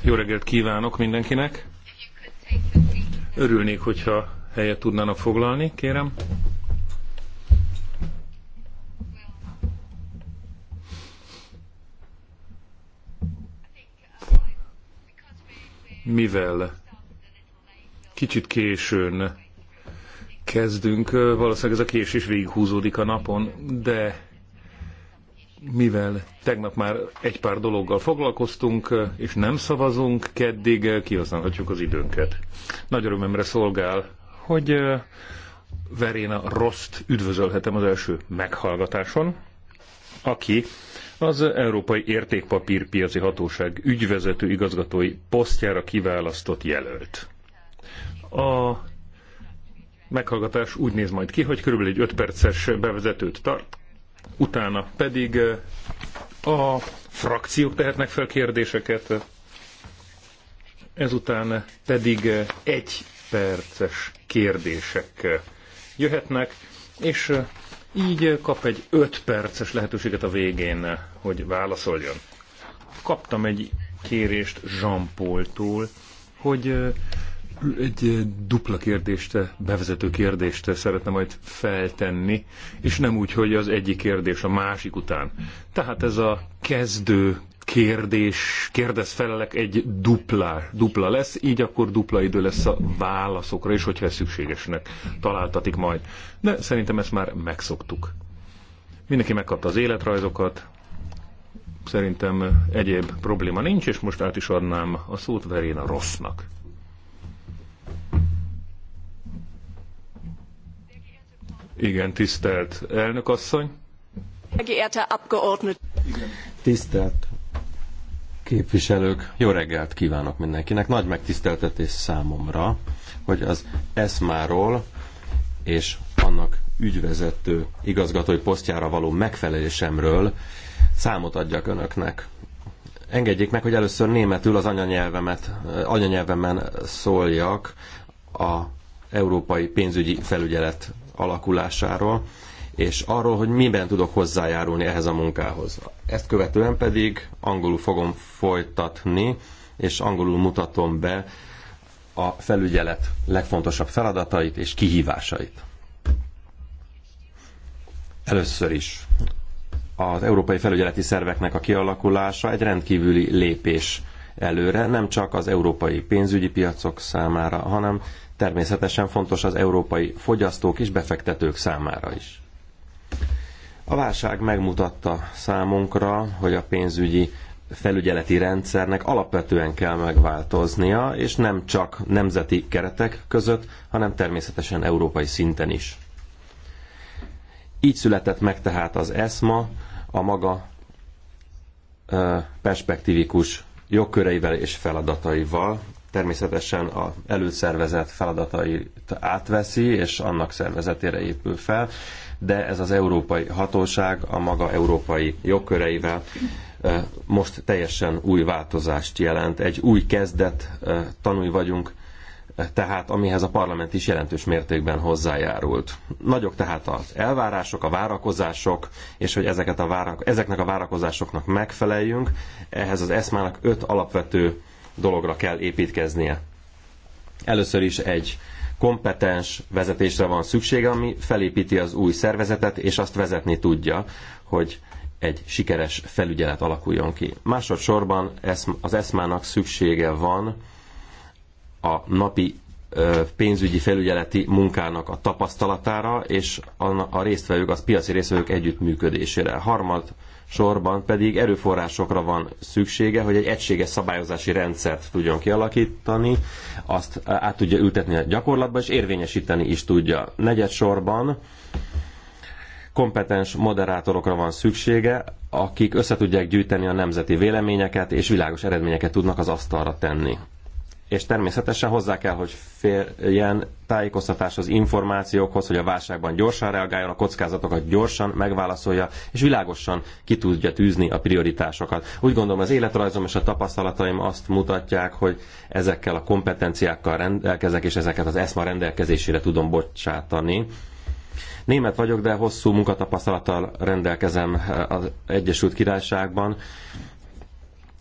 Jó reggelt kívánok mindenkinek! Örülnék, hogyha helyet tudnának foglalni, kérem. Mivel kicsit későn kezdünk, valószínűleg ez a késés végighúzódik a napon, de mivel tegnap már egy pár dologgal foglalkoztunk, és nem szavazunk, keddig kihasználhatjuk az időnket. Nagy örömömre szolgál, hogy Veréna Rost üdvözölhetem az első meghallgatáson, aki az Európai Értékpapírpiaci Hatóság ügyvezető igazgatói posztjára kiválasztott jelölt. A meghallgatás úgy néz majd ki, hogy körülbelül egy 5 perces bevezetőt tart, utána pedig a frakciók tehetnek fel kérdéseket, ezután pedig egy perces kérdések jöhetnek, és így kap egy 5 perces lehetőséget a végén, hogy válaszoljon. Kaptam egy kérést Jean Paul-tól, hogy egy eh, dupla kérdést, eh, bevezető kérdést eh, szeretne majd feltenni, és nem úgy, hogy az egyik kérdés a másik után. Tehát ez a kezdő kérdés, kérdez felelek egy dupla, dupla lesz, így akkor dupla idő lesz a válaszokra, és hogyha ez szükségesnek találtatik majd. De szerintem ezt már megszoktuk. Mindenki megkapta az életrajzokat, szerintem egyéb probléma nincs, és most át is adnám a szót a Rossznak. Igen, tisztelt elnök asszony. Tisztelt képviselők, jó reggelt kívánok mindenkinek. Nagy megtiszteltetés számomra, hogy az ESMA-ról és annak ügyvezető igazgatói posztjára való megfelelésemről számot adjak önöknek. Engedjék meg, hogy először németül az anyanyelvemet, anyanyelvemen szóljak a Európai Pénzügyi Felügyelet alakulásáról, és arról, hogy miben tudok hozzájárulni ehhez a munkához. Ezt követően pedig angolul fogom folytatni, és angolul mutatom be a felügyelet legfontosabb feladatait és kihívásait. Először is az európai felügyeleti szerveknek a kialakulása egy rendkívüli lépés előre, nem csak az európai pénzügyi piacok számára, hanem természetesen fontos az európai fogyasztók és befektetők számára is. A válság megmutatta számunkra, hogy a pénzügyi felügyeleti rendszernek alapvetően kell megváltoznia, és nem csak nemzeti keretek között, hanem természetesen európai szinten is. Így született meg tehát az ESMA a maga perspektívikus jogköreivel és feladataival, természetesen a előszervezet feladatait átveszi, és annak szervezetére épül fel, de ez az európai hatóság a maga európai jogköreivel most teljesen új változást jelent. Egy új kezdet, tanulj vagyunk, tehát amihez a parlament is jelentős mértékben hozzájárult. Nagyok tehát az elvárások, a várakozások, és hogy ezeket a várak, ezeknek a várakozásoknak megfeleljünk, ehhez az eszmának öt alapvető dologra kell építkeznie. Először is egy kompetens vezetésre van szüksége, ami felépíti az új szervezetet, és azt vezetni tudja, hogy egy sikeres felügyelet alakuljon ki. Másodszorban az eszmának szüksége van a napi pénzügyi felügyeleti munkának a tapasztalatára, és a résztvevők, az piaci résztvevők együttműködésére. Harmad, sorban pedig erőforrásokra van szüksége, hogy egy egységes szabályozási rendszert tudjon kialakítani, azt át tudja ültetni a gyakorlatba, és érvényesíteni is tudja. Negyed sorban kompetens moderátorokra van szüksége, akik összetudják gyűjteni a nemzeti véleményeket, és világos eredményeket tudnak az asztalra tenni és természetesen hozzá kell, hogy férjen az információkhoz, hogy a válságban gyorsan reagáljon, a kockázatokat gyorsan megválaszolja, és világosan ki tudja tűzni a prioritásokat. Úgy gondolom az életrajzom és a tapasztalataim azt mutatják, hogy ezekkel a kompetenciákkal rendelkezek, és ezeket az eszma rendelkezésére tudom bocsátani. Német vagyok, de hosszú munkatapasztalattal rendelkezem az Egyesült Királyságban,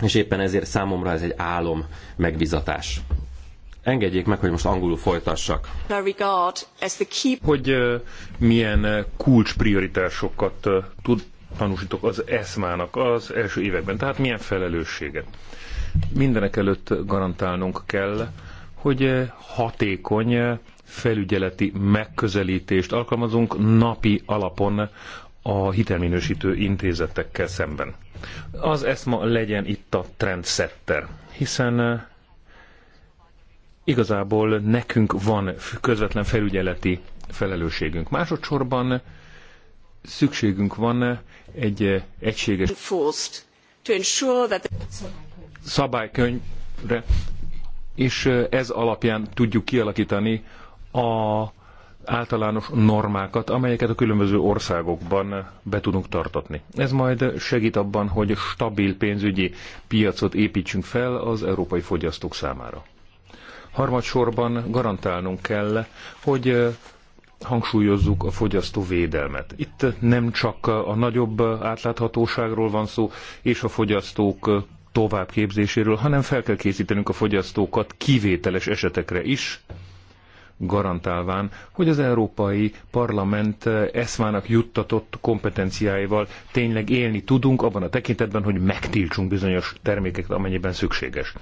és éppen ezért számomra ez egy álom megbizatás. Engedjék meg, hogy most angolul folytassak. Hogy milyen kulcsprioritásokat tud tanúsítok az eszmának az első években, tehát milyen felelősséget. Mindenek előtt garantálnunk kell, hogy hatékony felügyeleti megközelítést alkalmazunk napi alapon a hitelminősítő intézetekkel szemben az ma legyen itt a trendsetter, hiszen eh, igazából nekünk van közvetlen felügyeleti felelősségünk. Másodszorban szükségünk van egy eh, egységes szabálykönyvre, és eh, ez alapján tudjuk kialakítani a általános normákat, amelyeket a különböző országokban be tudunk tartatni. Ez majd segít abban, hogy stabil pénzügyi piacot építsünk fel az európai fogyasztók számára. Harmadsorban garantálnunk kell, hogy hangsúlyozzuk a fogyasztó védelmet. Itt nem csak a nagyobb átláthatóságról van szó, és a fogyasztók továbbképzéséről, hanem fel kell készítenünk a fogyasztókat kivételes esetekre is, garantálván, hogy az Európai Parlament eh, eszmának juttatott kompetenciáival tényleg élni tudunk abban a tekintetben, hogy megtiltsunk bizonyos termékeket, amennyiben szükséges.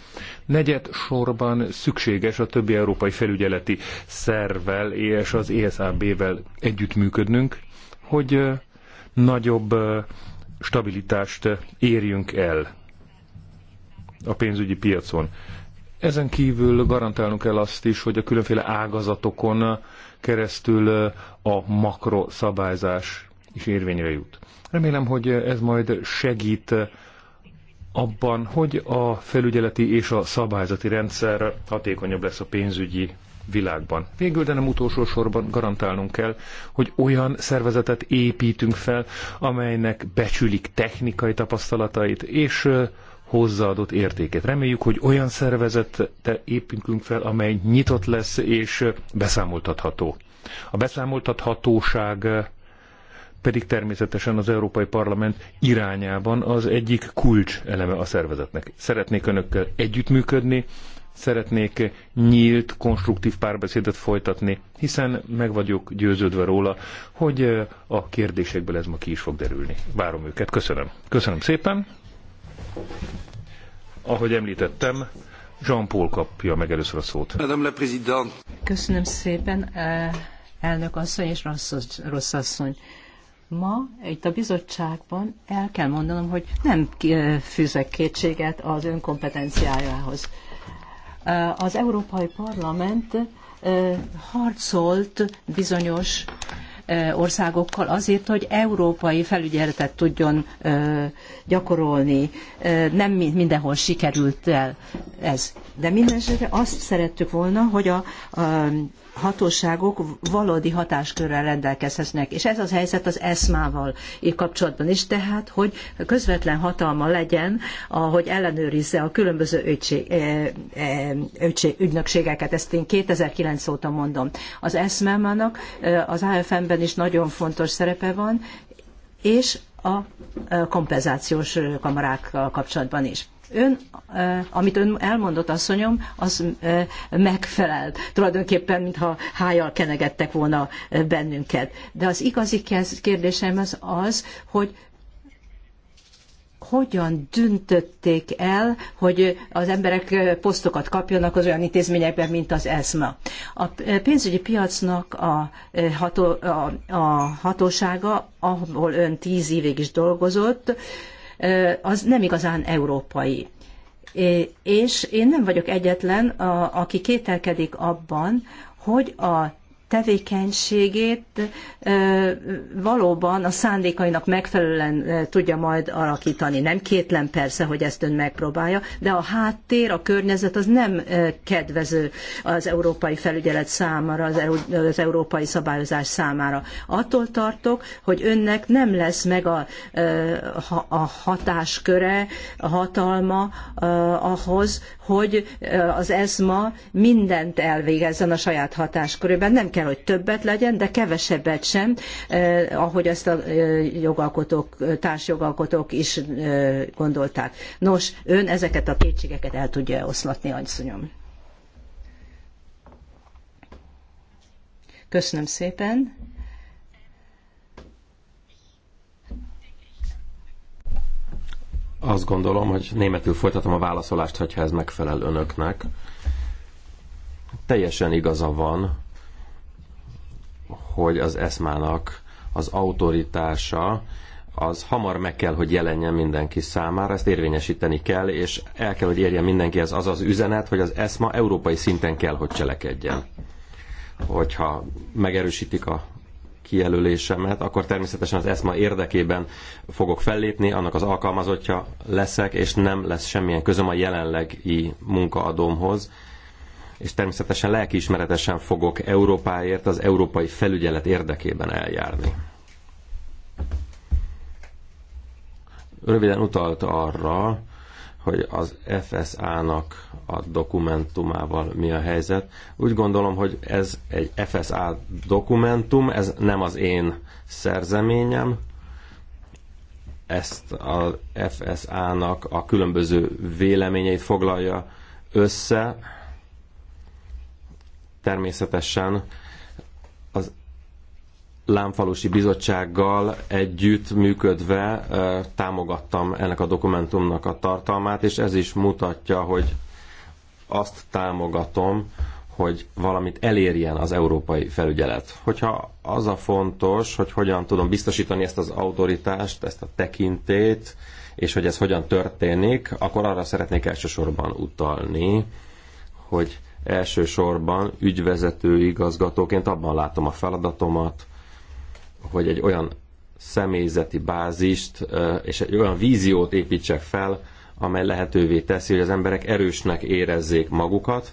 Negyed sorban szükséges a többi európai felügyeleti szervvel és az ESAB-vel együttműködnünk, hogy eh, nagyobb eh, stabilitást érjünk el a pénzügyi piacon. Ezen kívül garantálnunk kell azt is, hogy a különféle ágazatokon keresztül a makroszabályzás is érvényre jut. Remélem, hogy ez majd segít abban, hogy a felügyeleti és a szabályzati rendszer hatékonyabb lesz a pénzügyi világban. Végül, de nem utolsó sorban garantálnunk kell, hogy olyan szervezetet építünk fel, amelynek becsülik technikai tapasztalatait, és hozzáadott értéket. Reméljük, hogy olyan szervezetet építünk fel, amely nyitott lesz és beszámoltatható. A beszámoltathatóság pedig természetesen az Európai Parlament irányában az egyik kulcs eleme a szervezetnek. Szeretnék önökkel együttműködni, szeretnék nyílt, konstruktív párbeszédet folytatni, hiszen meg vagyok győződve róla, hogy a kérdésekből ez ma ki is fog derülni. Várom őket. Köszönöm. Köszönöm szépen. Ahogy említettem, Jean-Paul kapja meg először a szót. Köszönöm szépen, eh, elnök asszony és rossz asszony. Ma itt a bizottságban el kell mondanom, hogy nem eh, fűzek kétséget az önkompetenciájához. Eh, az Európai Parlament harcolt bizonyos Eh, országokkal azért, hogy európai felügyeletet tudjon eh, gyakorolni. Eh, nem mindenhol sikerült el ez. De minden azt szerettük volna, hogy a, a hatóságok valódi hatáskörrel rendelkezhetnek. És ez az helyzet az ESMA-val kapcsolatban is, tehát, hogy közvetlen hatalma legyen, ahogy ellenőrizze a különböző ügység, eh, eh, ügynökségeket. Ezt én 2009 óta mondom. Az ESMA-nak eh, az AFM-ben is nagyon fontos szerepe van, és a kompenzációs kamarákkal kapcsolatban is. Ön, amit ön elmondott, asszonyom, az megfelelt. Tulajdonképpen, mintha hájjal kenegettek volna bennünket. De az igazi kérdésem az az, hogy hogyan döntötték el, hogy az emberek posztokat kapjanak az olyan intézményekben, mint az ESMA. A pénzügyi piacnak a, ható, a, a hatósága, ahol ön tíz évig is dolgozott, az nem igazán európai. És én nem vagyok egyetlen, aki kételkedik abban, hogy a tevékenységét valóban a szándékainak megfelelően tudja majd alakítani. Nem kétlen persze, hogy ezt ön megpróbálja, de a háttér, a környezet az nem kedvező az európai felügyelet számára, az, európai szabályozás számára. Attól tartok, hogy önnek nem lesz meg a, a hatásköre, a hatalma ahhoz, hogy az ESMA mindent elvégezzen a saját hatáskörében. Nem kell, hogy többet legyen, de kevesebbet sem, eh, ahogy ezt a eh, jogalkotók, társjogalkotók is eh, gondolták. Nos, ön ezeket a kétségeket el tudja oszlatni, asszonyom. Köszönöm szépen. Azt gondolom, hogy németül folytatom a válaszolást, hogyha ez megfelel önöknek. Teljesen igaza van hogy az eszmának az autoritása az hamar meg kell, hogy jelenjen mindenki számára, ezt érvényesíteni kell, és el kell, hogy érjen mindenki az az üzenet, hogy az ESMA európai szinten kell, hogy cselekedjen. Hogyha megerősítik a kijelölésemet, akkor természetesen az ESMA érdekében fogok fellépni, annak az alkalmazottja leszek, és nem lesz semmilyen közöm a jelenlegi munkaadómhoz, és természetesen lelkiismeretesen fogok Európáért, az európai felügyelet érdekében eljárni. Röviden utalt arra, hogy az FSA-nak a dokumentumával mi a helyzet. Úgy gondolom, hogy ez egy FSA dokumentum, ez nem az én szerzeményem, ezt a FSA-nak a különböző véleményeit foglalja össze, Természetesen az Lámfalusi Bizottsággal együtt működve támogattam ennek a dokumentumnak a tartalmát, és ez is mutatja, hogy azt támogatom, hogy valamit elérjen az európai felügyelet. Hogyha az a fontos, hogy hogyan tudom biztosítani ezt az autoritást, ezt a tekintét, és hogy ez hogyan történik, akkor arra szeretnék elsősorban utalni, hogy Elsősorban ügyvezető igazgatóként abban látom a feladatomat, hogy egy olyan személyzeti bázist és egy olyan víziót építsek fel, amely lehetővé teszi, hogy az emberek erősnek érezzék magukat,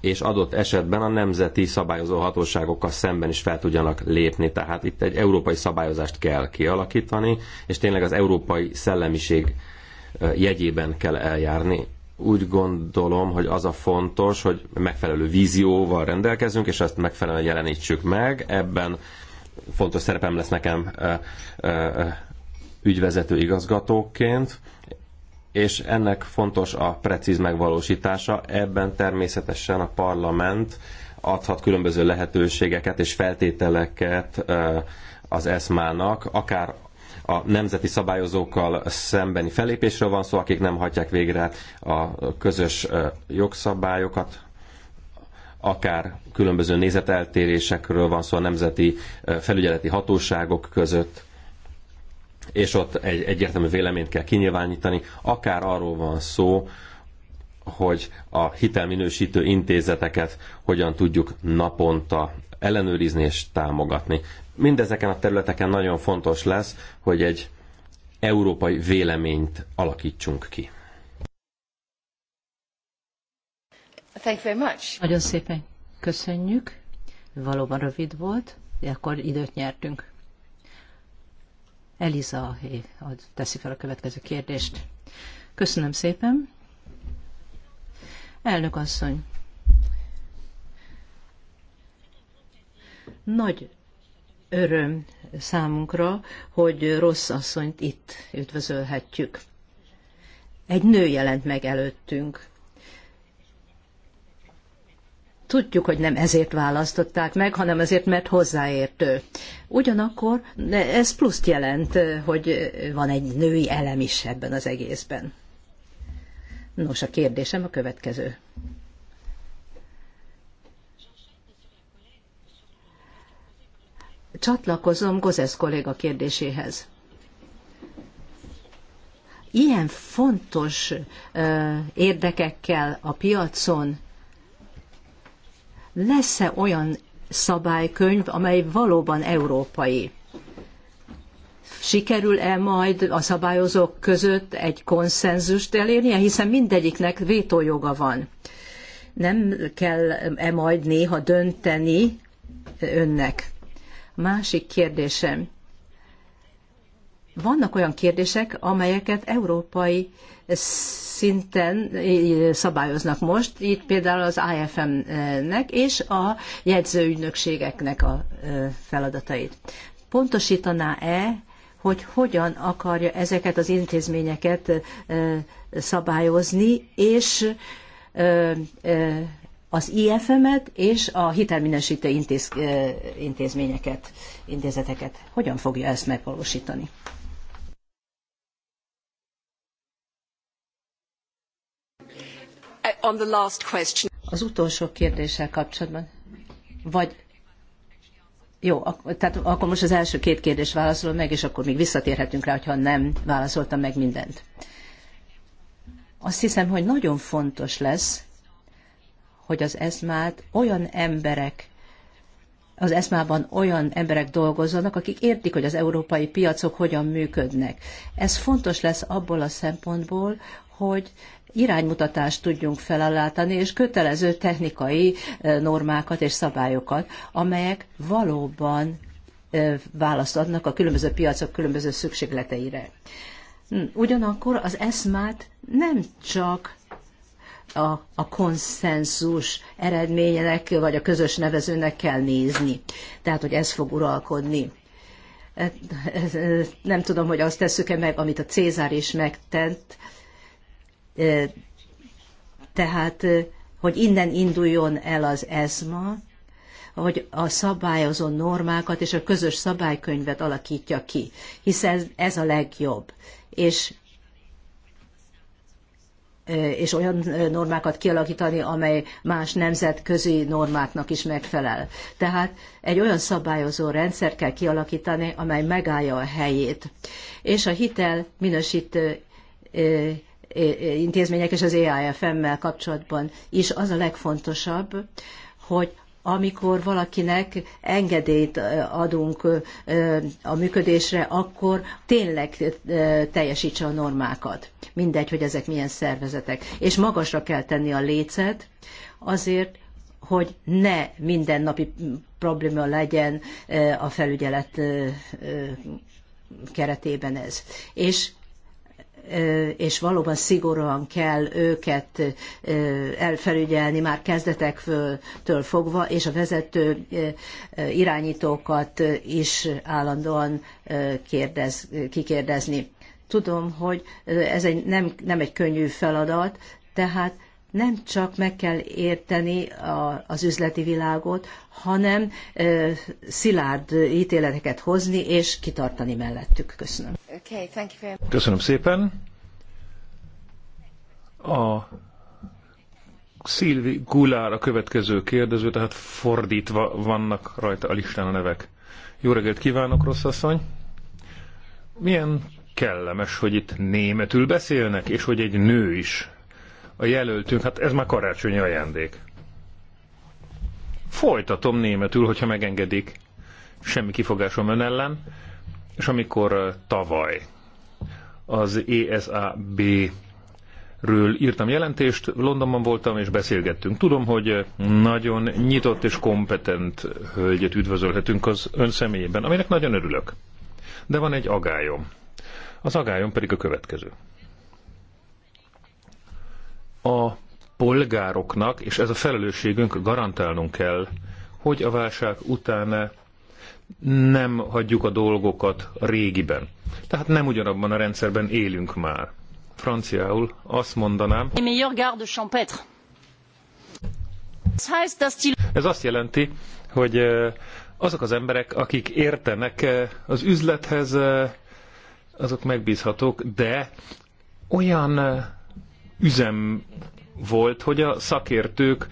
és adott esetben a nemzeti szabályozó hatóságokkal szemben is fel tudjanak lépni. Tehát itt egy európai szabályozást kell kialakítani, és tényleg az európai szellemiség jegyében kell eljárni úgy gondolom, hogy az a fontos, hogy megfelelő vízióval rendelkezünk, és ezt megfelelően jelenítsük meg. Ebben fontos szerepem lesz nekem ügyvezető igazgatóként, és ennek fontos a precíz megvalósítása. Ebben természetesen a parlament adhat különböző lehetőségeket és feltételeket az eszmának, akár a nemzeti szabályozókkal szembeni fellépésről van szó, akik nem hagyják végre a közös jogszabályokat, akár különböző nézeteltérésekről van szó a nemzeti felügyeleti hatóságok között, és ott egy egyértelmű véleményt kell kinyilvánítani, akár arról van szó, hogy a hitelminősítő intézeteket hogyan tudjuk naponta ellenőrizni és támogatni mindezeken a területeken nagyon fontos lesz, hogy egy európai véleményt alakítsunk ki. Thank you very much. Nagyon szépen köszönjük. Valóban rövid volt, de akkor időt nyertünk. Eliza teszi fel a következő kérdést. Köszönöm szépen. Elnök asszony, nagy öröm számunkra, hogy rossz asszonyt itt üdvözölhetjük. Egy nő jelent meg előttünk. Tudjuk, hogy nem ezért választották meg, hanem azért, mert hozzáértő. Ugyanakkor ez pluszt jelent, hogy van egy női elem is ebben az egészben. Nos, a kérdésem a következő. csatlakozom Gozesz kolléga kérdéséhez. Ilyen fontos érdekekkel a piacon lesz-e olyan szabálykönyv, amely valóban európai? Sikerül-e majd a szabályozók között egy konszenzust elérnie, hiszen mindegyiknek vétójoga van. Nem kell-e majd néha dönteni önnek? Másik kérdésem. Vannak olyan kérdések, amelyeket európai szinten eh, szabályoznak most, itt például az IFM-nek és a jegyzőügynökségeknek a eh, feladatait. Pontosítaná-e, hogy hogyan akarja ezeket az intézményeket eh, szabályozni, és az IFM-et és a hitelminősítő intéz, intézményeket, intézeteket. Hogyan fogja ezt megvalósítani? Uh, on the last question. Az utolsó kérdéssel kapcsolatban. Vagy jó, tehát akkor most az első két kérdést válaszolom meg, és akkor még visszatérhetünk rá, ha nem válaszoltam meg mindent. Azt hiszem, hogy nagyon fontos lesz, hogy az eszmát olyan emberek az eszmában olyan emberek dolgozzanak, akik értik, hogy az európai piacok hogyan működnek. Ez fontos lesz abból a szempontból, hogy iránymutatást tudjunk felállítani, és kötelező technikai normákat és szabályokat, amelyek valóban választ adnak a különböző piacok különböző szükségleteire. Hm, ugyanakkor az eszmát nem csak a, a konszenzus eredményének, vagy a közös nevezőnek kell nézni. Tehát, hogy ez fog uralkodni. Nem tudom, hogy azt tesszük-e meg, amit a Cézár is megtett, tehát, hogy innen induljon el az ESMA, hogy a szabályozó normákat és a közös szabálykönyvet alakítja ki, hiszen ez a legjobb. És és olyan normákat kialakítani, amely más nemzetközi normáknak is megfelel. Tehát egy olyan szabályozó rendszer kell kialakítani, amely megállja a helyét. És a hitel minősítő intézmények és az EIFM-mel kapcsolatban is az a legfontosabb, hogy amikor valakinek engedélyt adunk a működésre, akkor tényleg teljesítse a normákat mindegy, hogy ezek milyen szervezetek. És magasra kell tenni a lécet azért, hogy ne mindennapi probléma legyen a felügyelet keretében ez. És és valóban szigorúan kell őket elfelügyelni már kezdetektől fogva, és a vezető irányítókat is állandóan kérdez, kikérdezni. Tudom, hogy ez egy, nem, nem egy könnyű feladat, tehát nem csak meg kell érteni a, az üzleti világot, hanem e, szilárd ítéleteket hozni és kitartani mellettük. Köszönöm. Okay, thank you very much. Köszönöm szépen. A Szilvi Gulár a következő kérdező, tehát fordítva vannak rajta a listán a nevek. Jó reggelt kívánok, rossz asszony! Milyen kellemes, hogy itt németül beszélnek, és hogy egy nő is a jelöltünk, hát ez már karácsonyi ajándék. Folytatom németül, hogyha megengedik. Semmi kifogásom ön ellen. És amikor tavaly az ESAB ről írtam jelentést, Londonban voltam és beszélgettünk. Tudom, hogy nagyon nyitott és kompetent hölgyet üdvözölhetünk az ön személyében, aminek nagyon örülök. De van egy agályom. Az agályon pedig a következő. A polgároknak, és ez a felelősségünk, garantálnunk kell, hogy a válság után nem hagyjuk a dolgokat régiben. Tehát nem ugyanabban a rendszerben élünk már. Franciául azt mondanám. Ez azt jelenti, hogy azok az emberek, akik értenek az üzlethez, azok megbízhatók, de olyan üzem volt, hogy a szakértők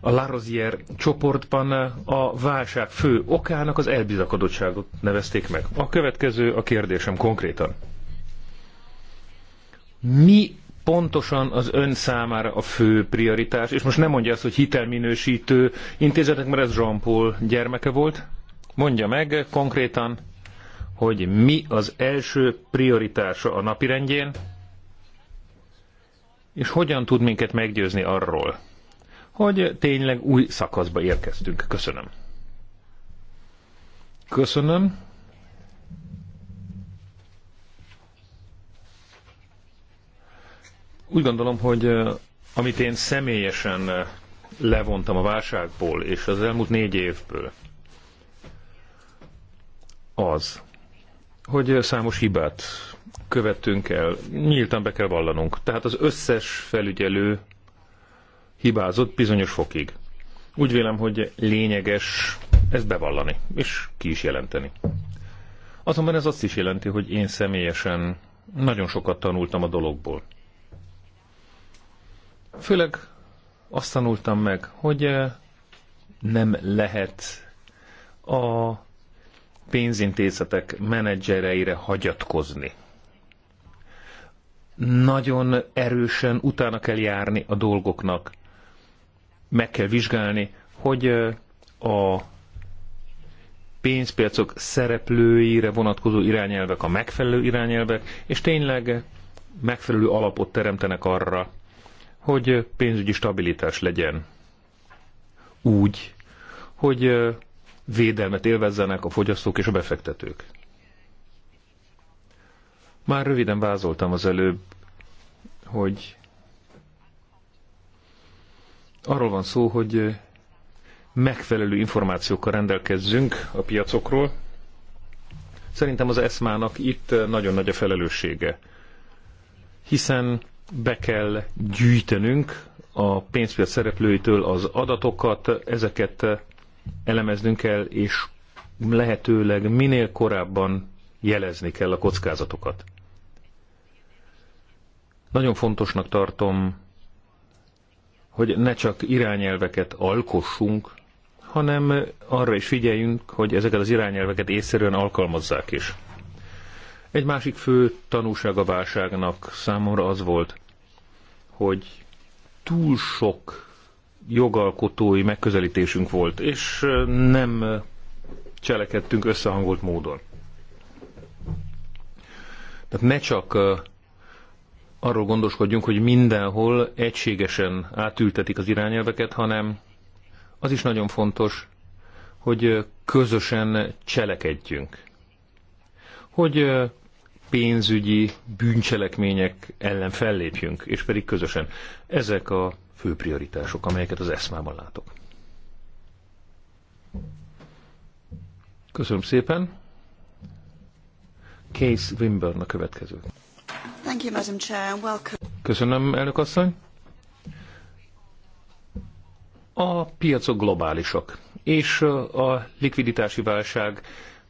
a Larosier csoportban a válság fő okának az elbizakodottságot nevezték meg. A következő a kérdésem konkrétan. Mi pontosan az ön számára a fő prioritás, és most nem mondja azt, hogy hitelminősítő intézetek, mert ez Jean-Paul gyermeke volt. Mondja meg konkrétan, hogy mi az első prioritása a napirendjén, és hogyan tud minket meggyőzni arról, hogy tényleg új szakaszba érkeztünk. Köszönöm. Köszönöm. Úgy gondolom, hogy amit én személyesen levontam a válságból és az elmúlt négy évből, az, hogy számos hibát követtünk el. Nyíltan be kell vallanunk. Tehát az összes felügyelő hibázott bizonyos fokig. Úgy vélem, hogy lényeges ezt bevallani, és ki is jelenteni. Azonban ez azt is jelenti, hogy én személyesen nagyon sokat tanultam a dologból. Főleg azt tanultam meg, hogy eh, nem lehet a pénzintézetek menedzsereire hagyatkozni. Nagyon erősen utána kell járni a dolgoknak. Meg kell vizsgálni, hogy a pénzpiacok szereplőire vonatkozó irányelvek a megfelelő irányelvek, és tényleg megfelelő alapot teremtenek arra, hogy pénzügyi stabilitás legyen. Úgy, hogy védelmet élvezzenek a fogyasztók és a befektetők. Már röviden vázoltam az előbb, hogy arról van szó, hogy megfelelő információkkal rendelkezzünk a piacokról. Szerintem az eszmának itt nagyon nagy a felelőssége, hiszen be kell gyűjtenünk a pénzpiac szereplőitől az adatokat, ezeket elemeznünk kell, és lehetőleg minél korábban jelezni kell a kockázatokat. Nagyon fontosnak tartom, hogy ne csak irányelveket alkossunk, hanem arra is figyeljünk, hogy ezeket az irányelveket észszerűen alkalmazzák is. Egy másik fő tanúság a válságnak számomra az volt, hogy túl sok jogalkotói megközelítésünk volt, és nem cselekedtünk összehangolt módon. Tehát ne csak arról gondoskodjunk, hogy mindenhol egységesen átültetik az irányelveket, hanem az is nagyon fontos, hogy közösen cselekedjünk. Hogy pénzügyi bűncselekmények ellen fellépjünk, és pedig közösen. Ezek a fő prioritások, amelyeket az eszmában látok. Köszönöm szépen. Case Wimburn a következő. Thank you, Madam Chair. Welcome. Köszönöm, elnök asszony. A piacok globálisak, és a likviditási válság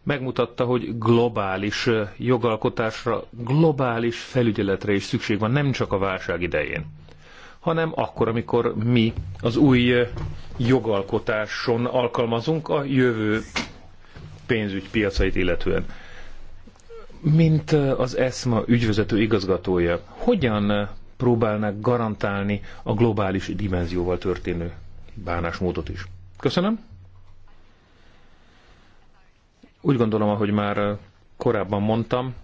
megmutatta, hogy globális jogalkotásra, globális felügyeletre is szükség van, nem csak a válság idején hanem akkor, amikor mi az új eh, jogalkotáson alkalmazunk a jövő pénzügy piacait illetően. Mint eh, az ESMA ügyvezető igazgatója, hogyan eh, próbálnak garantálni a globális dimenzióval történő bánásmódot is? Köszönöm. Úgy gondolom, ahogy már korábban mondtam,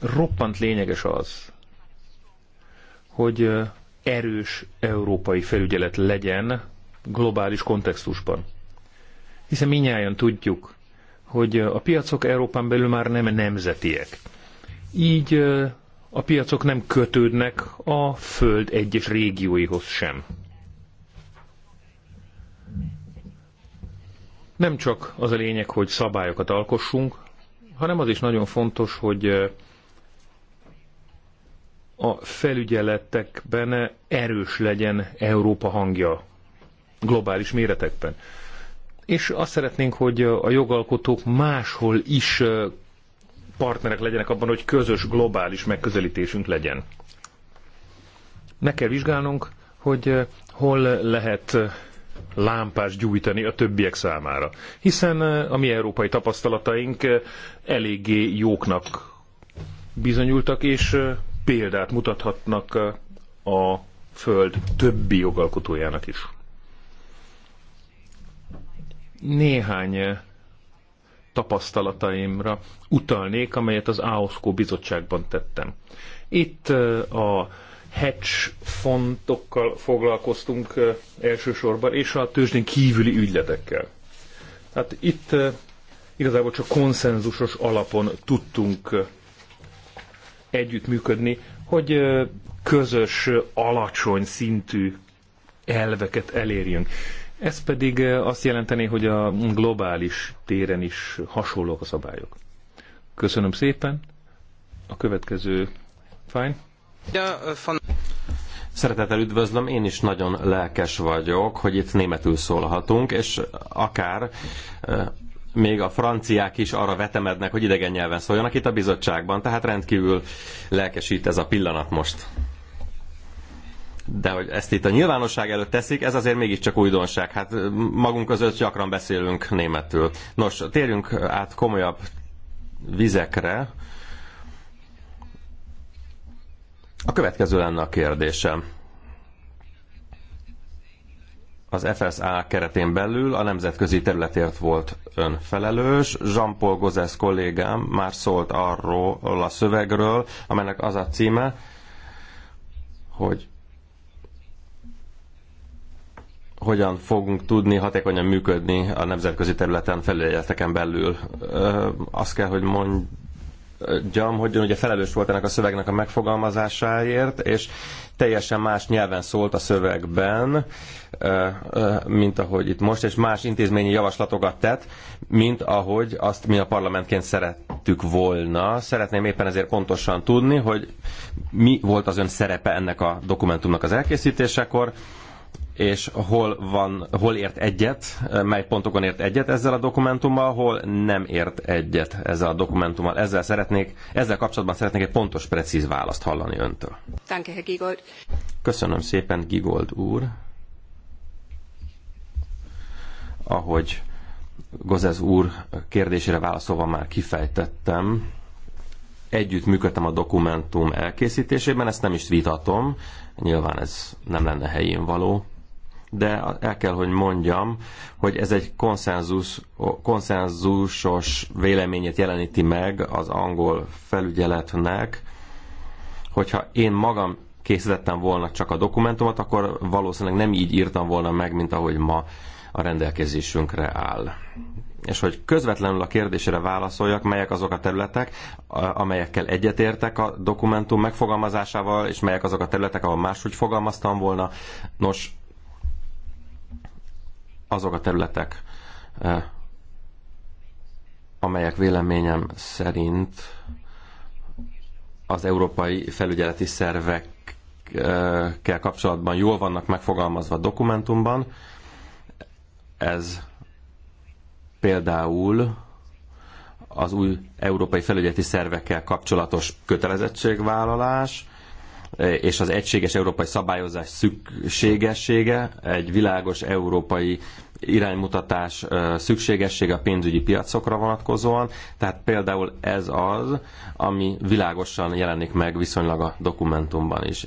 roppant lényeges az, hogy erős európai felügyelet legyen globális kontextusban. Hiszen minnyáján tudjuk, hogy a piacok Európán belül már nem nemzetiek. Így a piacok nem kötődnek a föld egyes régióihoz sem. Nem csak az a lényeg, hogy szabályokat alkossunk, hanem az is nagyon fontos, hogy a felügyeletekben erős legyen Európa hangja globális méretekben. És azt szeretnénk, hogy a jogalkotók máshol is partnerek legyenek abban, hogy közös globális megközelítésünk legyen. Meg kell vizsgálnunk, hogy hol lehet lámpás gyújtani a többiek számára. Hiszen a mi európai tapasztalataink eléggé jóknak bizonyultak, és példát mutathatnak a Föld többi jogalkotójának is. Néhány tapasztalataimra utalnék, amelyet az AOSZKO bizottságban tettem. Itt a hedge fontokkal foglalkoztunk elsősorban, és a tőzsdén kívüli ügyletekkel. Tehát itt igazából csak konszenzusos alapon tudtunk együttműködni, hogy közös, alacsony szintű elveket elérjünk. Ez pedig azt jelenteni, hogy a globális téren is hasonlók a szabályok. Köszönöm szépen. A következő fájn. Szeretettel üdvözlöm, én is nagyon lelkes vagyok, hogy itt németül szólhatunk, és akár még a franciák is arra vetemednek, hogy idegen nyelven szóljanak itt a bizottságban, tehát rendkívül lelkesít ez a pillanat most. De hogy ezt itt a nyilvánosság előtt teszik, ez azért mégiscsak újdonság. Hát magunk között gyakran beszélünk németül. Nos, térjünk át komolyabb vizekre. A következő lenne a kérdésem az FSA keretén belül a nemzetközi területért volt önfelelős. Jean-Paul Gozes kollégám már szólt arról a szövegről, amelynek az a címe, hogy hogyan fogunk tudni hatékonyan működni a nemzetközi területen felügyeleteken belül. azt kell, hogy mondjam, gyam, hogy ugye felelős volt ennek a szövegnek a megfogalmazásáért, és teljesen más nyelven szólt a szövegben, mint ahogy itt most, és más intézményi javaslatokat tett, mint ahogy azt mi a parlamentként szerettük volna. Szeretném éppen ezért pontosan tudni, hogy mi volt az ön szerepe ennek a dokumentumnak az elkészítésekor, és hol, van, hol ért egyet, eh, mely pontokon ért egyet ezzel a dokumentummal, hol nem ért egyet ezzel a dokumentummal. Ezzel, szeretnék, ezzel kapcsolatban szeretnék egy pontos, precíz választ hallani öntől. Danke, Herr Gigold. Köszönöm szépen, Gigold úr. Ahogy Gozez úr kérdésére válaszolva már kifejtettem, együtt működtem a dokumentum elkészítésében, ezt nem is vitatom, nyilván ez nem lenne helyén való de el kell, hogy mondjam, hogy ez egy konszenzus, konszenzusos véleményet jeleníti meg az angol felügyeletnek, hogyha én magam készítettem volna csak a dokumentumot, akkor valószínűleg nem így írtam volna meg, mint ahogy ma a rendelkezésünkre áll. És hogy közvetlenül a kérdésére válaszoljak, melyek azok a területek, amelyekkel egyetértek a dokumentum megfogalmazásával, és melyek azok a területek, ahol máshogy fogalmaztam volna. Nos, azok a területek, eh, amelyek véleményem szerint az európai felügyeleti szervekkel kapcsolatban jól vannak megfogalmazva a dokumentumban. Ez például az új európai felügyeleti szervekkel kapcsolatos kötelezettségvállalás, és az egységes európai szabályozás szükségessége, egy világos európai iránymutatás szükségessége a pénzügyi piacokra vonatkozóan. Tehát például ez az, ami világosan jelenik meg viszonylag a dokumentumban is.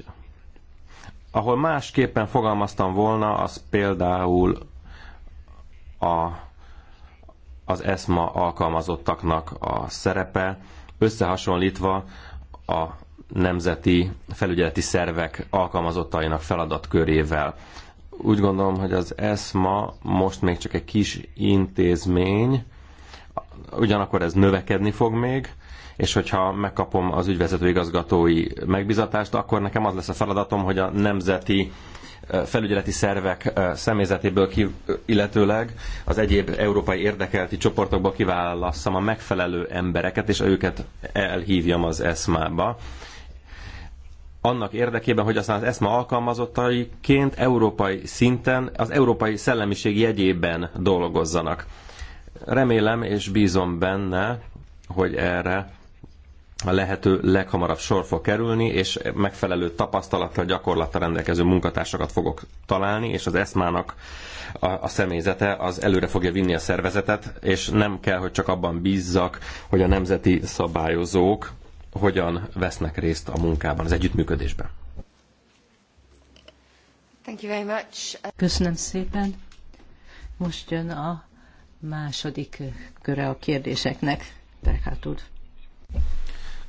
Ahol másképpen fogalmaztam volna, az például a, az ESMA alkalmazottaknak a szerepe, összehasonlítva a nemzeti felügyeleti szervek alkalmazottainak feladatkörével. Úgy gondolom, hogy az ESMA most még csak egy kis intézmény, ugyanakkor ez növekedni fog még, és hogyha megkapom az ügyvezető igazgatói megbizatást, akkor nekem az lesz a feladatom, hogy a nemzeti felügyeleti szervek személyzetéből, ki, illetőleg az egyéb európai érdekelti csoportokból kiválasszam a megfelelő embereket, és őket elhívjam az eszmába annak érdekében, hogy aztán az ESMA alkalmazottaiként európai szinten az európai szellemiség jegyében dolgozzanak. Remélem és bízom benne, hogy erre a lehető leghamarabb sor fog kerülni, és megfelelő tapasztalattal, gyakorlattal rendelkező munkatársakat fogok találni, és az eszmának a, a személyzete az előre fogja vinni a szervezetet, és nem kell, hogy csak abban bízzak, hogy a nemzeti szabályozók hogyan vesznek részt a munkában, az együttműködésben. Thank you very much. Köszönöm szépen. Most jön a második köre a kérdéseknek. Tehát tud.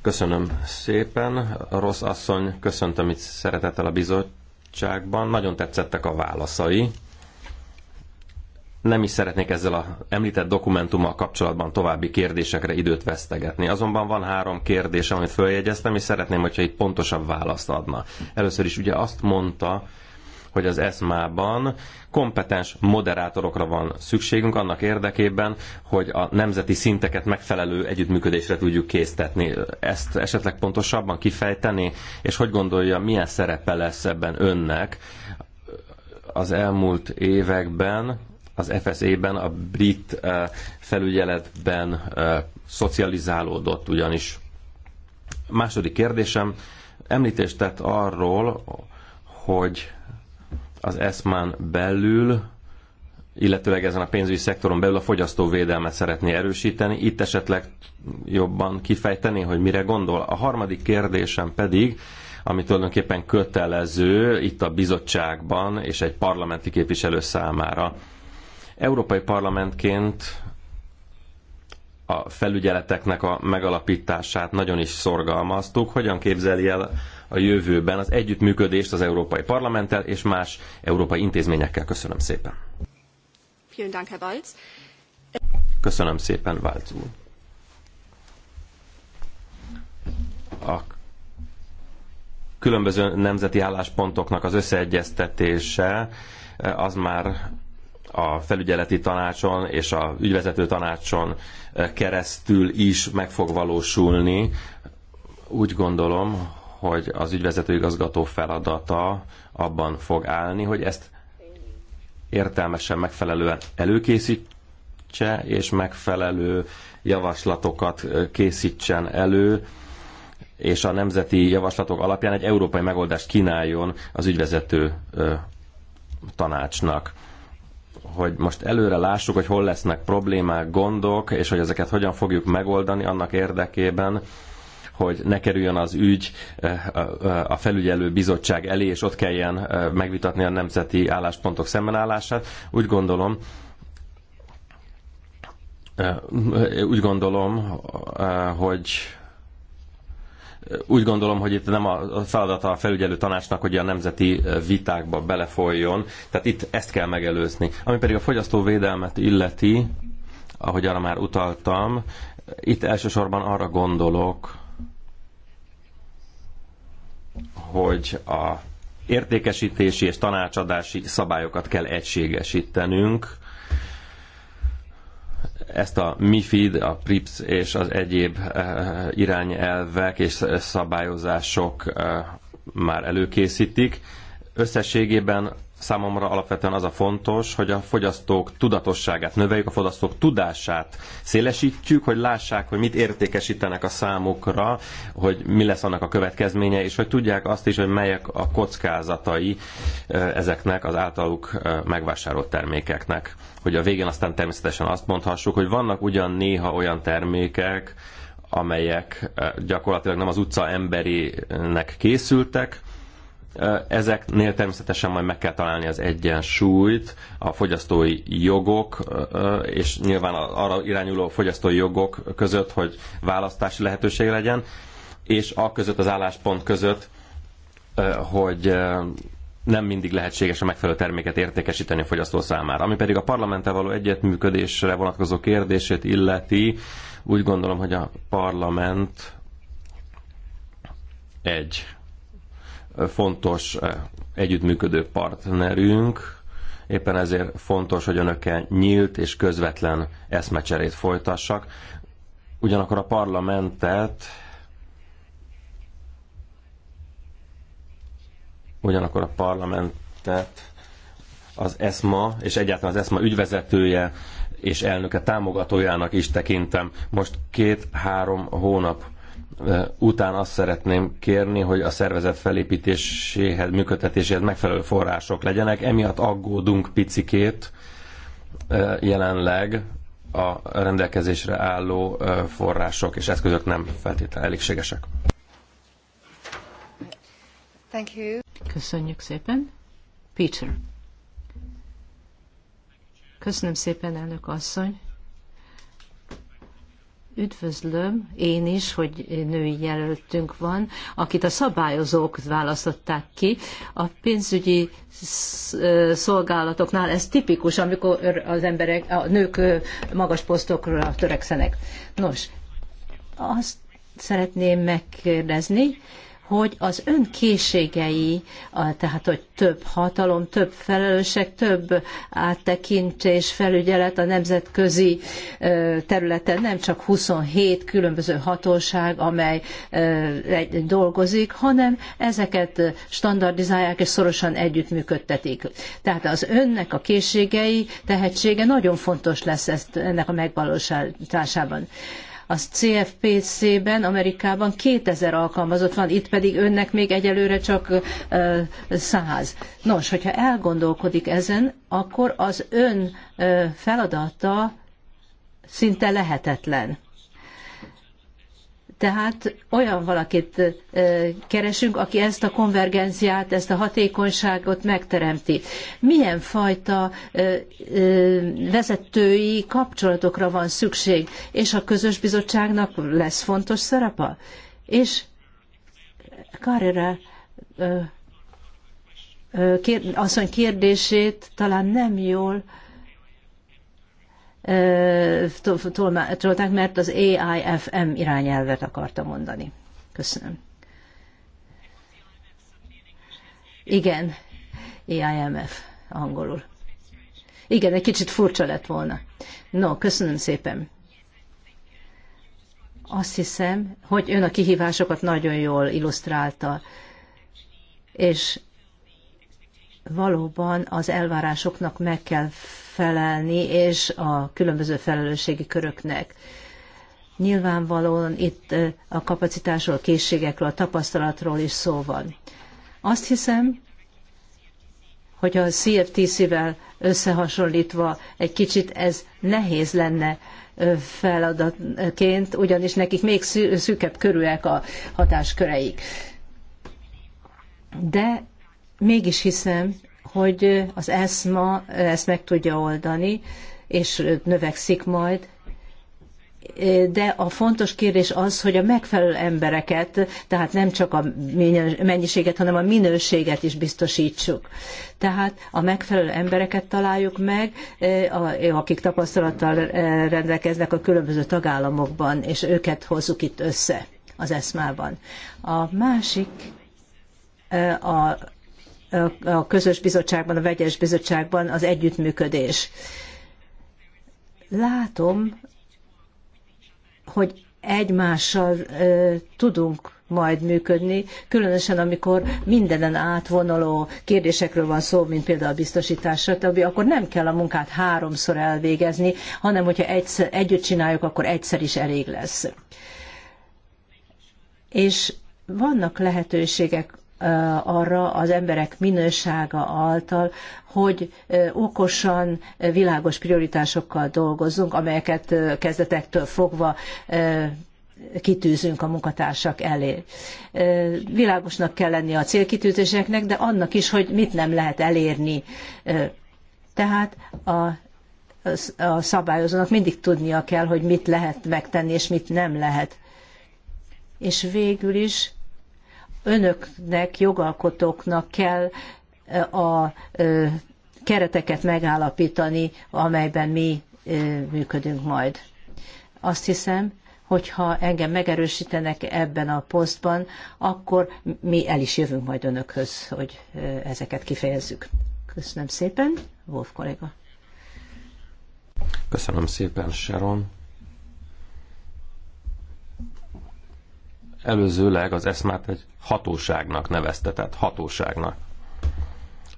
Köszönöm szépen. Rossz asszony, köszöntöm itt szeretettel a bizottságban. Nagyon tetszettek a válaszai. Nem is szeretnék ezzel a említett dokumentummal kapcsolatban további kérdésekre időt vesztegetni. Azonban van három kérdésem, amit följegyeztem, és szeretném, hogyha itt pontosabb választ adna. Először is ugye azt mondta, hogy az ESMA-ban kompetens moderátorokra van szükségünk annak érdekében, hogy a nemzeti szinteket megfelelő együttműködésre tudjuk késztetni. Ezt esetleg pontosabban kifejteni, és hogy gondolja, milyen szerepe lesz ebben önnek az elmúlt években az FSA-ben, a brit eh, felügyeletben eh, szocializálódott ugyanis. Második kérdésem, említést tett arról, hogy az ESMAN belül, illetőleg ezen a pénzügyi szektoron belül a fogyasztóvédelmet szeretné erősíteni. Itt esetleg jobban kifejteni, hogy mire gondol. A harmadik kérdésem pedig, ami tulajdonképpen kötelező itt a bizottságban és egy parlamenti képviselő számára Európai Parlamentként a felügyeleteknek a megalapítását nagyon is szorgalmaztuk. Hogyan képzeli el a jövőben az együttműködést az Európai Parlamenttel és más európai intézményekkel? Köszönöm szépen. Köszönöm szépen, Válc úr. A különböző nemzeti álláspontoknak az összeegyeztetése eh, az már a felügyeleti tanácson és a ügyvezető tanácson eh, keresztül is meg fog valósulni. Úgy gondolom, hogy az ügyvezető igazgató feladata abban fog állni, hogy ezt értelmesen, megfelelően előkészítse, és megfelelő javaslatokat eh, készítsen elő, és a nemzeti javaslatok alapján egy európai megoldást kínáljon az ügyvezető eh, tanácsnak hogy most előre lássuk, hogy hol lesznek problémák, gondok, és hogy ezeket hogyan fogjuk megoldani annak érdekében, hogy ne kerüljön az ügy eh, a felügyelő bizottság elé, és ott kelljen eh, megvitatni a nemzeti álláspontok szembenállását. Úgy gondolom, eh, úgy gondolom, hogy úgy gondolom, hogy itt nem a feladata a felügyelő tanácsnak, hogy a nemzeti vitákba belefolyjon, Tehát itt ezt kell megelőzni. Ami pedig a fogyasztóvédelmet illeti, ahogy arra már utaltam, itt elsősorban arra gondolok, hogy a értékesítési és tanácsadási szabályokat kell egységesítenünk, ezt a MIFID, a PRIPS és az egyéb eh, irányelvek és szabályozások eh, már előkészítik. Összességében számomra alapvetően az a fontos, hogy a fogyasztók tudatosságát növeljük, a fogyasztók tudását szélesítjük, hogy lássák, hogy mit értékesítenek a számukra, hogy mi lesz annak a következménye, és hogy tudják azt is, hogy melyek a kockázatai ezeknek az általuk megvásárolt termékeknek. Hogy a végén aztán természetesen azt mondhassuk, hogy vannak ugyan néha olyan termékek, amelyek gyakorlatilag nem az utca emberinek készültek, Ezeknél természetesen majd meg kell találni az egyensúlyt, a fogyasztói jogok, és nyilván arra irányuló fogyasztói jogok között, hogy választási lehetőség legyen, és a között az álláspont között, hogy nem mindig lehetséges a megfelelő terméket értékesíteni a fogyasztó számára. Ami pedig a parlamenttel való egyetműködésre vonatkozó kérdését illeti, úgy gondolom, hogy a parlament egy fontos eh, együttműködő partnerünk, éppen ezért fontos, hogy önökkel nyílt és közvetlen eszmecserét folytassak. Ugyanakkor a parlamentet ugyanakkor a parlamentet az ESMA, és egyáltalán az ESMA ügyvezetője és elnöke támogatójának is tekintem. Most két-három hónap után azt szeretném kérni, hogy a szervezet felépítéséhez, működtetéséhez megfelelő források legyenek. Emiatt aggódunk picikét jelenleg a rendelkezésre álló források és eszközök nem feltétlenül elégségesek. Thank you. Köszönjük szépen. Peter. Köszönöm szépen, elnök asszony. Üdvözlöm én is, hogy női jelöltünk van, akit a szabályozók választották ki. A pénzügyi szolgálatoknál ez tipikus, amikor az emberek, a nők magas posztokra törekszenek. Nos, azt szeretném megkérdezni, hogy az ön készségei, tehát hogy több hatalom, több felelősség, több áttekintés, felügyelet a nemzetközi területen, nem csak 27 különböző hatóság, amely dolgozik, hanem ezeket standardizálják és szorosan együttműködtetik. Tehát az önnek a készségei, tehetsége nagyon fontos lesz ezt, ennek a megvalósításában. A CFPC-ben Amerikában 2000 alkalmazott van, itt pedig önnek még egyelőre csak 100. Nos, hogyha elgondolkodik ezen, akkor az ön feladata szinte lehetetlen. Tehát olyan valakit keresünk, aki ezt a konvergenciát, ezt a hatékonyságot megteremti. Milyen fajta vezetői kapcsolatokra van szükség, és a közös bizottságnak lesz fontos szerepe? És Carrera asszony kérdését talán nem jól tolták, mert az AIFM irányelvet akarta mondani. Köszönöm. Igen, AIMF angolul. Igen, egy kicsit furcsa lett volna. No, köszönöm szépen. Azt hiszem, hogy ön a kihívásokat nagyon jól illusztrálta, és valóban az elvárásoknak meg kell felelni, és a különböző felelősségi köröknek. Nyilvánvalóan itt a kapacitásról, a készségekről, a tapasztalatról is szó van. Azt hiszem, hogy a CFTC-vel összehasonlítva egy kicsit ez nehéz lenne feladatként, ugyanis nekik még szűkebb körűek a hatásköreik. De mégis hiszem, hogy az ESMA ezt meg tudja oldani, és növekszik majd, de a fontos kérdés az, hogy a megfelelő embereket, tehát nem csak a mennyiséget, hanem a minőséget is biztosítsuk. Tehát a megfelelő embereket találjuk meg, eh, akik tapasztalattal eh, rendelkeznek a különböző tagállamokban, és őket hozzuk itt össze az eszmában. A másik eh, a a közös bizottságban, a vegyes bizottságban az együttműködés. Látom, hogy egymással tudunk majd működni, különösen amikor mindenen átvonaló kérdésekről van szó, mint például a biztosítás, stb., akkor nem kell a munkát háromszor elvégezni, hanem hogyha egyszer, együtt csináljuk, akkor egyszer is elég lesz. És vannak lehetőségek arra az emberek minősága által, hogy okosan, világos prioritásokkal dolgozzunk, amelyeket kezdetektől fogva kitűzünk a munkatársak elé. Világosnak kell lenni a célkitűzéseknek, de annak is, hogy mit nem lehet elérni. Tehát a a szabályozónak mindig tudnia kell, hogy mit lehet megtenni, és mit nem lehet. És végül is önöknek, jogalkotóknak kell eh, a eh, kereteket megállapítani, amelyben mi eh, működünk majd. Azt hiszem, hogyha engem megerősítenek ebben a posztban, akkor mi el is jövünk majd önökhöz, hogy ezeket kifejezzük. Köszönöm szépen, Wolf kolléga. Köszönöm szépen, Sharon. előzőleg az eszmát egy hatóságnak nevezte, tehát hatóságnak.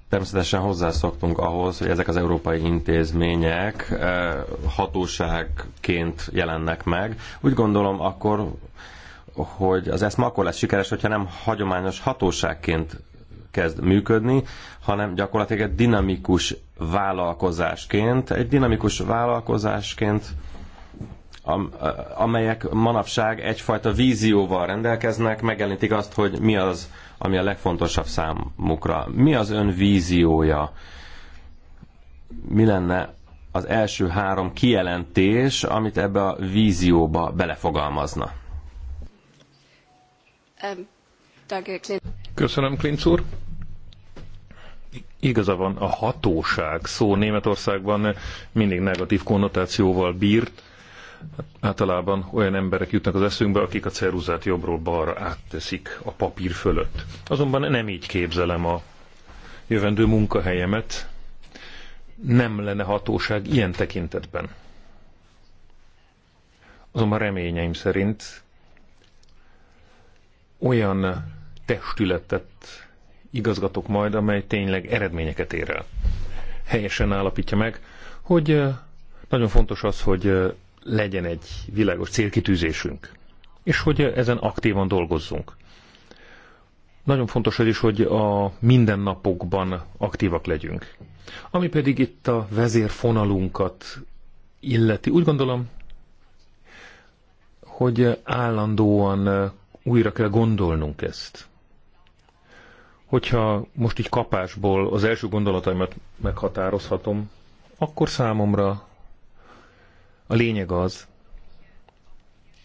Természetesen hozzászoktunk ahhoz, hogy ezek az európai intézmények eh, hatóságként jelennek meg. Úgy gondolom akkor, hogy az eszma akkor lesz sikeres, hogyha nem hagyományos hatóságként kezd működni, hanem gyakorlatilag egy dinamikus vállalkozásként, egy dinamikus vállalkozásként Eh, amelyek manapság egyfajta vízióval rendelkeznek, megjelentik azt, hogy mi az, ami a legfontosabb számukra. Mi az ön víziója? Mi lenne az első három kijelentés, amit ebbe a vízióba belefogalmazna? Um, Köszönöm, Klinc úr. Igaza van, a hatóság szó Németországban mindig negatív konnotációval bírt, általában olyan emberek jutnak az eszünkbe, akik a ceruzát jobbról balra átteszik a papír fölött. Azonban nem így képzelem a jövendő munkahelyemet, nem lenne hatóság ilyen tekintetben. Azonban reményeim szerint olyan testületet igazgatok majd, amely tényleg eredményeket ér el. Helyesen állapítja meg, hogy eh, nagyon fontos az, hogy eh, legyen egy világos célkitűzésünk, és hogy ezen aktívan dolgozzunk. Nagyon fontos az is, hogy a mindennapokban aktívak legyünk. Ami pedig itt a vezérfonalunkat illeti, úgy gondolom, hogy állandóan újra kell gondolnunk ezt. Hogyha most így kapásból az első gondolataimat meghatározhatom, akkor számomra a lényeg az,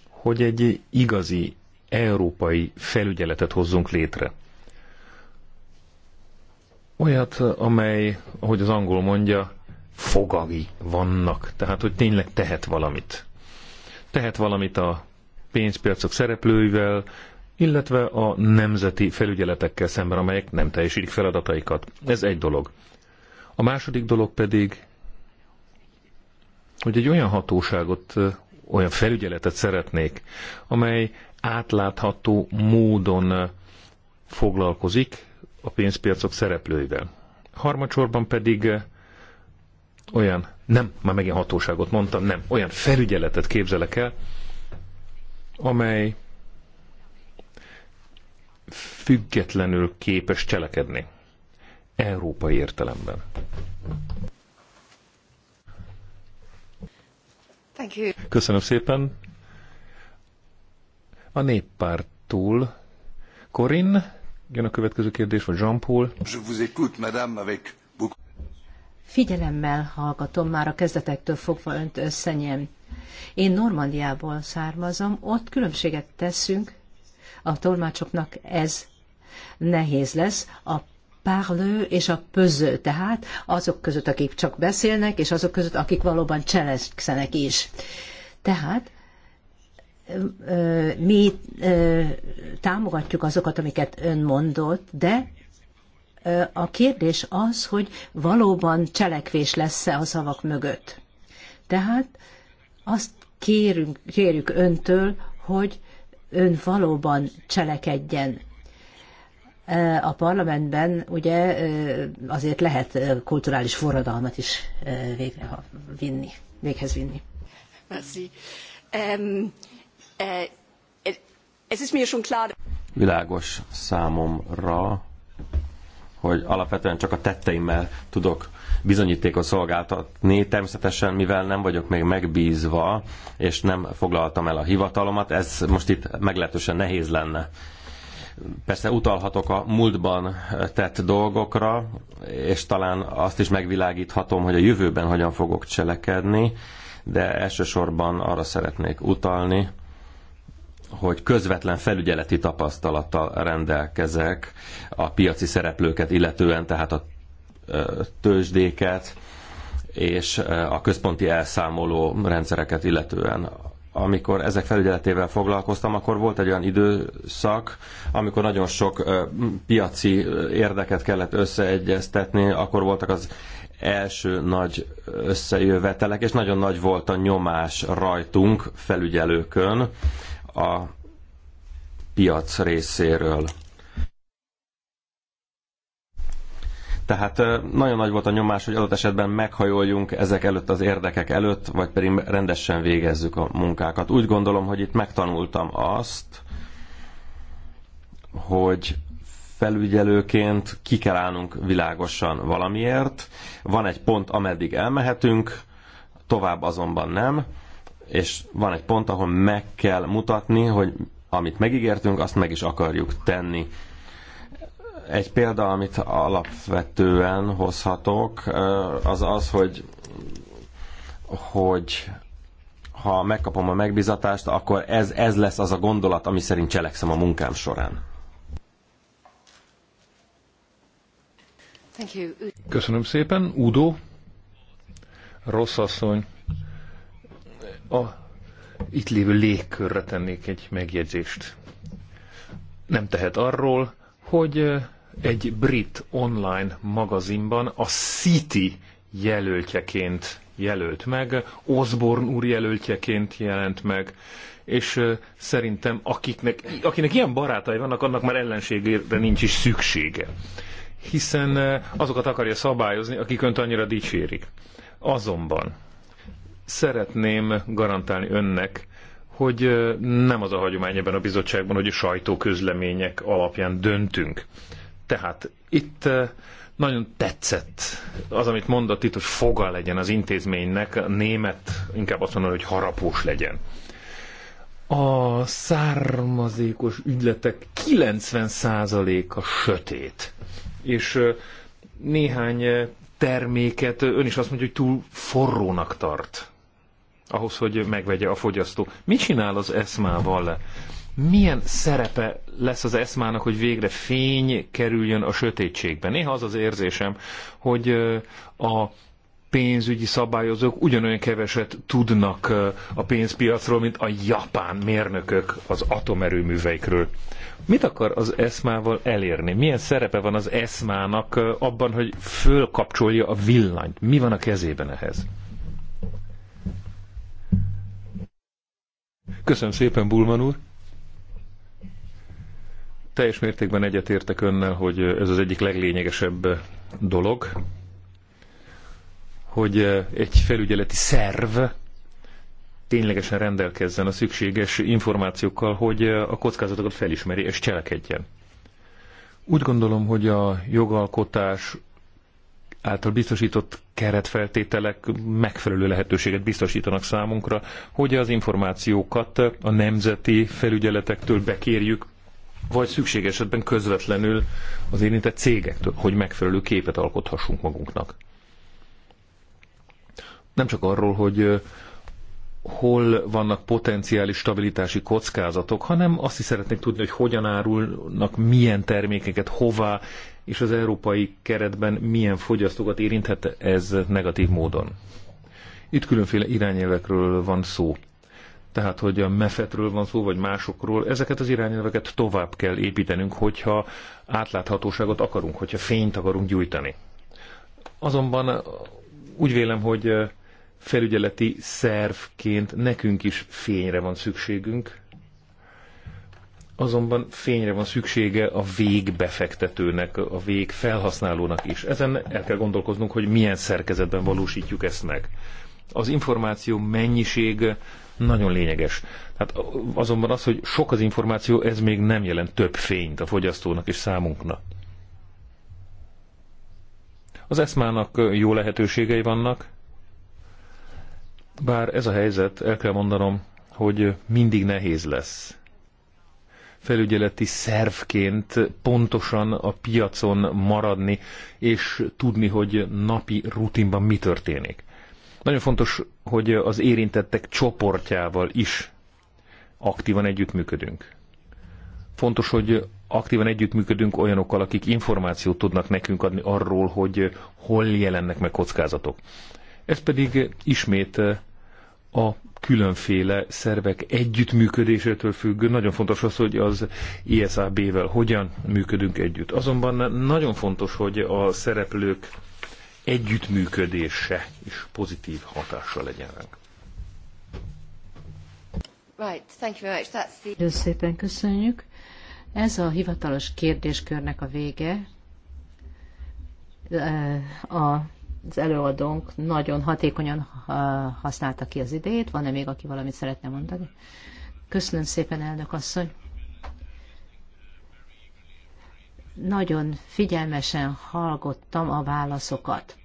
hogy egy igazi európai felügyeletet hozzunk létre. Olyat, amely, ahogy az angol mondja, fogai vannak, tehát hogy tényleg tehet valamit. Tehet valamit a pénzpiacok szereplőivel, illetve a nemzeti felügyeletekkel szemben, amelyek nem teljesítik feladataikat. Ez egy dolog. A második dolog pedig hogy egy olyan hatóságot, olyan felügyeletet szeretnék, amely átlátható módon foglalkozik a pénzpiacok szereplőivel. Harmadsorban pedig olyan, nem, már megint hatóságot mondtam, nem, olyan felügyeletet képzelek el, amely függetlenül képes cselekedni. Európai értelemben. Thank you. Köszönöm szépen. A néppártól Corin, jön a következő kérdés, vagy Jean-Paul. Je vous écoute, madame, avec Figyelemmel hallgatom már a kezdetektől fogva önt összenyem. Én Normandiából származom, ott különbséget teszünk, a tolmácsoknak ez nehéz lesz, a párlő és a pöző, tehát azok között, akik csak beszélnek, és azok között, akik valóban cselekszenek is. Tehát mi támogatjuk azokat, amiket ön mondott, de a kérdés az, hogy valóban cselekvés lesz-e a szavak mögött. Tehát azt kérünk, kérjük öntől, hogy ön valóban cselekedjen. Eh, a parlamentben ugye eh, azért lehet eh, kulturális forradalmat is végre vinni, véghez vinni. Merci. Um, uh, ez is mir schon klar. Világos számomra, hogy alapvetően csak a tetteimmel tudok bizonyítékot szolgáltatni. Természetesen, mivel nem vagyok még megbízva, és nem foglaltam el a hivatalomat, ez most itt meglehetősen nehéz lenne Persze utalhatok a múltban tett dolgokra, és talán azt is megvilágíthatom, hogy a jövőben hogyan fogok cselekedni, de elsősorban arra szeretnék utalni, hogy közvetlen felügyeleti tapasztalattal rendelkezek a piaci szereplőket illetően, tehát a tőzsdéket és a központi elszámoló rendszereket illetően amikor ezek felügyeletével foglalkoztam, akkor volt egy olyan időszak, amikor nagyon sok piaci érdeket kellett összeegyeztetni, akkor voltak az első nagy összejövetelek, és nagyon nagy volt a nyomás rajtunk felügyelőkön a piac részéről. Tehát nagyon nagy volt a nyomás, hogy adott esetben meghajoljunk ezek előtt az érdekek előtt, vagy pedig rendesen végezzük a munkákat. Úgy gondolom, hogy itt megtanultam azt, hogy felügyelőként ki kell állnunk világosan valamiért. Van egy pont, ameddig elmehetünk, tovább azonban nem, és van egy pont, ahol meg kell mutatni, hogy amit megígértünk, azt meg is akarjuk tenni. Egy példa, amit alapvetően hozhatok, az az, hogy, hogy ha megkapom a megbizatást, akkor ez, ez lesz az a gondolat, ami szerint cselekszem a munkám során. Köszönöm szépen. Udo, rossz asszony, a itt lévő légkörre tennék egy megjegyzést. Nem tehet arról, hogy egy brit online magazinban a City jelöltjeként jelölt meg, Osborne úr jelöltjeként jelent meg, és szerintem akiknek, akinek ilyen barátai vannak, annak már ellenségére nincs is szüksége. Hiszen azokat akarja szabályozni, akik önt annyira dicsérik. Azonban szeretném garantálni önnek, hogy nem az a hagyomány ebben a bizottságban, hogy a sajtóközlemények alapján döntünk. Tehát itt eh, nagyon tetszett az, amit mondott itt, hogy foga legyen az intézménynek, a német inkább azt mondom, hogy harapós legyen. A származékos ügyletek 90%-a sötét, és eh, néhány eh, terméket ön is azt mondja, hogy túl forrónak tart ahhoz, hogy megvegye a fogyasztó. Mi csinál az eszmával? milyen szerepe lesz az eszmának, hogy végre fény kerüljön a sötétségbe? Néha az az érzésem, hogy a pénzügyi szabályozók ugyanolyan keveset tudnak a pénzpiacról, mint a japán mérnökök az atomerőműveikről. Mit akar az eszmával elérni? Milyen szerepe van az eszmának abban, hogy fölkapcsolja a villanyt? Mi van a kezében ehhez? Köszönöm szépen, Bulman úr! Teljes mértékben egyetértek önnel, hogy ez az egyik leglényegesebb dolog, hogy eh, egy felügyeleti szerv ténylegesen rendelkezzen a szükséges információkkal, hogy eh, a kockázatokat felismeri és cselekedjen. Úgy gondolom, hogy a jogalkotás által biztosított keretfeltételek megfelelő lehetőséget biztosítanak számunkra, hogy az információkat a nemzeti felügyeletektől bekérjük, vagy szükség esetben közvetlenül az érintett cégektől, hogy megfelelő képet alkothassunk magunknak. Nem csak arról, hogy hol vannak potenciális stabilitási kockázatok, hanem azt is szeretnék tudni, hogy hogyan árulnak milyen termékeket, hová, és az európai keretben milyen fogyasztókat érinthet ez negatív módon. Itt különféle irányelvekről van szó tehát hogy a mefetről van szó, vagy másokról, ezeket az irányelveket tovább kell építenünk, hogyha átláthatóságot akarunk, hogyha fényt akarunk gyújtani. Azonban uh, úgy vélem, hogy uh, felügyeleti szervként nekünk is fényre van szükségünk, azonban fényre van szüksége a végbefektetőnek, a végfelhasználónak is. Ezen el kell gondolkoznunk, hogy milyen szerkezetben valósítjuk ezt meg. Az információ mennyiség nagyon lényeges. Hát azonban az, hogy sok az információ, ez még nem jelent több fényt a fogyasztónak és számunknak. Az eszmának jó lehetőségei vannak, bár ez a helyzet, el kell mondanom, hogy mindig nehéz lesz. Felügyeleti szervként pontosan a piacon maradni, és tudni, hogy napi rutinban mi történik. Nagyon fontos, hogy az érintettek csoportjával is aktívan együttműködünk. Fontos, hogy aktívan együttműködünk olyanokkal, akik információt tudnak nekünk adni arról, hogy hol jelennek meg kockázatok. Ez pedig ismét a különféle szervek együttműködésétől függ. Nagyon fontos az, hogy az ISAB-vel hogyan működünk együtt. Azonban nagyon fontos, hogy a szereplők együttműködése is pozitív hatással legyen ránk. Right, thank you very much. That's the... Szépen köszönjük. Ez a hivatalos kérdéskörnek a vége. Eh, az előadónk nagyon hatékonyan használta ki az idejét. Van-e még, aki valamit szeretne mondani? Köszönöm szépen, elnök asszony. nagyon figyelmesen hallgattam a válaszokat.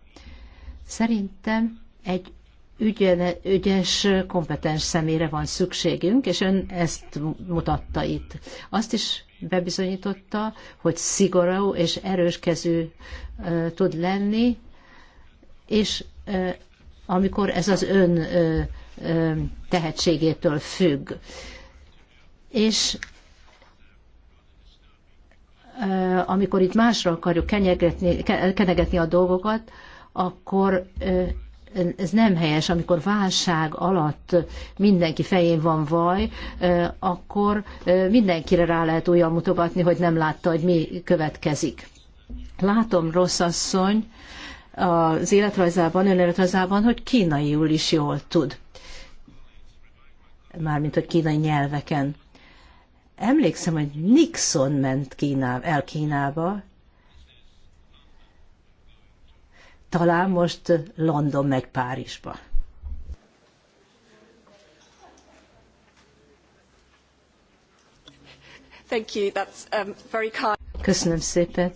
Szerintem egy ügyen, ügyes, kompetens személyre van szükségünk, és ön ezt mutatta itt. Azt is bebizonyította, hogy szigorú és erős kezű uh, tud lenni, és uh, amikor ez az ön uh, tehetségétől függ. És amikor itt másra akarjuk kenegetni a dolgokat, akkor ez nem helyes, amikor válság alatt mindenki fején van vaj, akkor mindenkire rá lehet újra mutogatni, hogy nem látta, hogy mi következik. Látom, rossz asszony, az életrajzában, önéletrajzában, hogy kínaiul is jól tud. Mármint, hogy kínai nyelveken emlékszem, hogy Nixon ment Kínába, el Kínába, talán most London megy Párizsba. Thank you. That's, um, very kind. Köszönöm szépen.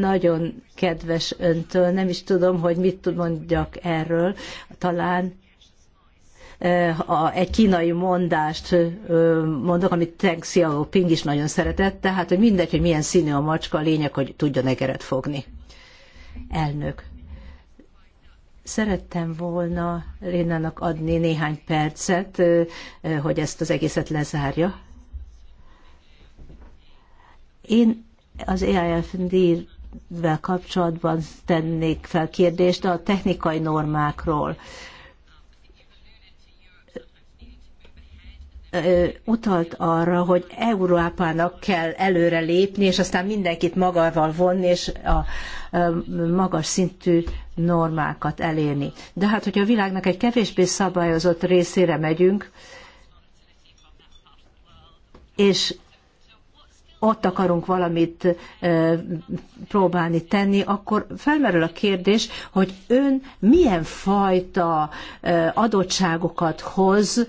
Nagyon kedves öntől, nem is tudom, hogy mit tud mondjak erről. Talán Eh, egy kínai mondást eh, mondok, amit Teng Xiaoping is nagyon szeretett, tehát hogy mindegy, hogy milyen színű a macska, a lényeg, hogy tudjon egeret fogni. Elnök. Szerettem volna Lénának adni néhány percet, eh, hogy ezt az egészet lezárja. Én az EIFD-vel kapcsolatban tennék fel kérdést a technikai normákról utalt arra, hogy Európának kell előre lépni, és aztán mindenkit magával vonni, és a magas szintű normákat elérni. De hát, hogyha a világnak egy kevésbé szabályozott részére megyünk, és ott akarunk valamit próbálni tenni, akkor felmerül a kérdés, hogy ön milyen fajta adottságokat hoz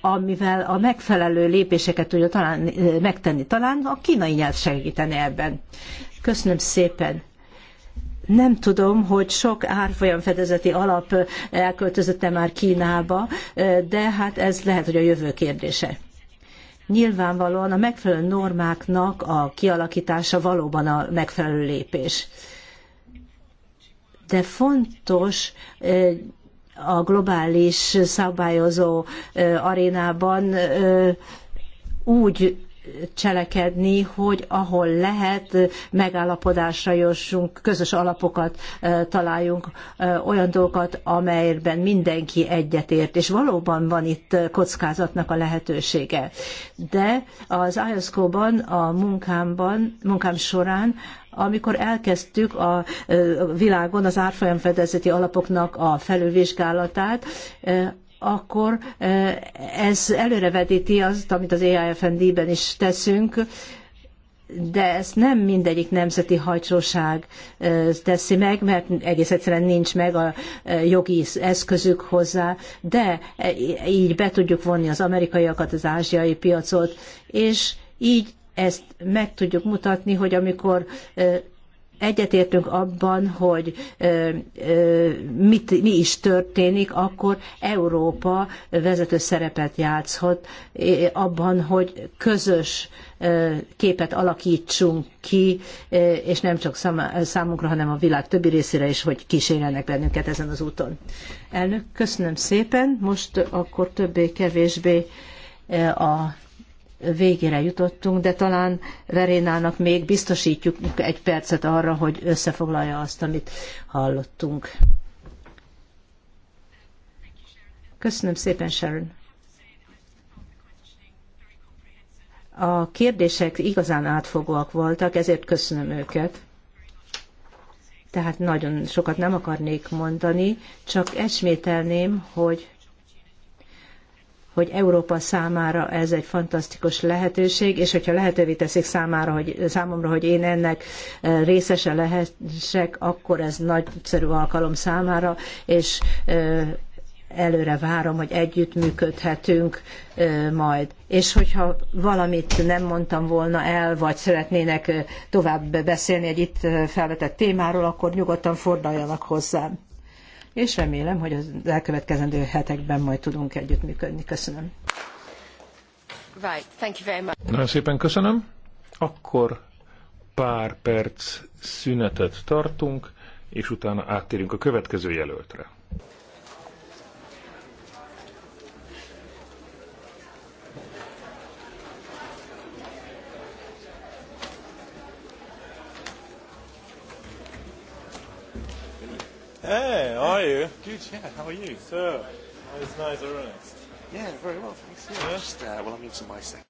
amivel a megfelelő lépéseket tudja talán megtenni. Talán a kínai nyelv segítene ebben. Köszönöm szépen. Nem tudom, hogy sok árfolyam fedezeti alap elköltözötte már Kínába, de hát ez lehet, hogy a jövő kérdése. Nyilvánvalóan a megfelelő normáknak a kialakítása valóban a megfelelő lépés de fontos a globális szabályozó arénában úgy cselekedni, hogy ahol lehet megállapodásra jussunk, közös alapokat találjunk, olyan dolgokat, amelyben mindenki egyetért, és valóban van itt kockázatnak a lehetősége. De az IOSCO-ban, a munkámban, munkám során amikor elkezdtük a világon az árfolyamfedezeti alapoknak a felülvizsgálatát, akkor ez előrevedíti azt, amit az EIFND-ben is teszünk, de ezt nem mindegyik nemzeti hajtóság teszi meg, mert egész egyszerűen nincs meg a jogi eszközük hozzá, de e, így be tudjuk vonni az amerikaiakat, az ázsiai piacot, és így ezt meg tudjuk mutatni, hogy amikor egyetértünk abban, hogy mit, mi is történik, akkor Európa vezető szerepet játszhat abban, hogy közös képet alakítsunk ki, és nem csak számunkra, hanem a világ többi részére is, hogy kísérjenek bennünket ezen az úton. Elnök, köszönöm szépen. Most akkor többé-kevésbé a végére jutottunk, de talán Verénának még biztosítjuk egy percet arra, hogy összefoglalja azt, amit hallottunk. Köszönöm szépen, Sharon. A kérdések igazán átfogóak voltak, ezért köszönöm őket. Tehát nagyon sokat nem akarnék mondani, csak esmételném, hogy hogy Európa számára ez egy fantasztikus lehetőség, és hogyha lehetővé teszik számára, hogy, számomra, hogy én ennek eh, részese lehessek, akkor ez nagyszerű alkalom számára, és eh, előre várom, hogy együttműködhetünk eh, majd. És hogyha valamit nem mondtam volna el, vagy szeretnének tovább beszélni egy itt felvetett témáról, akkor nyugodtan forduljanak hozzám és remélem, hogy az elkövetkezendő hetekben majd tudunk együttműködni. Köszönöm. Right, thank you very much. Nagyon szépen köszönöm. Akkor pár perc szünetet tartunk, és utána áttérünk a következő jelöltre. Hey, how are you? Good, yeah, how are you? So, it's nice, isn't it? Yeah, very well, thanks. Yeah, yeah. just, uh, well, I'm into my second.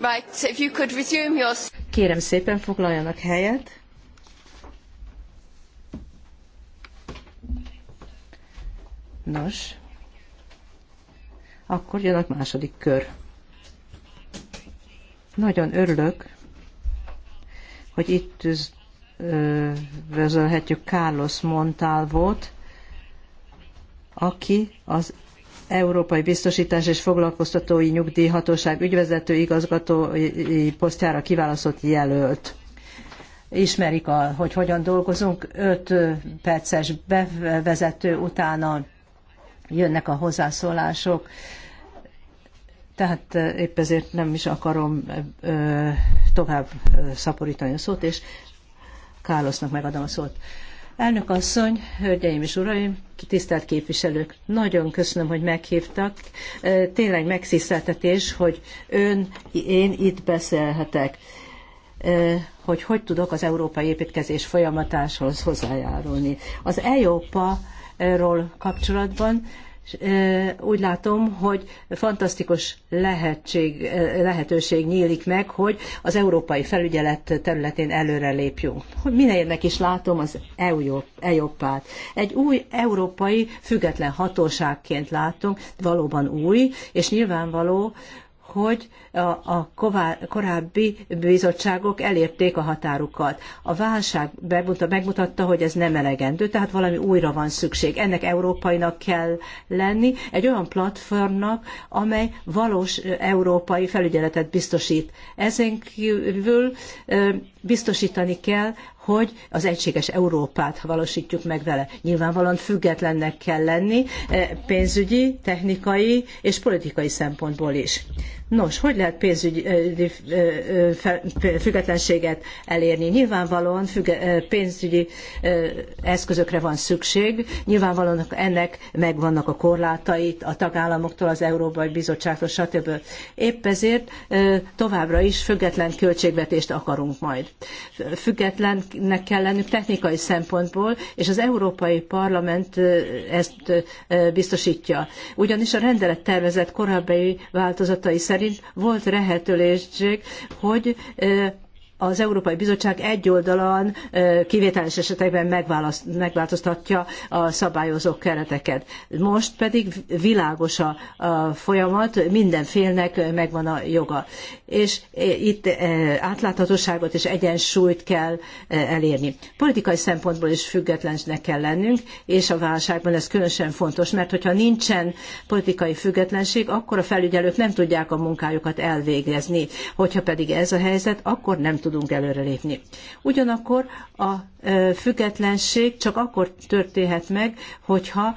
Right, if you could resume your... Kérem szépen foglaljanak helyet. Nos, akkor jön a második kör. Nagyon örülök, hogy itt üdvözölhetjük Carlos Montalvot, aki az Európai Biztosítás és Foglalkoztatói Nyugdíjhatóság ügyvezető igazgatói posztjára kiválasztott jelölt. Ismerik, a, hogy hogyan dolgozunk. öt perces bevezető utána jönnek a hozzászólások. Tehát eh, épp ezért nem is akarom eh, tovább eh, szaporítani a szót, és Kálosznak megadom a szót. Elnök asszony, hölgyeim és uraim, tisztelt képviselők, nagyon köszönöm, hogy meghívtak. Tényleg megszíszeltetés, hogy ön, én itt beszélhetek hogy hogy tudok az európai építkezés folyamatához hozzájárulni. Az EIOPA ról kapcsolatban úgy látom, hogy fantasztikus lehetség, lehetőség nyílik meg, hogy az európai felügyelet területén előre lépjünk. Hogy is látom az EUPÁT. Egy új európai független hatóságként látunk, valóban új, és nyilvánvaló, hogy a korábbi bizottságok elérték a határukat. A válság megmutatta, hogy ez nem elegendő, tehát valami újra van szükség. Ennek európainak kell lenni, egy olyan platformnak, amely valós európai felügyeletet biztosít. Ezen kívül biztosítani kell hogy az egységes Európát valósítjuk meg vele. Nyilvánvalóan függetlennek kell lenni eh, pénzügyi, technikai és politikai szempontból is. Nos, hogy lehet pénzügyi függetlenséget elérni? Nyilvánvalóan pénzügyi eszközökre van szükség, nyilvánvalóan ennek megvannak a korlátait a tagállamoktól, az Európai Bizottságtól, stb. Épp ezért továbbra is független költségvetést akarunk majd. Függetlennek kell lennünk technikai szempontból, és az Európai Parlament ezt biztosítja. Ugyanis a rendelettervezet korábbi változatai szerint szerint volt lehetőség, hogy az Európai Bizottság egyoldalan kivételes esetekben megváltoztatja a szabályozó kereteket. Most pedig világos a folyamat, minden félnek megvan a joga. És e, itt e, átláthatóságot és egyensúlyt kell e, elérni. Politikai szempontból is függetlensnek kell lennünk, és a válságban ez különösen fontos, mert hogyha nincsen politikai függetlenség, akkor a felügyelők nem tudják a munkájukat elvégezni. Hogyha pedig ez a helyzet, akkor nem tudunk előrelépni. Ugyanakkor a függetlenség csak akkor történhet meg, hogyha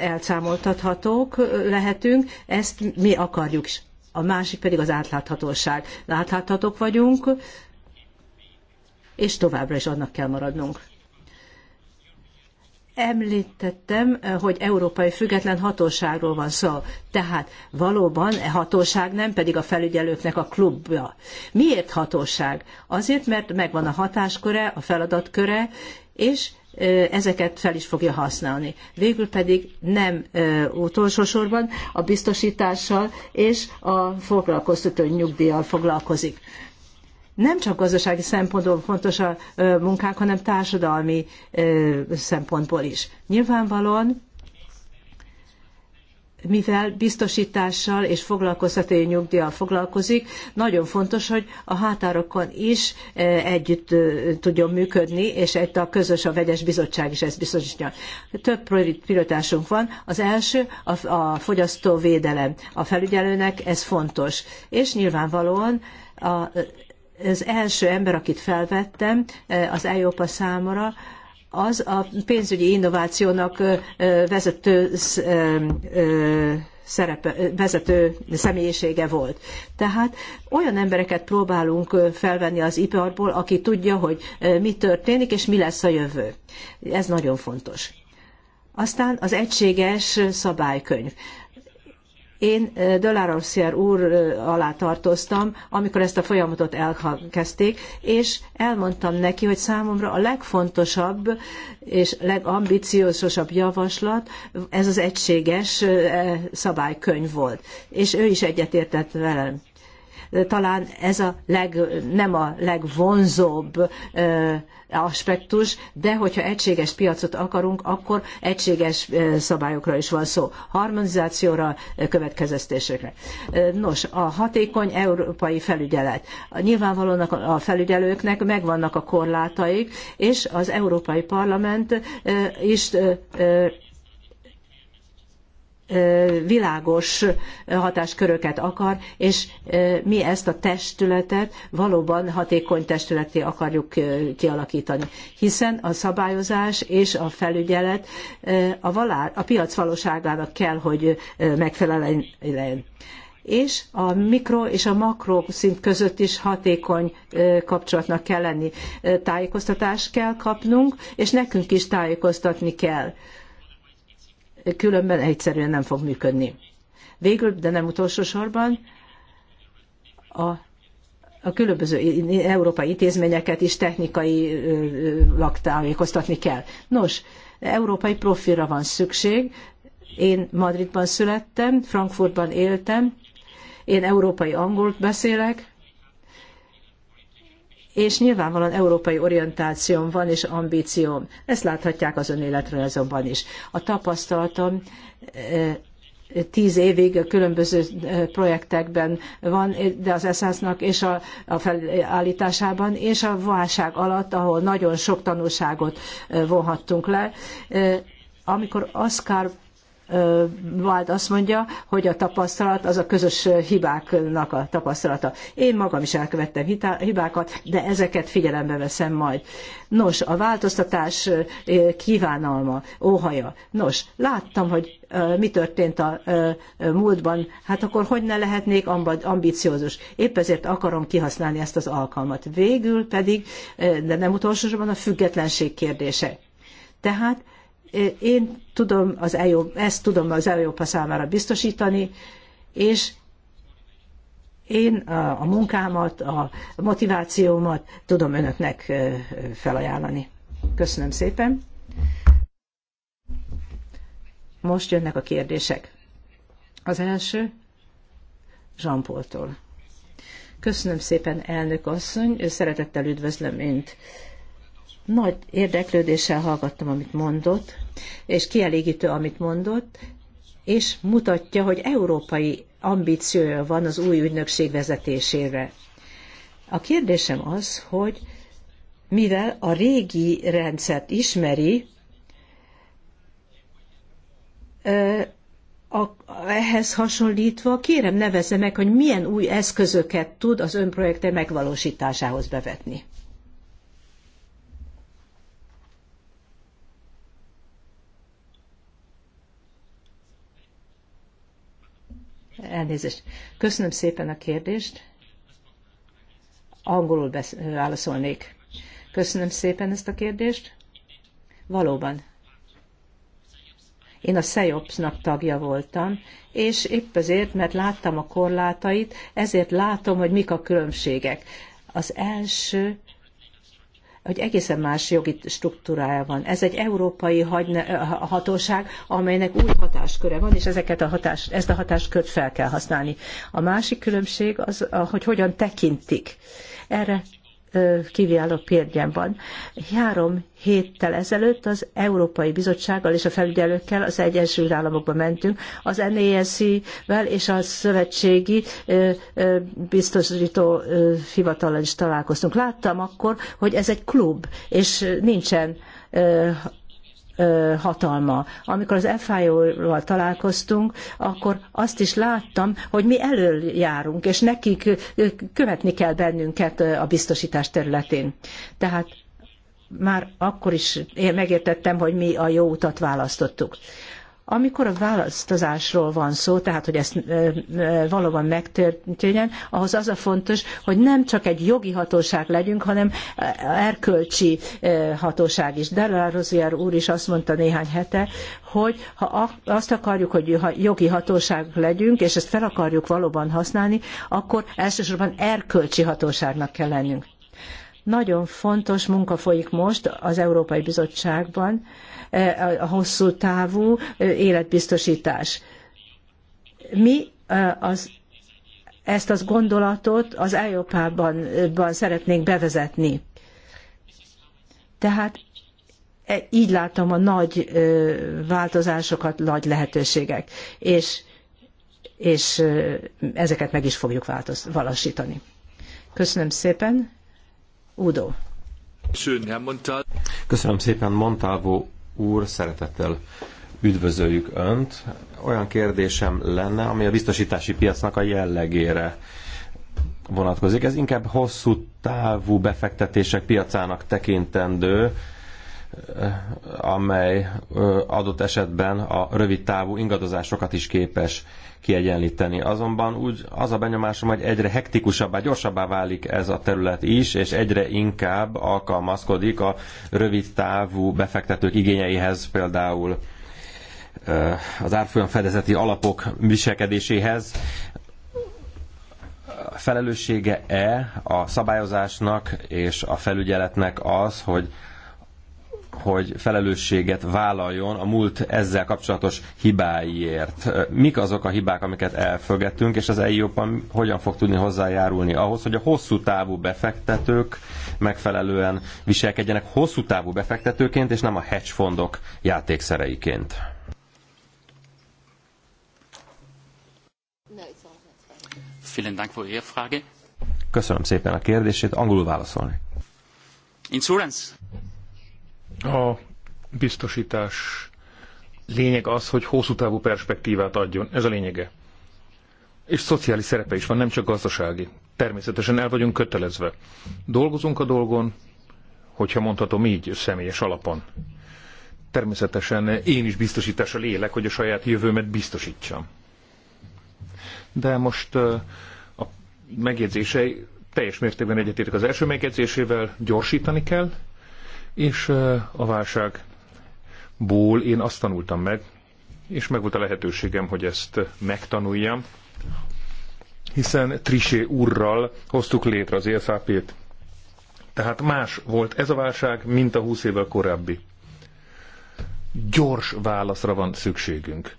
elszámoltathatók lehetünk, ezt mi akarjuk. A másik pedig az átláthatóság. Átláthatók vagyunk, és továbbra is annak kell maradnunk. Említettem, eh, hogy európai független hatóságról van szó. Tehát valóban e hatóság nem pedig a felügyelőknek a klubja. Miért hatóság? Azért, mert megvan a hatásköre, a feladatköre, és eh, ezeket fel is fogja használni. Végül pedig nem eh, utolsó sorban a biztosítással és a foglalkoztató nyugdíjjal foglalkozik nem csak gazdasági szempontból fontos a munkák, hanem társadalmi szempontból is. Nyilvánvalóan mivel biztosítással és foglalkoztatói nyugdíjjal foglalkozik, nagyon fontos, hogy a határokon is együtt tudjon működni, és egy a közös, a vegyes bizottság is ezt biztosítja. Több prioritásunk van. Az első a, a fogyasztóvédelem. A felügyelőnek ez fontos. És nyilvánvalóan a az első ember, akit felvettem eh, az EIOPA számára, az a pénzügyi innovációnak eh, vezető eh, szerepe, vezető személyisége volt. Tehát olyan embereket próbálunk felvenni az iparból, aki tudja, hogy mi történik és mi lesz a jövő. Ez nagyon fontos. Aztán az egységes szabálykönyv. Én Dölárosszier úr alá tartoztam, amikor ezt a folyamatot elkezdték, és elmondtam neki, hogy számomra a legfontosabb és legambiciózusabb javaslat ez az egységes e, szabálykönyv volt. És ő is egyetértett velem. Talán ez a leg, nem a legvonzóbb aspektus, de hogyha egységes piacot akarunk, akkor egységes szabályokra is van szó. Harmonizációra, következtetésekre. Nos, a hatékony európai felügyelet. Nyilvánvalóan a felügyelőknek megvannak a korlátaik, és az Európai Parlament is világos hatásköröket akar, és mi ezt a testületet valóban hatékony testületé akarjuk kialakítani. Hiszen a szabályozás és a felügyelet a, valár, a piac valóságának kell, hogy megfeleljen és a mikro és a makro szint között is hatékony kapcsolatnak kell lenni. Tájékoztatást kell kapnunk, és nekünk is tájékoztatni kell különben egyszerűen nem fog működni. Végül, de nem utolsó sorban, a, a különböző európai intézményeket is technikai tájékoztatni kell. Nos, európai profilra van szükség. Én Madridban születtem, Frankfurtban éltem, én európai angolt beszélek, és nyilvánvalóan európai orientációm van és ambícióm. Ezt láthatják az önéletrajzomban is. A tapasztalatom eh, tíz évig különböző eh, projektekben van, eh, de az esszásznak és a, a felállításában, és a válság alatt, ahol nagyon sok tanulságot vonhattunk le. Amikor Oscar Vált azt mondja, hogy a tapasztalat az a közös hibáknak a tapasztalata. Én magam is elkövettem hibákat, de ezeket figyelembe veszem majd. Nos, a változtatás kívánalma, óhaja. Nos, láttam, hogy mi történt a múltban, hát akkor hogy ne lehetnék ambiciózus. Épp ezért akarom kihasználni ezt az alkalmat. Végül pedig, de nem utolsósorban a függetlenség kérdése. Tehát én tudom az EU, ezt tudom az Európa számára biztosítani, és én a, a munkámat, a motivációmat tudom önöknek felajánlani. Köszönöm szépen. Most jönnek a kérdések. Az első jean -Paul-tól. Köszönöm szépen, elnök asszony, szeretettel üdvözlöm önt. Nagy érdeklődéssel hallgattam, amit mondott, és kielégítő, amit mondott, és mutatja, hogy európai ambíciója van az új ügynökség vezetésére. A kérdésem az, hogy mivel a régi rendszert ismeri, ehhez hasonlítva kérem nevezze meg, hogy milyen új eszközöket tud az önprojekte megvalósításához bevetni. Elnézést. Köszönöm szépen a kérdést. Angolul besz- válaszolnék. Köszönöm szépen ezt a kérdést. Valóban. Én a SEOPS-nak tagja voltam, és épp azért, mert láttam a korlátait, ezért látom, hogy mik a különbségek. Az első hogy egészen más jogi struktúrája van. Ez egy európai eh, hatóság, amelynek új hatásköre van, és ezeket a hatás, ezt a hatáskört fel kell használni. A másik különbség az, hogy hogyan tekintik. Erre kiváló pérgyen Három héttel ezelőtt az Európai Bizottsággal és a felügyelőkkel az Egyesült Államokba mentünk, az NASZ-vel és a szövetségi biztosító hivatallal is találkoztunk. Láttam akkor, hogy ez egy klub, és nincsen hatalma. Amikor az FIO-val találkoztunk, akkor azt is láttam, hogy mi elől járunk, és nekik követni kell bennünket a biztosítás területén. Tehát már akkor is én megértettem, hogy mi a jó utat választottuk. Amikor a választozásról van szó, tehát hogy ezt valóban megtörténjen, ahhoz az a fontos, hogy nem csak egy jogi hatóság legyünk, hanem erkölcsi hatóság is. Delár Rozier úr is azt mondta néhány hete, hogy ha azt akarjuk, hogy jogi hatóság legyünk, és ezt fel akarjuk valóban használni, akkor elsősorban erkölcsi hatóságnak kell lennünk. Nagyon fontos munka folyik most az Európai Bizottságban, e, a hosszú távú e, életbiztosítás. Mi e, az ezt az gondolatot az Európában szeretnénk bevezetni. Tehát így látom a nagy változásokat, nagy lehetőségek, és, és ezeket meg is fogjuk valósítani. Köszönöm szépen. Udo. Köszönöm szépen, Montalvo úr, szeretettel üdvözöljük Önt. Olyan kérdésem lenne, ami a biztosítási piacnak a jellegére vonatkozik. Ez inkább hosszú távú befektetések piacának tekintendő, amely adott esetben a rövid távú ingadozásokat is képes kiegyenlíteni. Azonban úgy az a benyomásom, hogy egyre hektikusabbá, gyorsabbá válik ez a terület is, és egyre inkább alkalmazkodik a rövid távú befektetők igényeihez, például az árfolyam fedezeti alapok viselkedéséhez, felelőssége-e a szabályozásnak és a felügyeletnek az, hogy hogy felelősséget vállaljon a múlt ezzel kapcsolatos hibáiért. Mik azok a hibák, amiket elfögettünk, és az EIOPAN hogyan fog tudni hozzájárulni ahhoz, hogy a hosszú távú befektetők megfelelően viselkedjenek hosszú távú befektetőként, és nem a hedge fondok játékszereiként? Köszönöm szépen a kérdését, angolul válaszolni. Insurance. A biztosítás lényeg az, hogy hosszú távú perspektívát adjon. Ez a lényege. És szociális szerepe is van, nem csak gazdasági. Természetesen el vagyunk kötelezve. Dolgozunk a dolgon, hogyha mondhatom így, személyes alapon. Természetesen én is biztosítással élek, hogy a saját jövőmet biztosítsam. De most a megjegyzései teljes mértékben egyetértek az első megjegyzésével, gyorsítani kell, és a válságból én azt tanultam meg, és megvolt a lehetőségem, hogy ezt megtanuljam, hiszen Trisé úrral hoztuk létre az élszápét. Tehát más volt ez a válság, mint a 20 évvel korábbi. Gyors válaszra van szükségünk.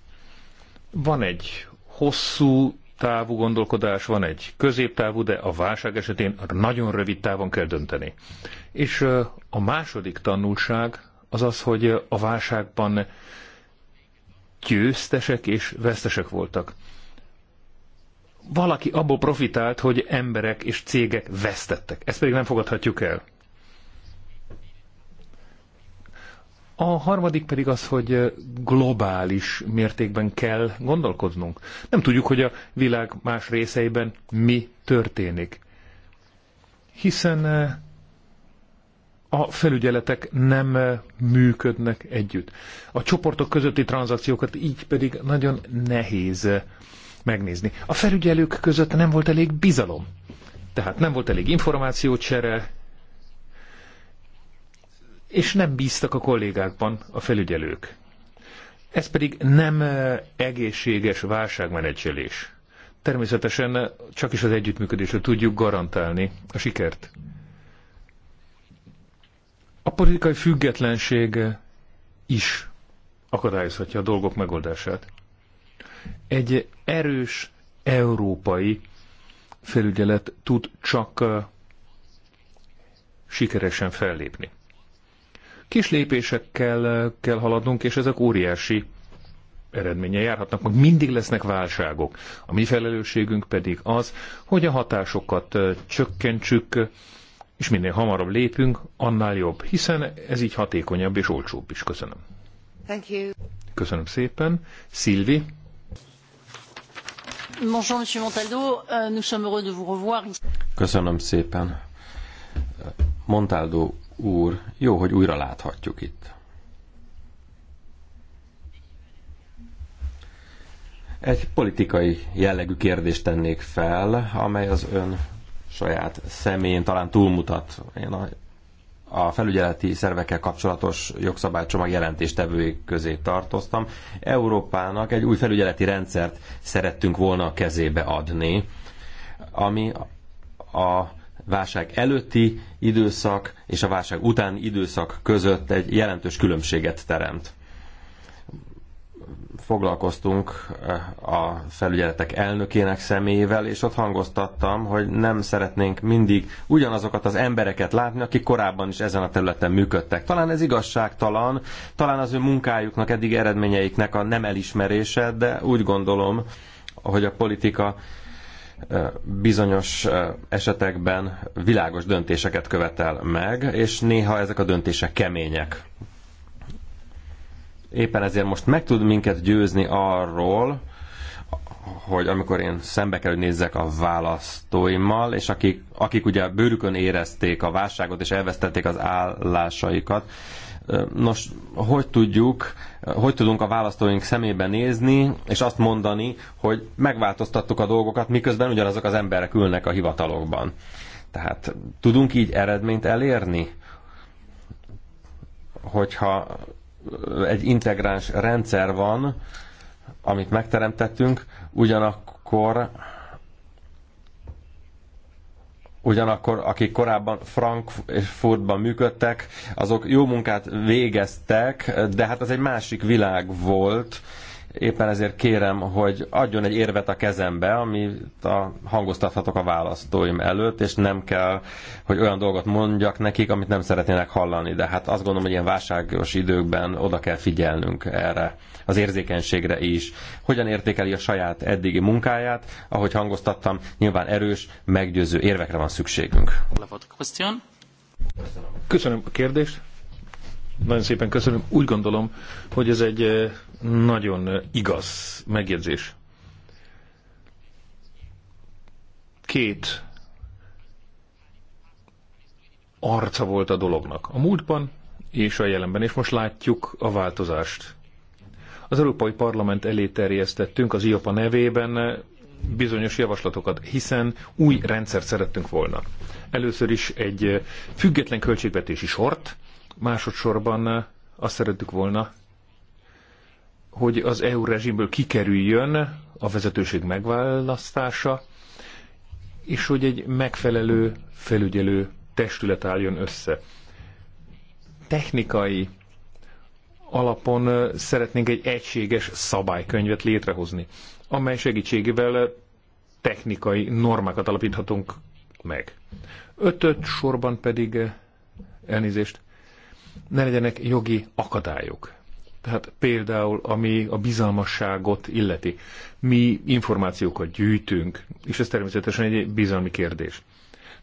Van egy hosszú távú gondolkodás, van egy középtávú, de a válság esetén nagyon rövid távon kell dönteni. És a második tanulság az az, hogy a válságban győztesek és vesztesek voltak. Valaki abból profitált, hogy emberek és cégek vesztettek. Ezt pedig nem fogadhatjuk el. A harmadik pedig az, hogy globális mértékben kell gondolkodnunk. Nem tudjuk, hogy a világ más részeiben mi történik. Hiszen a felügyeletek nem működnek együtt. A csoportok közötti tranzakciókat így pedig nagyon nehéz megnézni. A felügyelők között nem volt elég bizalom. Tehát nem volt elég információcsere, és nem bíztak a kollégákban a felügyelők. Ez pedig nem egészséges válságmenedzselés. Természetesen csak is az együttműködésre tudjuk garantálni a sikert. A politikai függetlenség is akadályozhatja a dolgok megoldását. Egy erős európai felügyelet tud csak sikeresen fellépni. Kis lépésekkel kell haladnunk, és ezek óriási eredménye járhatnak, meg mindig lesznek válságok. A mi felelősségünk pedig az, hogy a hatásokat csökkentsük, és minél hamarabb lépünk, annál jobb, hiszen ez így hatékonyabb és olcsóbb is. Köszönöm. Thank you. Köszönöm szépen. Szilvi. Bonjour, Monsieur Montaldo. Euh, nous sommes heureux de vous revoir. Köszönöm szépen. Montaldo úr, jó, hogy újra láthatjuk itt. Egy politikai jellegű kérdést tennék fel, amely az ön saját személyén talán túlmutat. Én a, a felügyeleti szervekkel kapcsolatos jogszabálycsomag jelentéstevői közé tartoztam. Európának egy új felügyeleti rendszert szerettünk volna a kezébe adni, ami a válság előtti időszak és a válság utáni időszak között egy jelentős különbséget teremt. Foglalkoztunk eh, a felügyeletek elnökének személyével, és ott hangoztattam, hogy nem szeretnénk mindig ugyanazokat az embereket látni, akik korábban is ezen a területen működtek. Talán ez igazságtalan, talán az ő munkájuknak, eddig eredményeiknek a nem elismerése, de úgy gondolom, hogy a politika bizonyos esetekben világos döntéseket követel meg, és néha ezek a döntések kemények. Éppen ezért most meg tud minket győzni arról, hogy amikor én szembe kell, hogy nézzek a választóimmal, és akik, akik ugye bőrükön érezték a válságot, és elvesztették az állásaikat, Nos, hogy tudjuk, hogy tudunk a választóink szemébe nézni, és azt mondani, hogy megváltoztattuk a dolgokat, miközben ugyanazok az emberek ülnek a hivatalokban. Tehát tudunk így eredményt elérni, hogyha egy integráns rendszer van, amit megteremtettünk, ugyanakkor Ugyanakkor, akik korábban Frankfurtban működtek, azok jó munkát végeztek, de hát az egy másik világ volt, éppen ezért kérem, hogy adjon egy érvet a kezembe, amit a, hangoztathatok a választóim előtt, és nem kell, hogy olyan dolgot mondjak nekik, amit nem szeretnének hallani. De hát azt gondolom, hogy ilyen válságos időkben oda kell figyelnünk erre, az érzékenységre is. Hogyan értékeli a saját eddigi munkáját, ahogy hangoztattam, nyilván erős, meggyőző érvekre van szükségünk. Köszönöm a kérdést. Nagyon szépen köszönöm. Úgy gondolom, hogy ez egy eh, nagyon eh, igaz megjegyzés. Két arca volt a dolognak. A múltban és a jelenben, és most látjuk a változást. Az Európai Parlament elé terjesztettünk az IOPA nevében eh, bizonyos javaslatokat, hiszen új rendszert szerettünk volna. Először is egy független költségvetési sort, Másodszorban eh, azt szerettük volna, hogy az EU rezsimből kikerüljön a vezetőség megválasztása, és hogy egy megfelelő felügyelő testület álljon össze. Technikai alapon eh, szeretnénk egy egységes szabálykönyvet létrehozni, amely segítségével eh, technikai normákat alapíthatunk meg. Ötöt sorban pedig elnézést ne legyenek jogi akadályok. Tehát például, ami a bizalmasságot illeti. Mi információkat gyűjtünk, és ez természetesen egy bizalmi kérdés.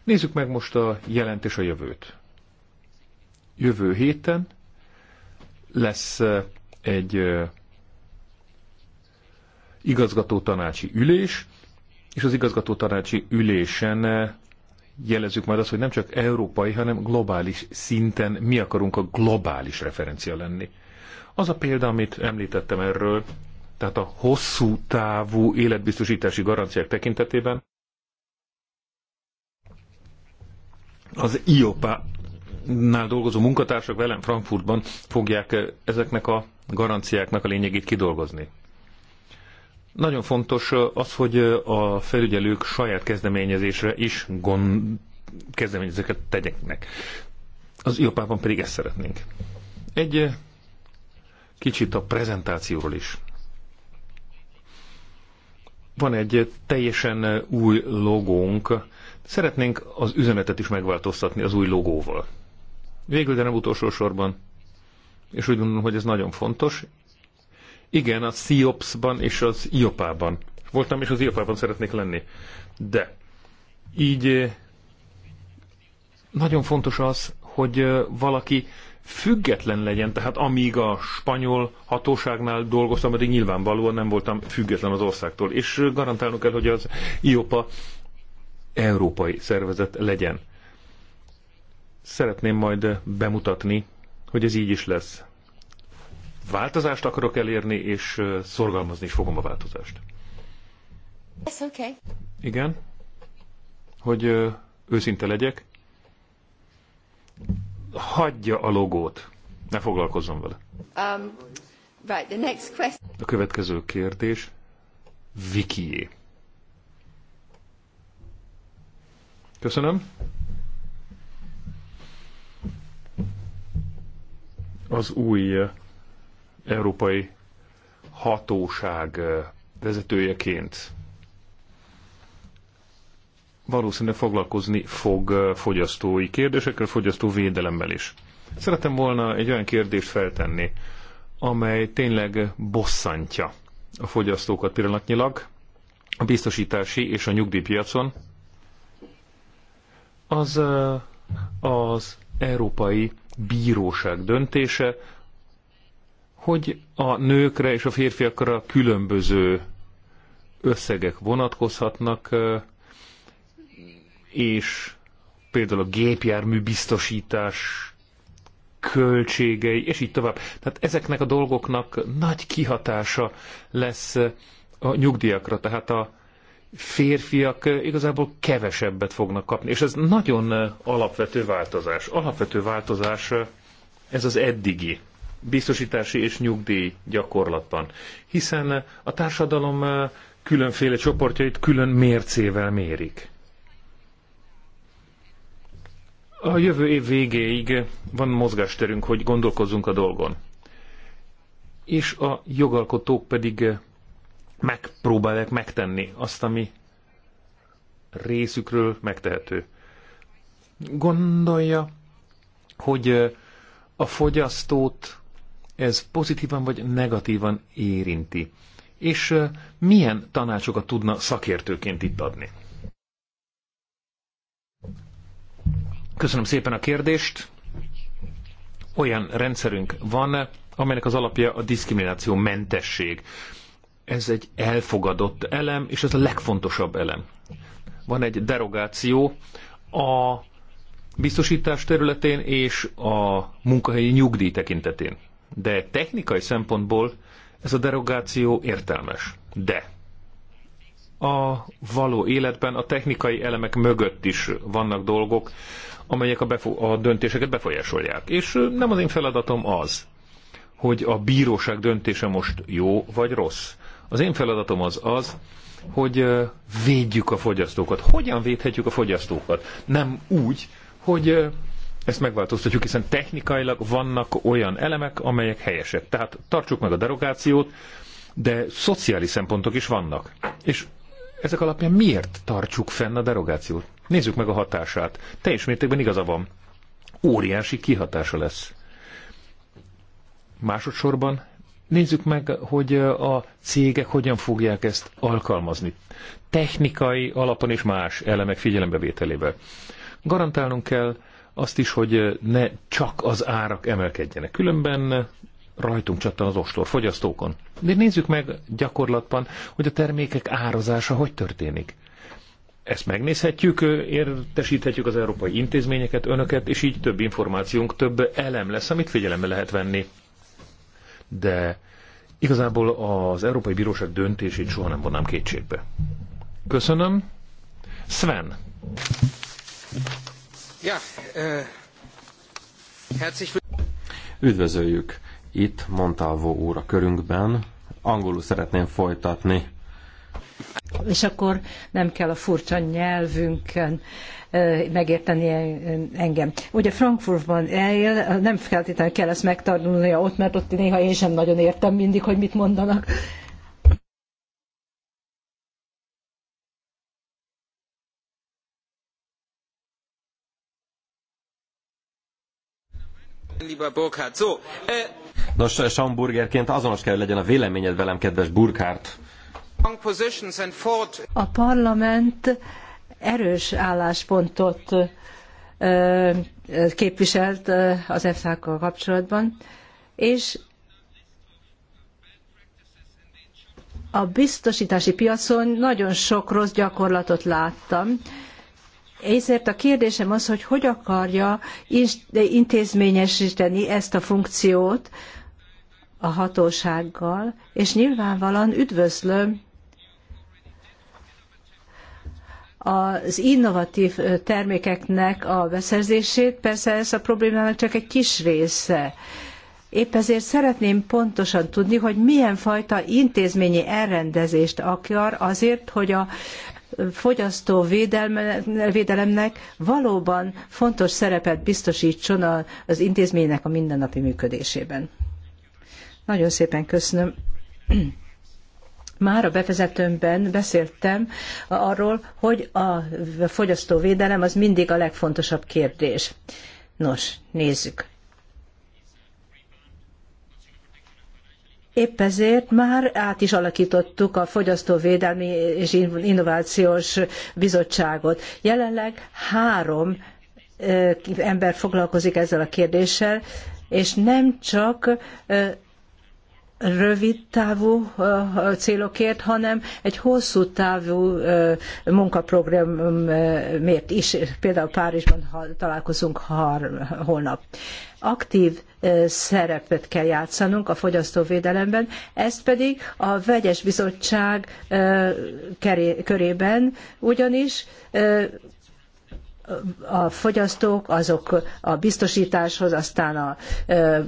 Nézzük meg most a jelentés a jövőt. Jövő héten lesz egy igazgató tanácsi ülés, és az igazgató tanácsi ülésen jelezzük majd azt, hogy nem csak európai, hanem globális szinten mi akarunk a globális referencia lenni. Az a példa, amit említettem erről, tehát a hosszú távú életbiztosítási garanciák tekintetében, az IOPA nál dolgozó munkatársak velem Frankfurtban fogják ezeknek a garanciáknak a lényegét kidolgozni. Nagyon fontos az, hogy a felügyelők saját kezdeményezésre is gond, kezdeményezőket tegyeknek. Az Iopában pedig ezt szeretnénk. Egy kicsit a prezentációról is. Van egy teljesen új logónk. Szeretnénk az üzenetet is megváltoztatni az új logóval. Végül, de nem utolsó sorban, és úgy gondolom, hogy ez nagyon fontos, igen, a Sziopszban és az Iopában. Voltam, és az Iopában szeretnék lenni. De így eh, nagyon fontos az, hogy eh, valaki független legyen, tehát amíg a spanyol hatóságnál dolgoztam, pedig nyilvánvalóan nem voltam független az országtól. És eh, garantálnunk kell, hogy az IOPA európai szervezet legyen. Szeretném majd bemutatni, hogy ez így is lesz változást akarok elérni, és szorgalmazni is fogom a változást. Yes, okay. Igen. Hogy őszinte legyek, hagyja a logót. Ne foglalkozzon vele. Um, right, the next question. A következő kérdés Vikié. Köszönöm. Az új európai hatóság vezetőjeként valószínűleg foglalkozni fog fogyasztói kérdésekkel, védelemmel is. Szeretem volna egy olyan kérdést feltenni, amely tényleg bosszantja a fogyasztókat pillanatnyilag a biztosítási és a nyugdíjpiacon, az az Európai Bíróság döntése, hogy a nőkre és a férfiakra különböző összegek vonatkozhatnak, és például a gépjármű biztosítás költségei, és így tovább. Tehát ezeknek a dolgoknak nagy kihatása lesz a nyugdíjakra, tehát a férfiak igazából kevesebbet fognak kapni. És ez nagyon alapvető változás. Alapvető változás ez az eddigi biztosítási és nyugdíj gyakorlatban, hiszen a társadalom eh, különféle csoportjait külön mércével mérik. A jövő év végéig van mozgásterünk, hogy gondolkozzunk a dolgon. És a jogalkotók pedig eh, megpróbálják megtenni azt, ami részükről megtehető. Gondolja, hogy eh, a fogyasztót ez pozitívan vagy negatívan érinti? És milyen tanácsokat tudna szakértőként itt adni? Köszönöm szépen a kérdést. Olyan rendszerünk van, amelynek az alapja a diszkrimináció mentesség. Ez egy elfogadott elem, és ez a legfontosabb elem. Van egy derogáció a biztosítás területén és a munkahelyi nyugdíj tekintetén de technikai szempontból ez a derogáció értelmes. De a való életben a technikai elemek mögött is vannak dolgok, amelyek a, befo- a döntéseket befolyásolják. És nem az én feladatom az, hogy a bíróság döntése most jó vagy rossz. Az én feladatom az az, hogy védjük a fogyasztókat. Hogyan védhetjük a fogyasztókat? Nem úgy, hogy ezt megváltoztatjuk, hiszen technikailag vannak olyan elemek, amelyek helyesek. Tehát tartsuk meg a derogációt, de szociális szempontok is vannak. És ezek alapján miért tartsuk fenn a derogációt? Nézzük meg a hatását. Teljes mértékben igaza van. Óriási kihatása lesz. Másodszorban nézzük meg, hogy a cégek hogyan fogják ezt alkalmazni. Technikai alapon és más elemek figyelembevételével. Garantálnunk kell, azt is, hogy eh, ne csak az árak emelkedjenek. Különben rajtunk csattan az ostor fogyasztókon. De nézzük meg gyakorlatban, hogy a termékek árazása hogy történik. Ezt megnézhetjük, eh, értesíthetjük az európai intézményeket, önöket, és így több információnk, több elem lesz, amit figyelembe lehet venni. De igazából az Európai Bíróság döntését soha nem vonnám kétségbe. Köszönöm. Sven. Eh, Üdvözöljük itt Montalvo úr a körünkben. Angolul szeretném folytatni. És akkor nem kell a furcsa nyelvünkön eh, megérteni engem. Ugye Frankfurtban él, nem feltétlenül kell ezt megtanulnia ott, mert ott néha én sem nagyon értem mindig, hogy mit mondanak. Äh, Nos, eh, Sean Burgerként azonos kell, hogy legyen a véleményed velem, kedves Burkhardt. A parlament erős álláspontot képviselt az EFSA-kkal kapcsolatban, és a biztosítási piacon nagyon sok rossz gyakorlatot láttam, ezért a kérdésem az, hogy hogy akarja intézményesíteni ezt a funkciót a hatósággal, és nyilvánvalóan üdvözlöm az innovatív termékeknek a beszerzését, persze ez a problémának csak egy kis része. Épp ezért szeretném pontosan tudni, hogy milyen fajta intézményi elrendezést akar azért, hogy a fogyasztóvédelemnek valóban fontos szerepet biztosítson az intézménynek a mindennapi működésében. Nagyon szépen köszönöm. Már a bevezetőmben beszéltem arról, hogy a fogyasztóvédelem az mindig a legfontosabb kérdés. Nos, nézzük. Épp ezért már át is alakítottuk a Fogyasztóvédelmi és Innovációs Bizottságot. Jelenleg három ember foglalkozik ezzel a kérdéssel, és nem csak rövid távú célokért, hanem egy hosszú távú munkaprogramért is. Például Párizsban találkozunk holnap. Aktív szerepet kell játszanunk a fogyasztóvédelemben, ezt pedig a vegyes bizottság körében, ugyanis a fogyasztók azok a biztosításhoz, aztán a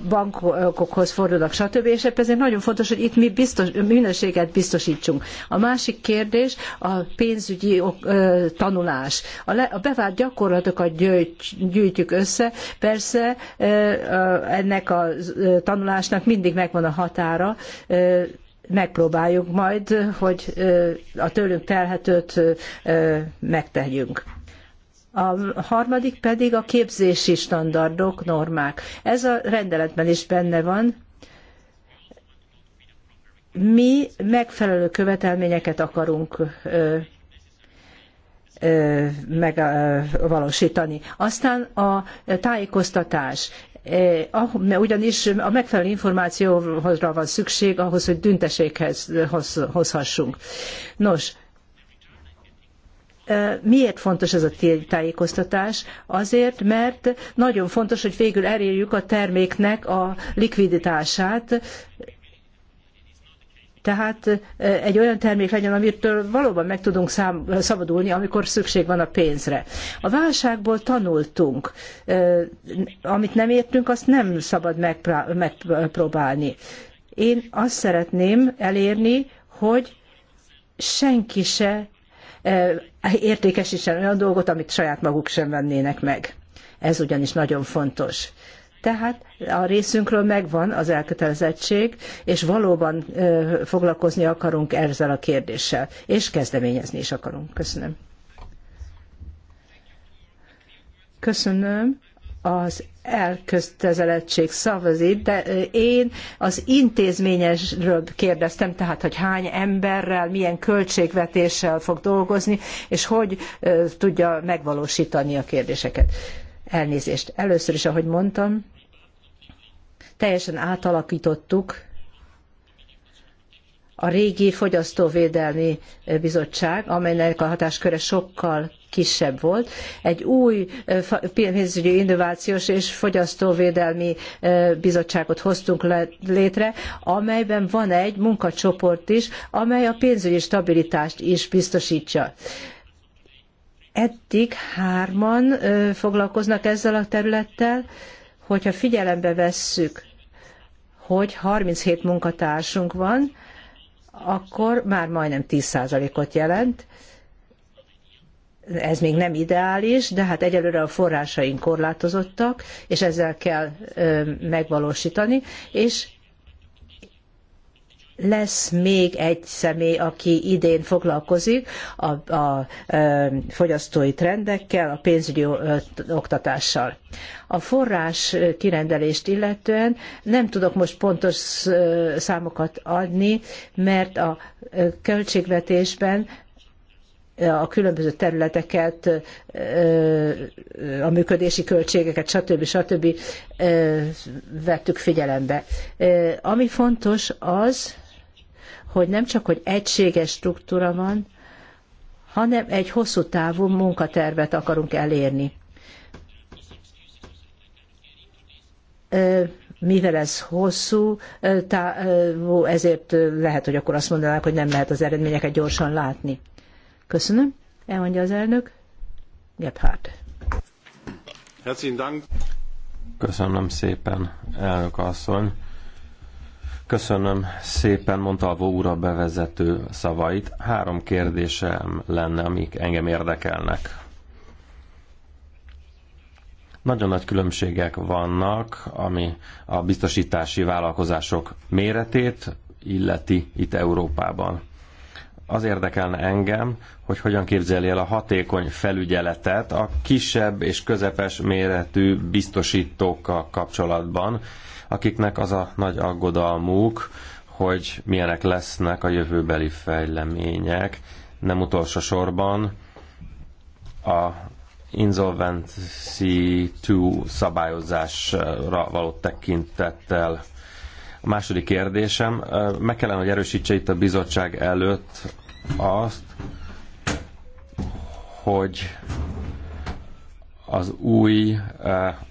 bankokhoz fordulnak, stb. És ezért nagyon fontos, hogy itt mi biztos, minőséget biztosítsunk. A másik kérdés a pénzügyi tanulás. A, le, a bevált gyakorlatokat gyűjtjük össze. Persze ennek a tanulásnak mindig megvan a határa, megpróbáljuk majd, hogy a tőlünk telhetőt megtegyünk. A harmadik pedig a képzési standardok, normák. Ez a rendeletben is benne van. Mi megfelelő követelményeket akarunk ö, ö, megvalósítani. Aztán a tájékoztatás ah, ugyanis a megfelelő információra van szükség ahhoz, hogy dünteséghez hozhassunk. Nos, Miért fontos ez a tájékoztatás? Azért, mert nagyon fontos, hogy végül elérjük a terméknek a likviditását, tehát egy olyan termék legyen, amitől valóban meg tudunk szám, szabadulni, amikor szükség van a pénzre. A válságból tanultunk. Amit nem értünk, azt nem szabad megpróbálni. Én azt szeretném elérni, hogy senki se értékesítsen olyan dolgot, amit saját maguk sem vennének meg. Ez ugyanis nagyon fontos. Tehát a részünkről megvan az elkötelezettség, és valóban foglalkozni akarunk ezzel a kérdéssel, és kezdeményezni is akarunk. Köszönöm. Köszönöm az elköztezelettség szavazik, de én az intézményesről kérdeztem, tehát hogy hány emberrel, milyen költségvetéssel fog dolgozni, és hogy tudja megvalósítani a kérdéseket. Elnézést. Először is, ahogy mondtam, teljesen átalakítottuk a régi Fogyasztóvédelmi Bizottság, amelynek a hatásköre sokkal kisebb volt. Egy új pénzügyi innovációs és fogyasztóvédelmi bizottságot hoztunk létre, amelyben van egy munkacsoport is, amely a pénzügyi stabilitást is biztosítja. Eddig hárman foglalkoznak ezzel a területtel, hogyha figyelembe vesszük, hogy 37 munkatársunk van, akkor már majdnem 10%-ot jelent ez még nem ideális, de hát egyelőre a forrásaink korlátozottak, és ezzel kell megvalósítani, és lesz még egy személy, aki idén foglalkozik a, a, a fogyasztói trendekkel, a pénzügyi oktatással. A forrás kirendelést illetően nem tudok most pontos számokat adni, mert a költségvetésben a különböző területeket, a működési költségeket, stb. stb. vettük figyelembe. Ami fontos az, hogy nem csak, hogy egységes struktúra van, hanem egy hosszú távú munkatervet akarunk elérni. Mivel ez hosszú távú, ezért lehet, hogy akkor azt mondanák, hogy nem lehet az eredményeket gyorsan látni. Köszönöm. Elmondja az elnök. Gebhardt. Köszönöm szépen, elnök asszony. Köszönöm szépen Montalvo úr a bevezető szavait. Három kérdésem lenne, amik engem érdekelnek. Nagyon nagy különbségek vannak, ami a biztosítási vállalkozások méretét illeti itt Európában az érdekelne engem, hogy hogyan képzelje el a hatékony felügyeletet a kisebb és közepes méretű biztosítókkal kapcsolatban, akiknek az a nagy aggodalmuk, hogy milyenek lesznek a jövőbeli fejlemények. Nem utolsó sorban a Insolvency 2 szabályozásra való tekintettel a második kérdésem, meg kellene, hogy erősítse itt a bizottság előtt azt, hogy az új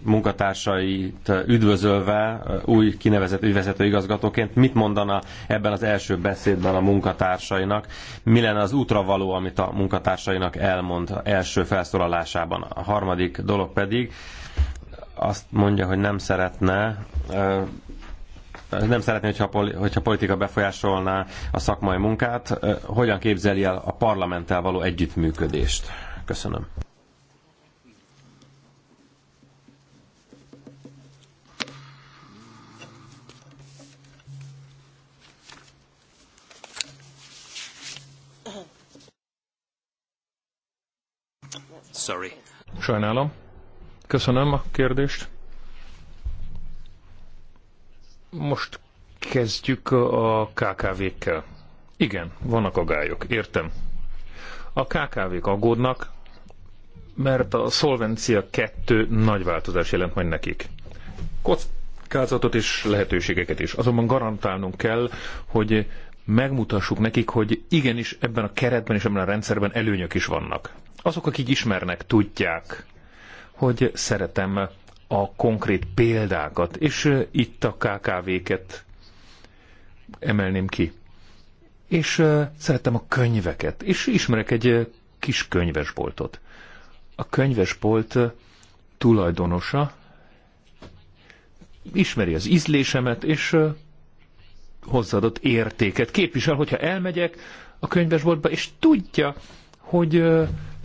munkatársait üdvözölve, új kinevezett ügyvezető igazgatóként, mit mondana ebben az első beszédben a munkatársainak, mi lenne az útra való, amit a munkatársainak elmond első felszólalásában. A harmadik dolog pedig azt mondja, hogy nem szeretne nem szeretné, hogyha, hogyha politika befolyásolná a szakmai munkát. Hogyan képzeli el a parlamenttel való együttműködést? Köszönöm. Sorry. Sajnálom. Köszönöm a kérdést. Most kezdjük a KKV-kkel. Igen, vannak agályok, értem. A KKV-k aggódnak, mert a Szolvencia kettő nagy változás jelent majd nekik. Kockázatot és lehetőségeket is. Azonban garantálnunk kell, hogy megmutassuk nekik, hogy igenis ebben a keretben és ebben a rendszerben előnyök is vannak. Azok, akik ismernek, tudják, hogy szeretem a konkrét példákat, és itt a KKV-ket emelném ki. És szerettem a könyveket, és ismerek egy kis könyvesboltot. A könyvesbolt tulajdonosa ismeri az ízlésemet, és hozzáadott értéket képvisel, hogyha elmegyek a könyvesboltba, és tudja, hogy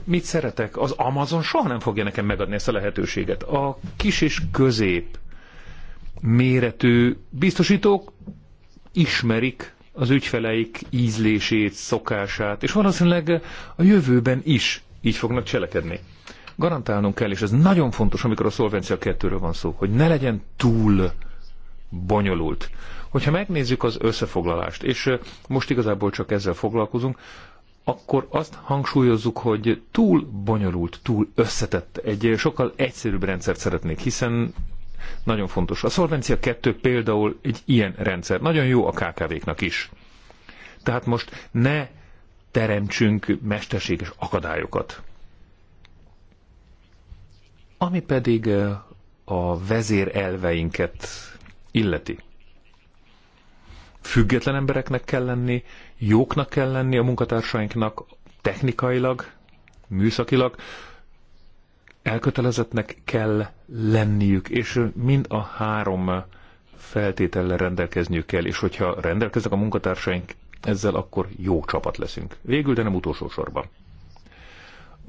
mit szeretek? Az Amazon soha nem fogja nekem megadni ezt a lehetőséget. A kis és közép méretű biztosítók ismerik az ügyfeleik ízlését, szokását, és valószínűleg a jövőben is így fognak cselekedni. Garantálnunk kell, és ez nagyon fontos, amikor a szolvencia kettőről van szó, hogy ne legyen túl bonyolult. Hogyha megnézzük az összefoglalást, és most igazából csak ezzel foglalkozunk, akkor azt hangsúlyozzuk, hogy túl bonyolult, túl összetett. Egy sokkal egyszerűbb rendszert szeretnék, hiszen nagyon fontos. A Szolvencia 2 például egy ilyen rendszer. Nagyon jó a KKV-knak is. Tehát most ne teremtsünk mesterséges akadályokat. Ami pedig eh, a vezérelveinket illeti. Független embereknek kell lenni, jóknak kell lenni a munkatársainknak technikailag, műszakilag, elkötelezettnek kell lenniük, és mind a három feltétellel rendelkezniük kell, és hogyha rendelkeznek a munkatársaink ezzel, akkor jó csapat leszünk. Végül, de nem utolsó sorban.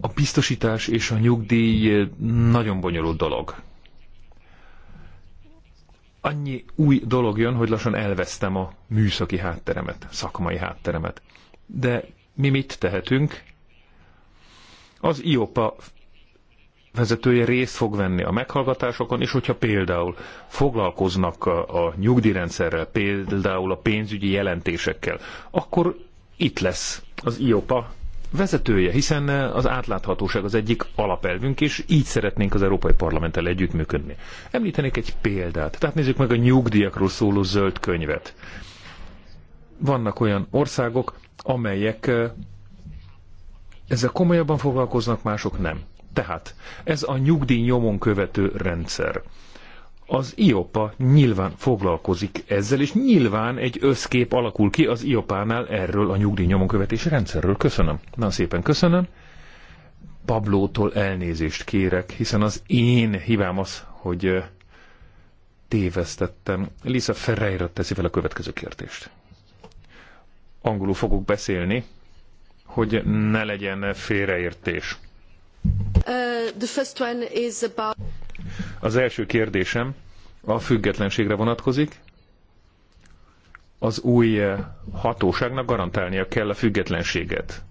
A biztosítás és a nyugdíj nagyon bonyolult dolog annyi új dolog jön, hogy lassan elvesztem a műszaki hátteremet, szakmai hátteremet. De mi mit tehetünk? Az IOPA vezetője részt fog venni a meghallgatásokon, és hogyha például foglalkoznak a, a nyugdíjrendszerrel, például a pénzügyi jelentésekkel, akkor itt lesz az IOPA vezetője, hiszen eh, az átláthatóság az egyik alapelvünk, és így szeretnénk az Európai Parlamenttel együttműködni. Említenék egy példát. Tehát nézzük meg a nyugdíjakról szóló zöld könyvet. Vannak olyan országok, amelyek eh, ezzel komolyabban foglalkoznak, mások nem. Tehát ez a nyugdíj nyomon követő rendszer. Az IOPA nyilván foglalkozik ezzel, és nyilván egy összkép alakul ki az IOPA-nál erről a nyugdíjnyomonkövetési rendszerről. Köszönöm. Na szépen köszönöm. Pablótól elnézést kérek, hiszen az én hibám az, hogy tévesztettem. Lisa Ferreira teszi fel a következő kérdést. Angolul fogok beszélni, hogy ne legyen félreértés. Uh, the first one is about... Az első kérdésem a függetlenségre vonatkozik. Az új eh, hatóságnak garantálnia kell a függetlenséget.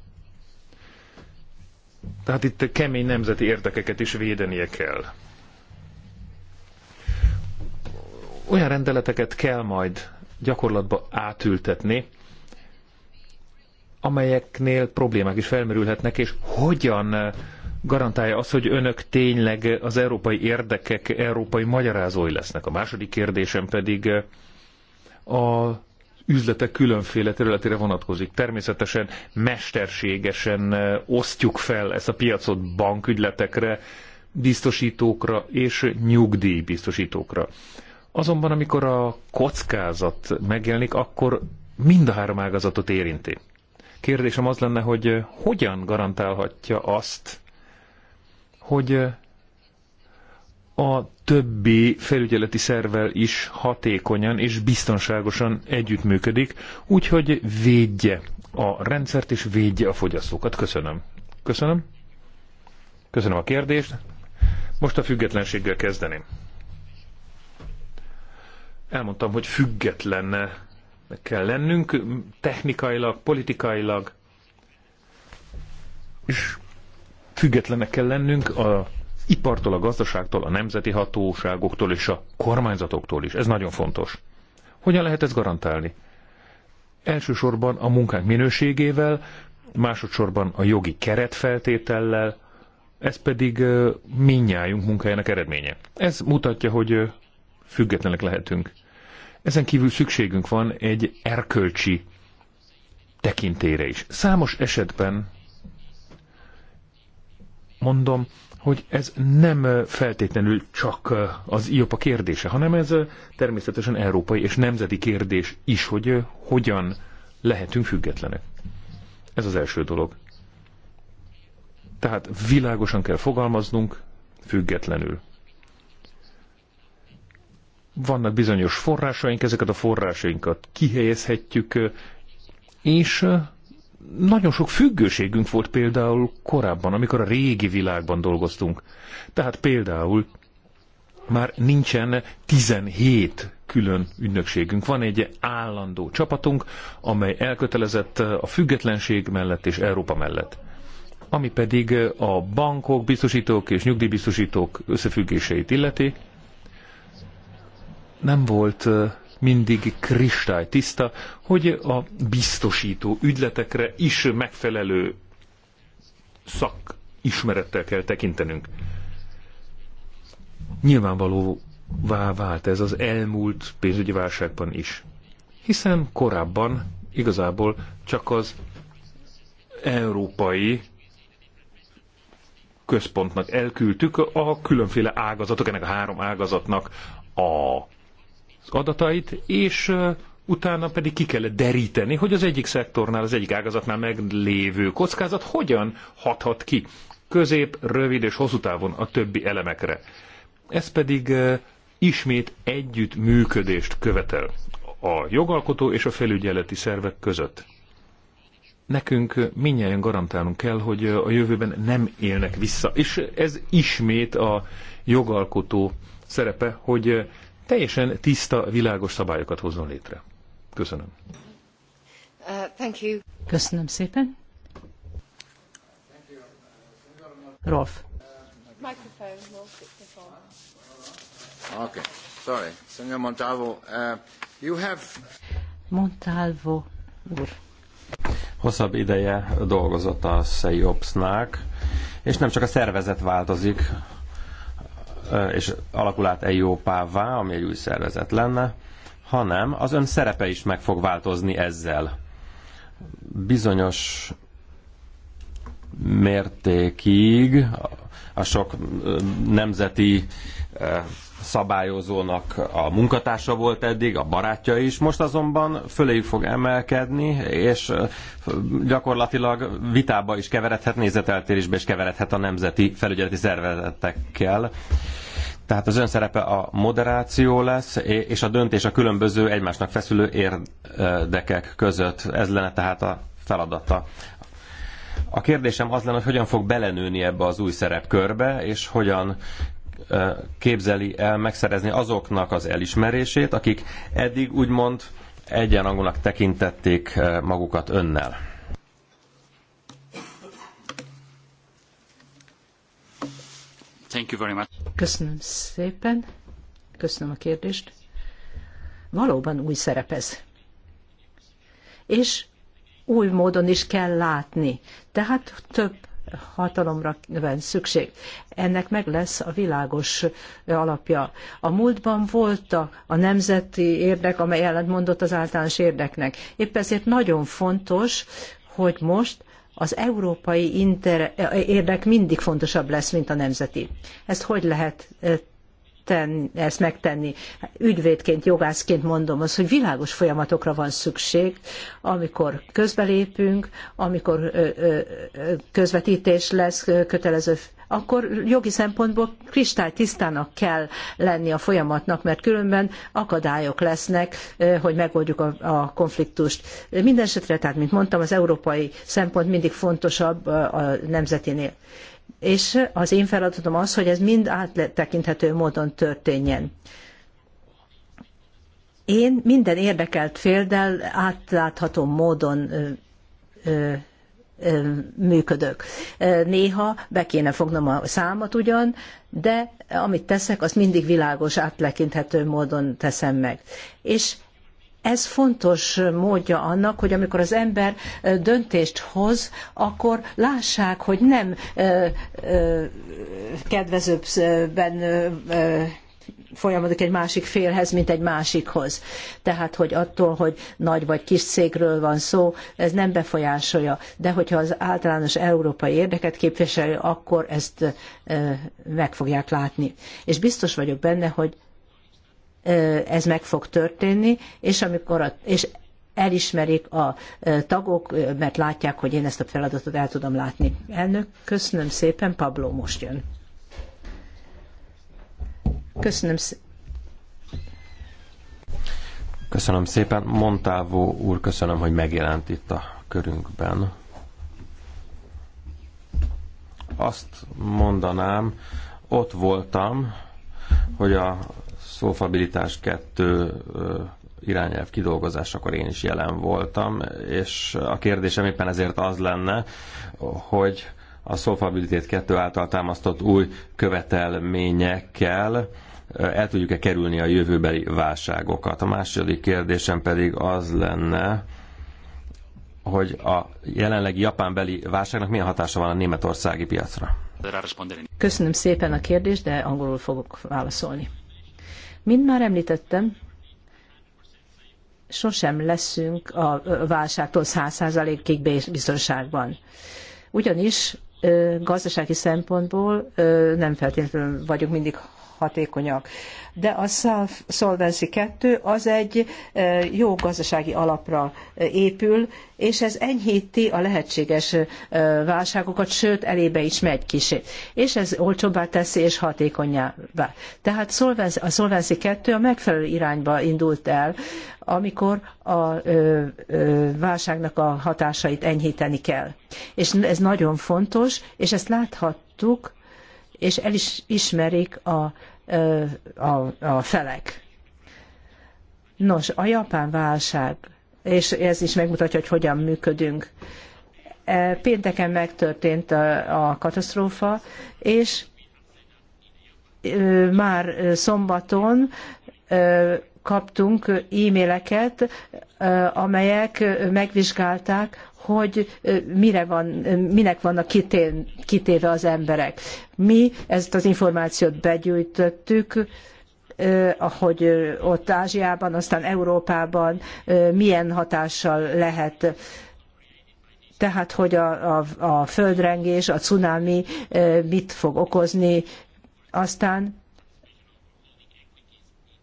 Tehát itt kemény nemzeti érdekeket is védenie kell. Olyan rendeleteket kell majd gyakorlatba átültetni, amelyeknél problémák is felmerülhetnek, és hogyan eh, garantálja azt, hogy önök tényleg az európai érdekek európai magyarázói lesznek. A második kérdésem pedig eh, a üzletek különféle területére vonatkozik. Természetesen mesterségesen eh, osztjuk fel ezt a piacot bankügyletekre, biztosítókra és nyugdíjbiztosítókra. Azonban amikor a kockázat megjelenik, akkor mind a három ágazatot érinti. Kérdésem az lenne, hogy hogyan garantálhatja azt, hogy a többi felügyeleti szervel is hatékonyan és biztonságosan együttműködik, úgyhogy védje a rendszert és védje a fogyasztókat. Köszönöm. Köszönöm. Köszönöm a kérdést. Most a függetlenséggel kezdeném. Elmondtam, hogy független kell lennünk technikailag, politikailag, és függetlenek kell lennünk a ipartól, a gazdaságtól, a nemzeti hatóságoktól és a kormányzatoktól is. Ez nagyon fontos. Hogyan lehet ezt garantálni? Elsősorban a munkánk minőségével, másodszorban a jogi keretfeltétellel, ez pedig minnyájunk munkájának eredménye. Ez mutatja, hogy függetlenek lehetünk. Ezen kívül szükségünk van egy erkölcsi tekintére is. Számos esetben mondom, hogy ez nem feltétlenül csak az IOPA kérdése, hanem ez természetesen európai és nemzeti kérdés is, hogy hogyan lehetünk függetlenek. Ez az első dolog. Tehát világosan kell fogalmaznunk, függetlenül. Vannak bizonyos forrásaink, ezeket a forrásainkat kihelyezhetjük, és nagyon sok függőségünk volt például korábban, amikor a régi világban dolgoztunk. Tehát például már nincsen 17 külön ügynökségünk. Van egy állandó csapatunk, amely elkötelezett a függetlenség mellett és Európa mellett. Ami pedig a bankok, biztosítók és nyugdíjbiztosítók összefüggéseit illeti, nem volt mindig kristálytiszta, hogy a biztosító ügyletekre is megfelelő szakismerettel kell tekintenünk. Nyilvánvalóvá vált ez az elmúlt pénzügyi válságban is, hiszen korábban igazából csak az európai központnak elküldtük a különféle ágazatok, ennek a három ágazatnak a adatait, és utána pedig ki kell deríteni, hogy az egyik szektornál, az egyik ágazatnál meglévő kockázat hogyan hathat ki közép, rövid és hosszú távon a többi elemekre. Ez pedig ismét együttműködést követel a jogalkotó és a felügyeleti szervek között. Nekünk minnyáján garantálnunk kell, hogy a jövőben nem élnek vissza. És ez ismét a jogalkotó szerepe, hogy teljesen tiszta, világos szabályokat hozzon létre. Köszönöm. Uh, thank you. Köszönöm szépen. Rolf. Okay. Sorry. Senyor Montalvo, uh, you have... Montalvo úr. Hosszabb ideje dolgozott a SEIOPS-nál, és nem csak a szervezet változik, és alakul át jó vá ami egy új szervezet lenne, hanem az ön szerepe is meg fog változni ezzel. Bizonyos mértékig a sok nemzeti szabályozónak a munkatársa volt eddig, a barátja is, most azonban föléjük fog emelkedni, és gyakorlatilag vitába is keveredhet, nézeteltérésbe is keveredhet a nemzeti felügyeleti szervezetekkel. Tehát az szerepe a moderáció lesz, és a döntés a különböző egymásnak feszülő érdekek között. Ez lenne tehát a feladata. A kérdésem az lenne, hogy hogyan fog belenőni ebbe az új szerepkörbe, és hogyan képzeli el megszerezni azoknak az elismerését, akik eddig úgymond egyenrangúnak tekintették magukat önnel. Thank you very much. Köszönöm szépen. Köszönöm a kérdést. Valóban új szerep ez. És új módon is kell látni. Tehát több hatalomra van szükség. Ennek meg lesz a világos alapja. A múltban volt a, a nemzeti érdek, amely ellentmondott az általános érdeknek. Épp ezért nagyon fontos, hogy most az európai inter- érdek mindig fontosabb lesz, mint a nemzeti. Ezt hogy lehet eh, ezt megtenni. Ügyvédként, jogászként mondom azt, hogy világos folyamatokra van szükség, amikor közbelépünk, amikor közvetítés lesz kötelező akkor jogi szempontból kristálytisztának kell lenni a folyamatnak, mert különben akadályok lesznek, hogy megoldjuk a, a konfliktust. Mindenesetre, tehát mint mondtam, az európai szempont mindig fontosabb a nemzetinél és az én feladatom az, hogy ez mind áttekinthető módon történjen. Én minden érdekelt féldel átlátható módon működök. Néha be kéne fognom a számot ugyan, de amit teszek, azt mindig világos, áttekinthető módon teszem meg. És ez fontos módja annak, hogy amikor az ember döntést hoz, akkor lássák, hogy nem ö, ö, kedvezőbben ö, folyamodik egy másik félhez, mint egy másikhoz. Tehát, hogy attól, hogy nagy vagy kis cégről van szó, ez nem befolyásolja. De hogyha az általános európai érdeket képviselő, akkor ezt meg fogják látni. És biztos vagyok benne, hogy ez meg fog történni, és amikor a, és elismerik a tagok, mert látják, hogy én ezt a feladatot el tudom látni. Elnök, köszönöm szépen, Pablo most jön. Köszönöm szépen. Köszönöm szépen. Montávó úr, köszönöm, hogy megjelent itt a körünkben. Azt mondanám, ott voltam, hogy a szófabilitás kettő irányelv kidolgozásakor én is jelen voltam, és a kérdésem éppen ezért az lenne, hogy a szófabilitét kettő által támasztott új követelményekkel el tudjuk-e kerülni a jövőbeli válságokat. A második kérdésem pedig az lenne, hogy a jelenlegi japánbeli válságnak milyen hatása van a németországi piacra. Köszönöm szépen a kérdést, de angolul fogok válaszolni. Mint már említettem, sosem leszünk a válságtól 100%-ig biztonságban. Ugyanis gazdasági szempontból nem feltétlenül vagyunk mindig hatékonyak. De a Self Solvency 2 az egy e, jó gazdasági alapra e, épül, és ez enyhíti a lehetséges e, válságokat, sőt elébe is megy kicsit. És ez olcsóbbá teszi és hatékonyabbá. Tehát a Solvency 2 a megfelelő irányba indult el, amikor a ö, ö, válságnak a hatásait enyhíteni kell. És ez nagyon fontos, és ezt láthattuk, és el is ismerik a a, a felek. Nos, a japán válság, és ez is megmutatja, hogy hogyan működünk. E, pénteken megtörtént a, a katasztrófa, és már szombaton kaptunk e-maileket, amelyek megvizsgálták, hogy mire van, minek vannak kitéve az emberek. Mi ezt az információt begyűjtöttük, hogy ott Ázsiában, aztán Európában milyen hatással lehet tehát hogy a, a, a földrengés, a cunami mit fog okozni, aztán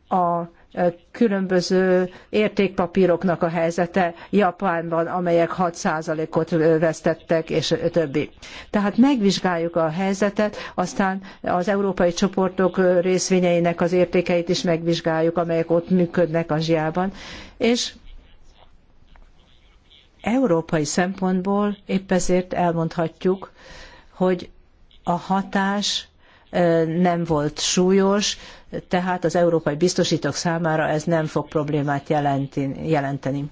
a különböző értékpapíroknak a helyzete Japánban, amelyek 6%-ot vesztettek, és többi. Tehát megvizsgáljuk a helyzetet, aztán az európai csoportok részvényeinek az értékeit is megvizsgáljuk, amelyek ott működnek Ázsiában, és európai szempontból épp ezért elmondhatjuk, hogy a hatás nem volt súlyos, tehát az európai biztosítók számára ez nem fog problémát jelenteni.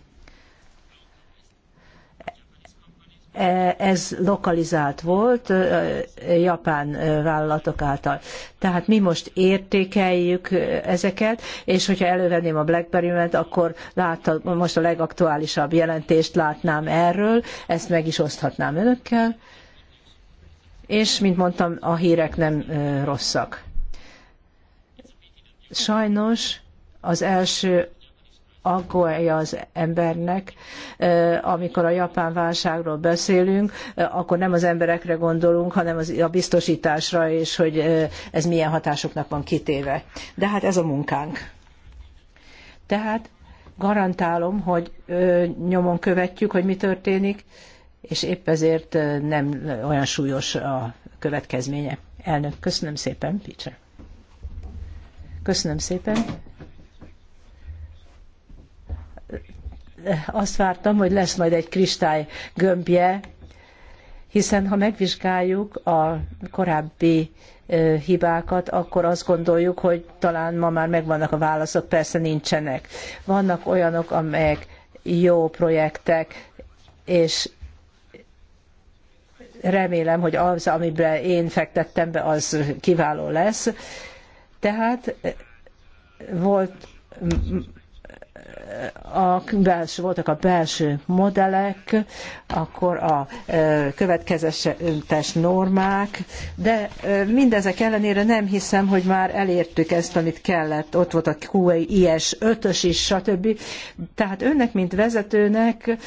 E, ez lokalizált volt japán vállalatok által. Tehát mi most értékeljük ezeket, és hogyha elővenném a BlackBerry-met, akkor látta, most a legaktuálisabb jelentést látnám erről, ezt meg is oszthatnám önökkel és, mint mondtam, a hírek nem rosszak. Sajnos az első aggója az embernek, amikor a japán válságról beszélünk, akkor nem az emberekre gondolunk, hanem az, a biztosításra, és hogy ez milyen hatásoknak van kitéve. De hát ez a munkánk. Tehát garantálom, hogy nyomon követjük, hogy mi történik, és épp ezért nem olyan súlyos a következménye. Elnök, köszönöm szépen, Picse. Köszönöm szépen. Azt vártam, hogy lesz majd egy kristály gömbje, hiszen ha megvizsgáljuk a korábbi hibákat, akkor azt gondoljuk, hogy talán ma már megvannak a válaszok, persze nincsenek. Vannak olyanok, amelyek jó projektek, és remélem, hogy az, amiben én fektettem be, az kiváló lesz. Tehát eh, volt mm, a belső, voltak a belső modellek, akkor a eh, következetes normák, de eh, mindezek ellenére nem hiszem, hogy már elértük ezt, amit kellett. Ott volt a QAIS 5-ös is, stb. Tehát önnek, mint vezetőnek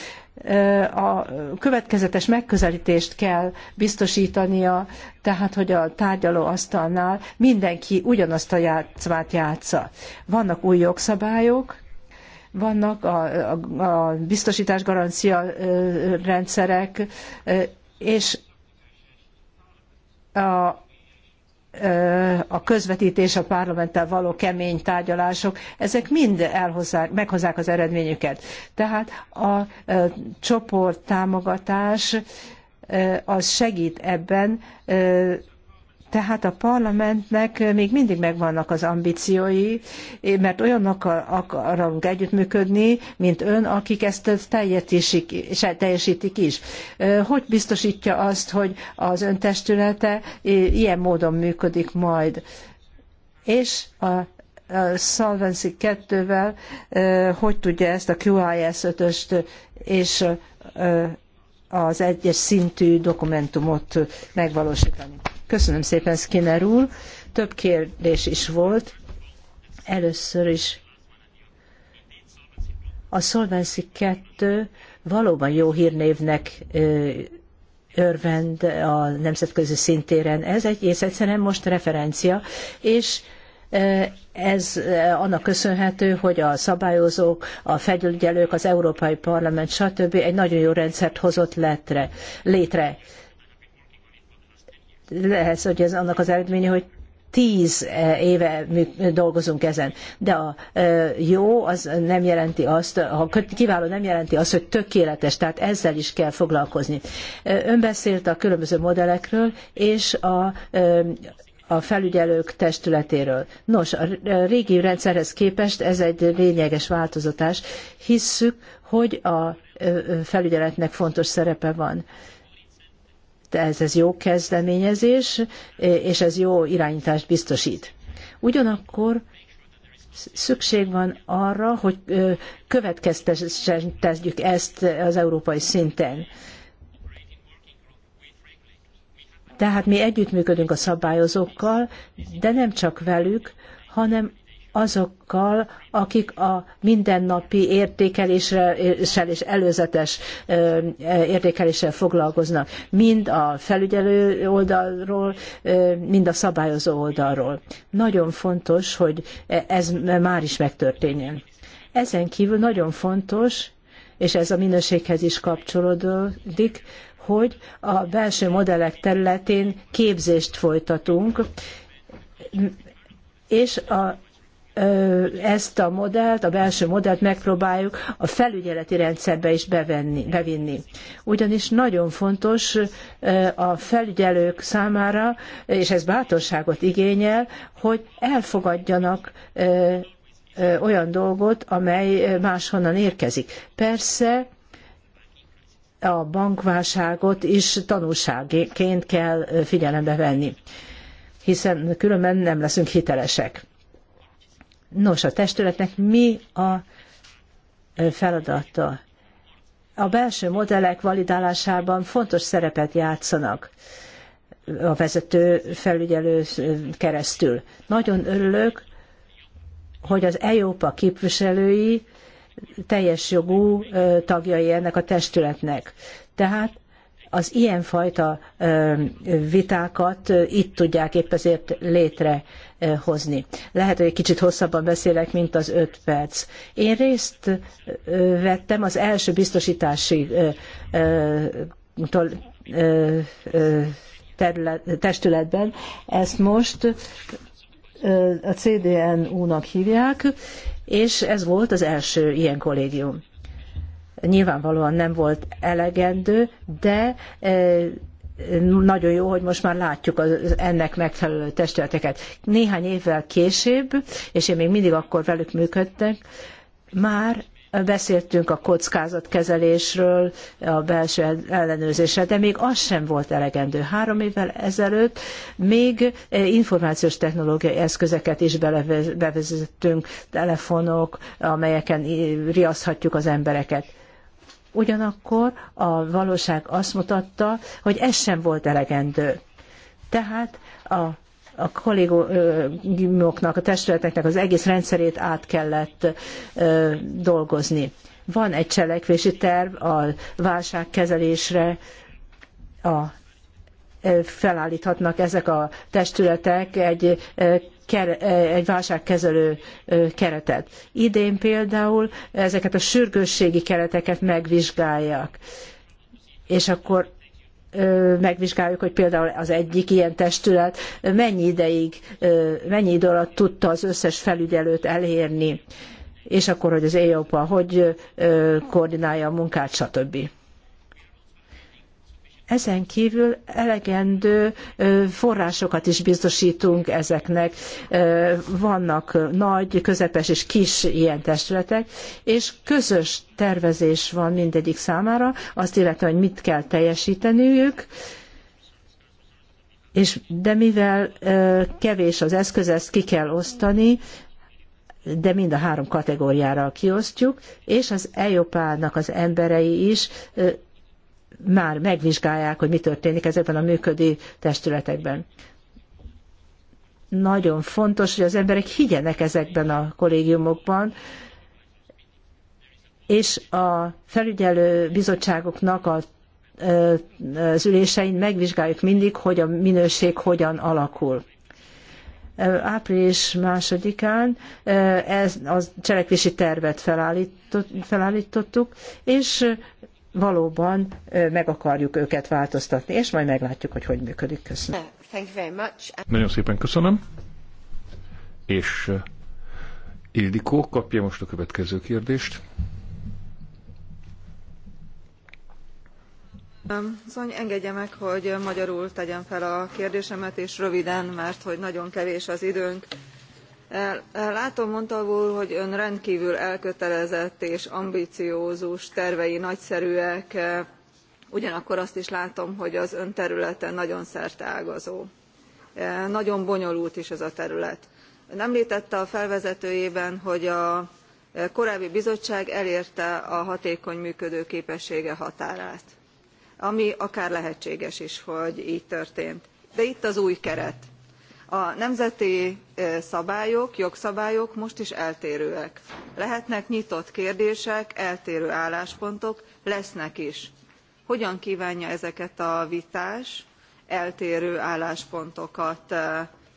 a következetes megközelítést kell biztosítania, tehát hogy a tárgyalóasztalnál mindenki ugyanazt a játszmát játsza. Vannak új jogszabályok, vannak a, a, a biztosítás garancia rendszerek, és a, a közvetítés, a parlamenttel való kemény tárgyalások, ezek mind elhozzák, meghozzák az eredményüket. Tehát a csoport támogatás az segít ebben, tehát a parlamentnek még mindig megvannak az ambíciói, mert olyanokkal akarunk együttműködni, mint ön, akik ezt teljesítik is. Hogy biztosítja azt, hogy az ön testülete ilyen módon működik majd? És a Solvency 2-vel hogy tudja ezt a QIS 5-öst és az egyes szintű dokumentumot megvalósítani. Köszönöm szépen, Skinner úr. Több kérdés is volt. Először is a Solvency 2 valóban jó hírnévnek örvend a nemzetközi szintéren. Ez egész egyszerűen most referencia, és ez annak köszönhető, hogy a szabályozók, a felügyelők, az Európai Parlament, stb. egy nagyon jó rendszert hozott létre lehet, hogy ez annak az eredménye, hogy tíz eh, éve dolgozunk ezen. De a eh, jó az nem jelenti azt, a kiváló nem jelenti azt, hogy tökéletes, tehát ezzel is kell foglalkozni. Eh, ön beszélt a különböző modellekről, és a a felügyelők testületéről. Nos, a régi rendszerhez képest ez egy lényeges változatás. Hisszük, hogy a felügyeletnek fontos szerepe van ez, ez jó kezdeményezés, és ez jó irányítást biztosít. Ugyanakkor szükség van arra, hogy következtessen tezdjük ezt az európai szinten. Tehát mi együttműködünk a szabályozókkal, de nem csak velük, hanem azokkal, akik a mindennapi értékeléssel és előzetes értékeléssel foglalkoznak, mind a felügyelő oldalról, mind a szabályozó oldalról. Nagyon fontos, hogy ez már is megtörténjen. Ezen kívül nagyon fontos, és ez a minőséghez is kapcsolódik, hogy a belső modellek területén képzést folytatunk, és a ezt a modellt, a belső modellt megpróbáljuk a felügyeleti rendszerbe is bevenni, bevinni. Ugyanis nagyon fontos a felügyelők számára, és ez bátorságot igényel, hogy elfogadjanak olyan dolgot, amely máshonnan érkezik. Persze a bankválságot is tanulságként kell figyelembe venni, hiszen különben nem leszünk hitelesek. Nos, a testületnek mi a feladata? A belső modellek validálásában fontos szerepet játszanak a vezető felügyelő keresztül. Nagyon örülök, hogy az EIOPA képviselői teljes jogú tagjai ennek a testületnek. Tehát az ilyenfajta vitákat itt tudják épp ezért létrehozni. Lehet, hogy egy kicsit hosszabban beszélek, mint az öt perc. Én részt vettem az első biztosítási testületben. Ezt most a cdnu nak hívják, és ez volt az első ilyen kollégium nyilvánvalóan nem volt elegendő, de e, nagyon jó, hogy most már látjuk az, ennek megfelelő testületeket. Néhány évvel később, és én még mindig akkor velük működtek, már beszéltünk a kockázatkezelésről, a belső ellenőrzésre, de még az sem volt elegendő. Három évvel ezelőtt még e, információs technológiai eszközeket is bevezettünk, telefonok, amelyeken riaszthatjuk az embereket. Ugyanakkor a valóság azt mutatta, hogy ez sem volt elegendő. Tehát a a kollégiumoknak, a testületeknek az egész rendszerét át kellett dolgozni. Van egy cselekvési terv a válságkezelésre, a felállíthatnak ezek a testületek egy egy válságkezelő keretet. Idén például ezeket a sürgősségi kereteket megvizsgálják. És akkor megvizsgáljuk, hogy például az egyik ilyen testület mennyi ideig, mennyi idő alatt tudta az összes felügyelőt elérni, és akkor, hogy az EOPA hogy koordinálja a munkát, stb. Ezen kívül elegendő forrásokat is biztosítunk ezeknek. Vannak nagy, közepes és kis ilyen testületek, és közös tervezés van mindegyik számára, azt illetve, hogy mit kell teljesíteniük, és de mivel kevés az eszköz, ezt ki kell osztani, de mind a három kategóriára kiosztjuk, és az EIOPA-nak az emberei is már megvizsgálják, hogy mi történik ezekben a működő testületekben. Nagyon fontos, hogy az emberek higgyenek ezekben a kollégiumokban, és a felügyelő bizottságoknak a az ülésein megvizsgáljuk mindig, hogy a minőség hogyan alakul. Április másodikán ez a cselekvési tervet felállítottuk, és valóban meg akarjuk őket változtatni, és majd meglátjuk, hogy hogy működik. Köszönöm. Uh, nagyon szépen köszönöm. És Ildikó kapja most a következő kérdést. Um, Zony, engedje meg, hogy magyarul tegyem fel a kérdésemet, és röviden, mert hogy nagyon kevés az időnk látom montalvo úr hogy ön rendkvül elkötelezett és ambiciózus tervei nagyszerűek ugyanakkor azt is látom hogy az ön területe nagyon szerteágazó nagyon bonyolult is ez a terület. ön emltette a felvezetőjében hogy a korábbi bizottság elérte a hatékony képessége határát ami akár lehetséges is hogy gy történt de itt az új keret a nemzeti szabályok jogszabályok most is eltérőek lehetnek nyitott kérdések eltérő álláspontok lesznek is. hogyan kvánja ezeket a vitás eltérő álláspontokat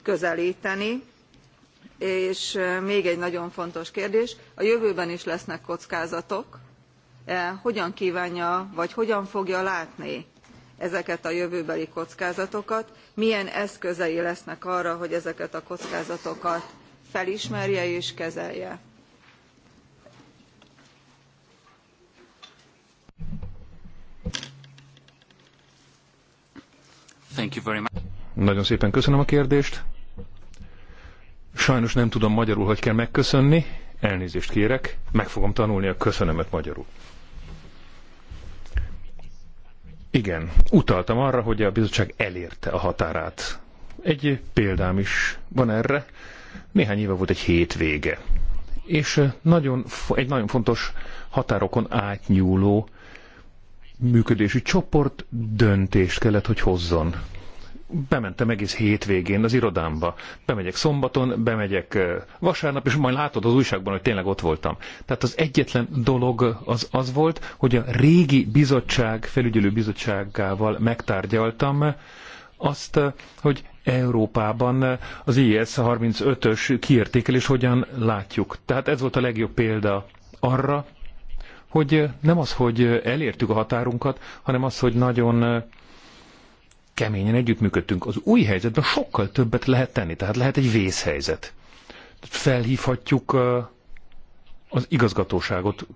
közelteni és még egy nagyon fontos kérdés a jövőben is lesznek kockázatok hogyan kvánja vagy hogyan fogja látni ezeket a jövőbeli kockázatokat milyen eszközei lesznek arra hogy ezeket a kockázatokat felismerje és kezelje. Nagyon szépen köszönöm a kérdést. Sajnos nem tudom magyarul, hogy kell megköszönni. Elnézést kérek. Meg fogom tanulni a köszönömet magyarul. Igen, utaltam arra, hogy a bizottság elérte a határát. Egy példám is van erre. Néhány éve volt egy hétvége, és eh, nagyon, egy nagyon fontos határokon átnyúló működési csoport döntést kellett, hogy hozzon bementem egész hétvégén az irodámba. Bemegyek szombaton, bemegyek vasárnap, és majd látod az újságban, hogy tényleg ott voltam. Tehát az egyetlen dolog az az volt, hogy a régi bizottság, felügyelő bizottságával megtárgyaltam azt, hogy Európában az IES 35-ös kiértékelés hogyan látjuk. Tehát ez volt a legjobb példa arra, hogy nem az, hogy elértük a határunkat, hanem az, hogy nagyon keményen együttműködtünk. Az új helyzetben sokkal többet lehet tenni, tehát lehet egy vészhelyzet. Felhívhatjuk az igazgatóságot,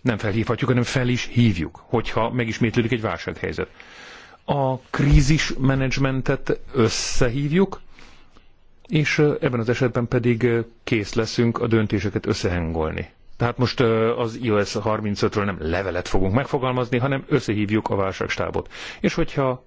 nem felhívhatjuk, hanem fel is hívjuk, hogyha megismétlődik egy válsághelyzet. A krízis menedzsmentet összehívjuk, és ebben az esetben pedig kész leszünk a döntéseket összehangolni. Tehát most az iOS 35-ről nem levelet fogunk megfogalmazni, hanem összehívjuk a válságstábot. És hogyha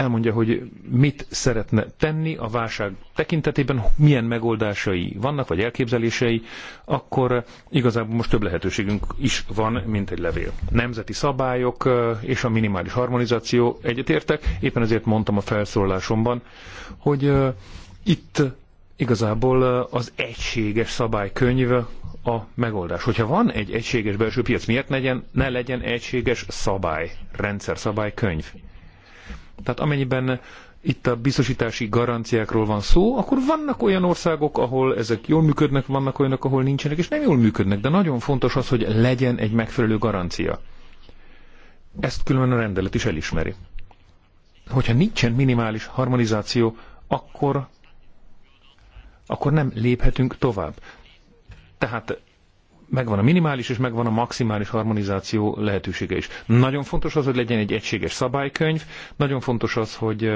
elmondja, hogy mit szeretne tenni a válság tekintetében, milyen megoldásai vannak, vagy elképzelései, akkor igazából most több lehetőségünk is van, mint egy levél. Nemzeti szabályok és a minimális harmonizáció egyetértek, éppen ezért mondtam a felszólalásomban, hogy itt igazából az egységes szabálykönyv a megoldás. Hogyha van egy egységes belső piac, miért legyen, ne legyen egységes szabály, rendszer szabálykönyv? Tehát amennyiben itt a biztosítási garanciákról van szó, akkor vannak olyan országok, ahol ezek jól működnek, vannak olyanok, ahol nincsenek, és nem jól működnek, de nagyon fontos az, hogy legyen egy megfelelő garancia. Ezt különben a rendelet is elismeri. Hogyha nincsen minimális harmonizáció, akkor, akkor nem léphetünk tovább. Tehát megvan a minimális és megvan a maximális harmonizáció lehetősége is. Nagyon fontos az, hogy legyen egy egységes szabálykönyv, nagyon fontos az, hogy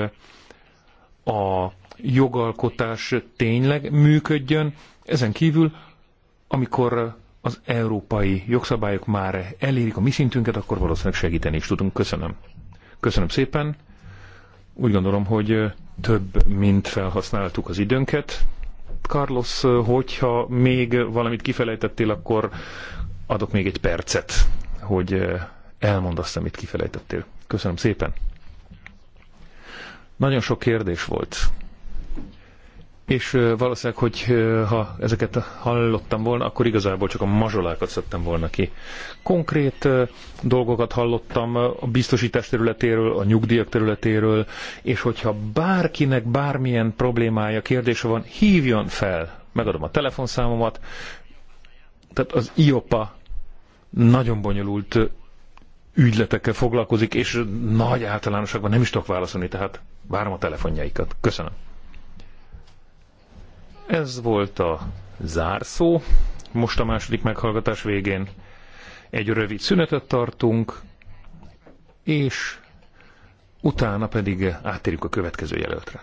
a jogalkotás tényleg működjön. Ezen kívül, amikor az európai jogszabályok már elérik a mi szintünket, akkor valószínűleg segíteni is tudunk. Köszönöm. Köszönöm szépen. Úgy gondolom, hogy több, mint felhasználtuk az időnket. Carlos, hogyha még valamit kifelejtettél, akkor adok még egy percet, hogy elmondd azt, amit kifelejtettél. Köszönöm szépen. Nagyon sok kérdés volt. És valószínűleg, hogy ha ezeket hallottam volna, akkor igazából csak a mazsolákat szedtem volna ki. Konkrét dolgokat hallottam a biztosítás területéről, a nyugdíjak területéről, és hogyha bárkinek bármilyen problémája, kérdése van, hívjon fel, megadom a telefonszámomat. Tehát az IOPA nagyon bonyolult ügyletekkel foglalkozik, és nagy általánosságban nem is tudok válaszolni, tehát várom a telefonjaikat. Köszönöm. Ez volt a zárszó. Most a második meghallgatás végén egy rövid szünetet tartunk, és utána pedig átérjük a következő jelöltre.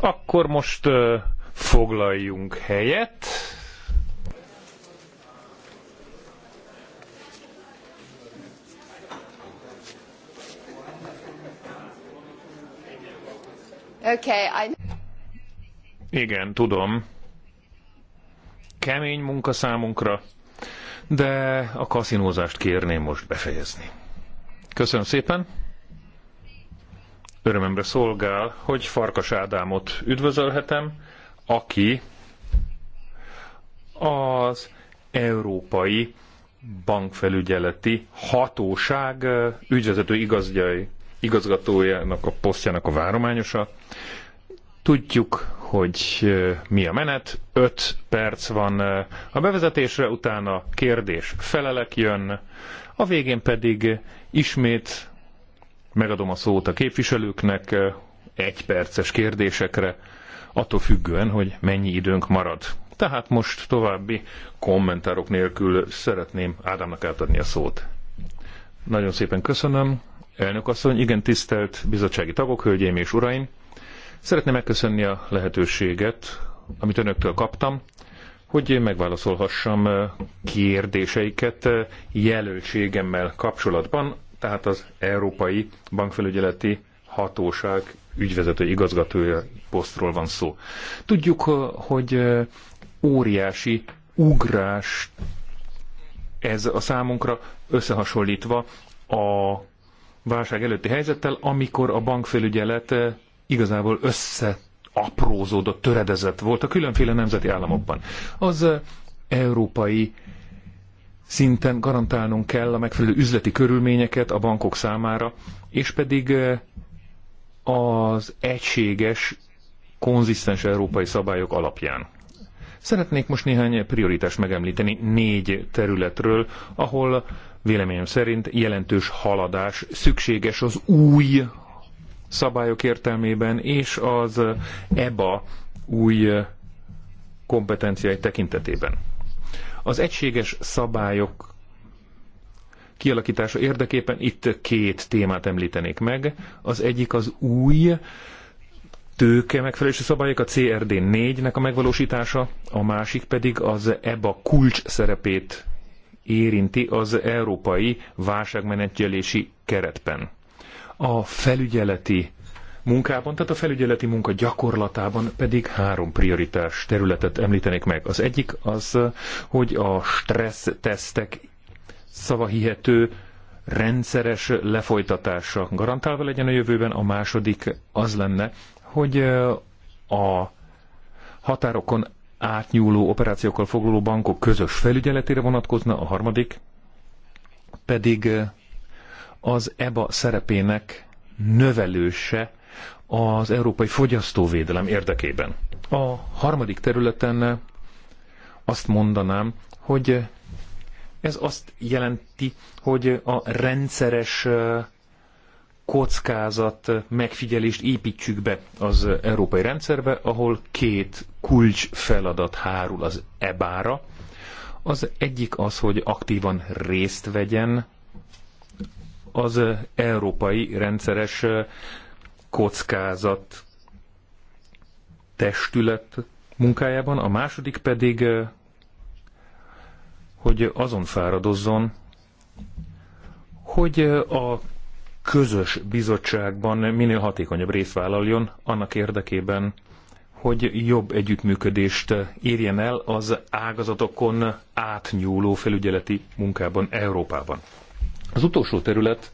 Akkor most uh, foglaljunk helyet. Okay, Igen, tudom. Kemény munka számunkra, de a kaszinózást kérném most befejezni. Köszönöm szépen! örömömre szolgál, hogy Farkas Ádámot üdvözölhetem, aki az Európai Bankfelügyeleti Hatóság ügyvezető igazgyai, igazgatójának a posztjának a várományosa. Tudjuk, hogy mi a menet, 5 perc van a bevezetésre, utána kérdés, felelek jön, a végén pedig ismét Megadom a szót a képviselőknek eh, egy perces kérdésekre, attól függően, hogy mennyi időnk marad. Tehát most további kommentárok nélkül szeretném Ádámnak átadni a szót. Nagyon szépen köszönöm. Elnök asszony, igen tisztelt bizottsági tagok, hölgyeim és uraim. Szeretném megköszönni a lehetőséget, amit önöktől kaptam, hogy megválaszolhassam eh, kérdéseiket eh, jelöltségemmel kapcsolatban, tehát az Európai Bankfelügyeleti Hatóság ügyvezető igazgatója posztról van szó. Tudjuk, hogy óriási ugrás ez a számunkra összehasonlítva a válság előtti helyzettel, amikor a bankfelügyelet igazából össze aprózódott, töredezett volt a különféle nemzeti államokban. Az európai szinten garantálnunk kell a megfelelő üzleti körülményeket a bankok számára, és pedig eh, az egységes, konzisztens európai szabályok alapján. Szeretnék most néhány prioritást megemlíteni négy területről, ahol véleményem szerint jelentős haladás szükséges az új szabályok értelmében és az EBA új kompetenciái tekintetében. Az egységes szabályok kialakítása érdekében itt két témát említenék meg. Az egyik az új tőke megfelelési szabályok, a CRD 4-nek a megvalósítása, a másik pedig az EBA kulcs szerepét érinti az európai válságmenedzselési keretben. A felügyeleti munkában, tehát a felügyeleti munka gyakorlatában pedig három prioritás területet említenék meg. Az egyik az, hogy a stressz tesztek szavahihető rendszeres lefolytatása garantálva legyen a jövőben, a második az lenne, hogy a határokon átnyúló operációkkal foglaló bankok közös felügyeletére vonatkozna, a harmadik pedig az EBA szerepének növelőse az európai fogyasztóvédelem érdekében. A harmadik területen azt mondanám, hogy ez azt jelenti, hogy a rendszeres kockázat megfigyelést építsük be az európai rendszerbe, ahol két kulcs feladat hárul az EBÁ-ra. Az egyik az, hogy aktívan részt vegyen az európai rendszeres kockázat testület munkájában, a második pedig, eh, hogy azon fáradozzon, hogy eh, a közös bizottságban minél hatékonyabb részt vállaljon annak érdekében, hogy jobb együttműködést eh, érjen el az ágazatokon átnyúló felügyeleti munkában Európában. Az utolsó terület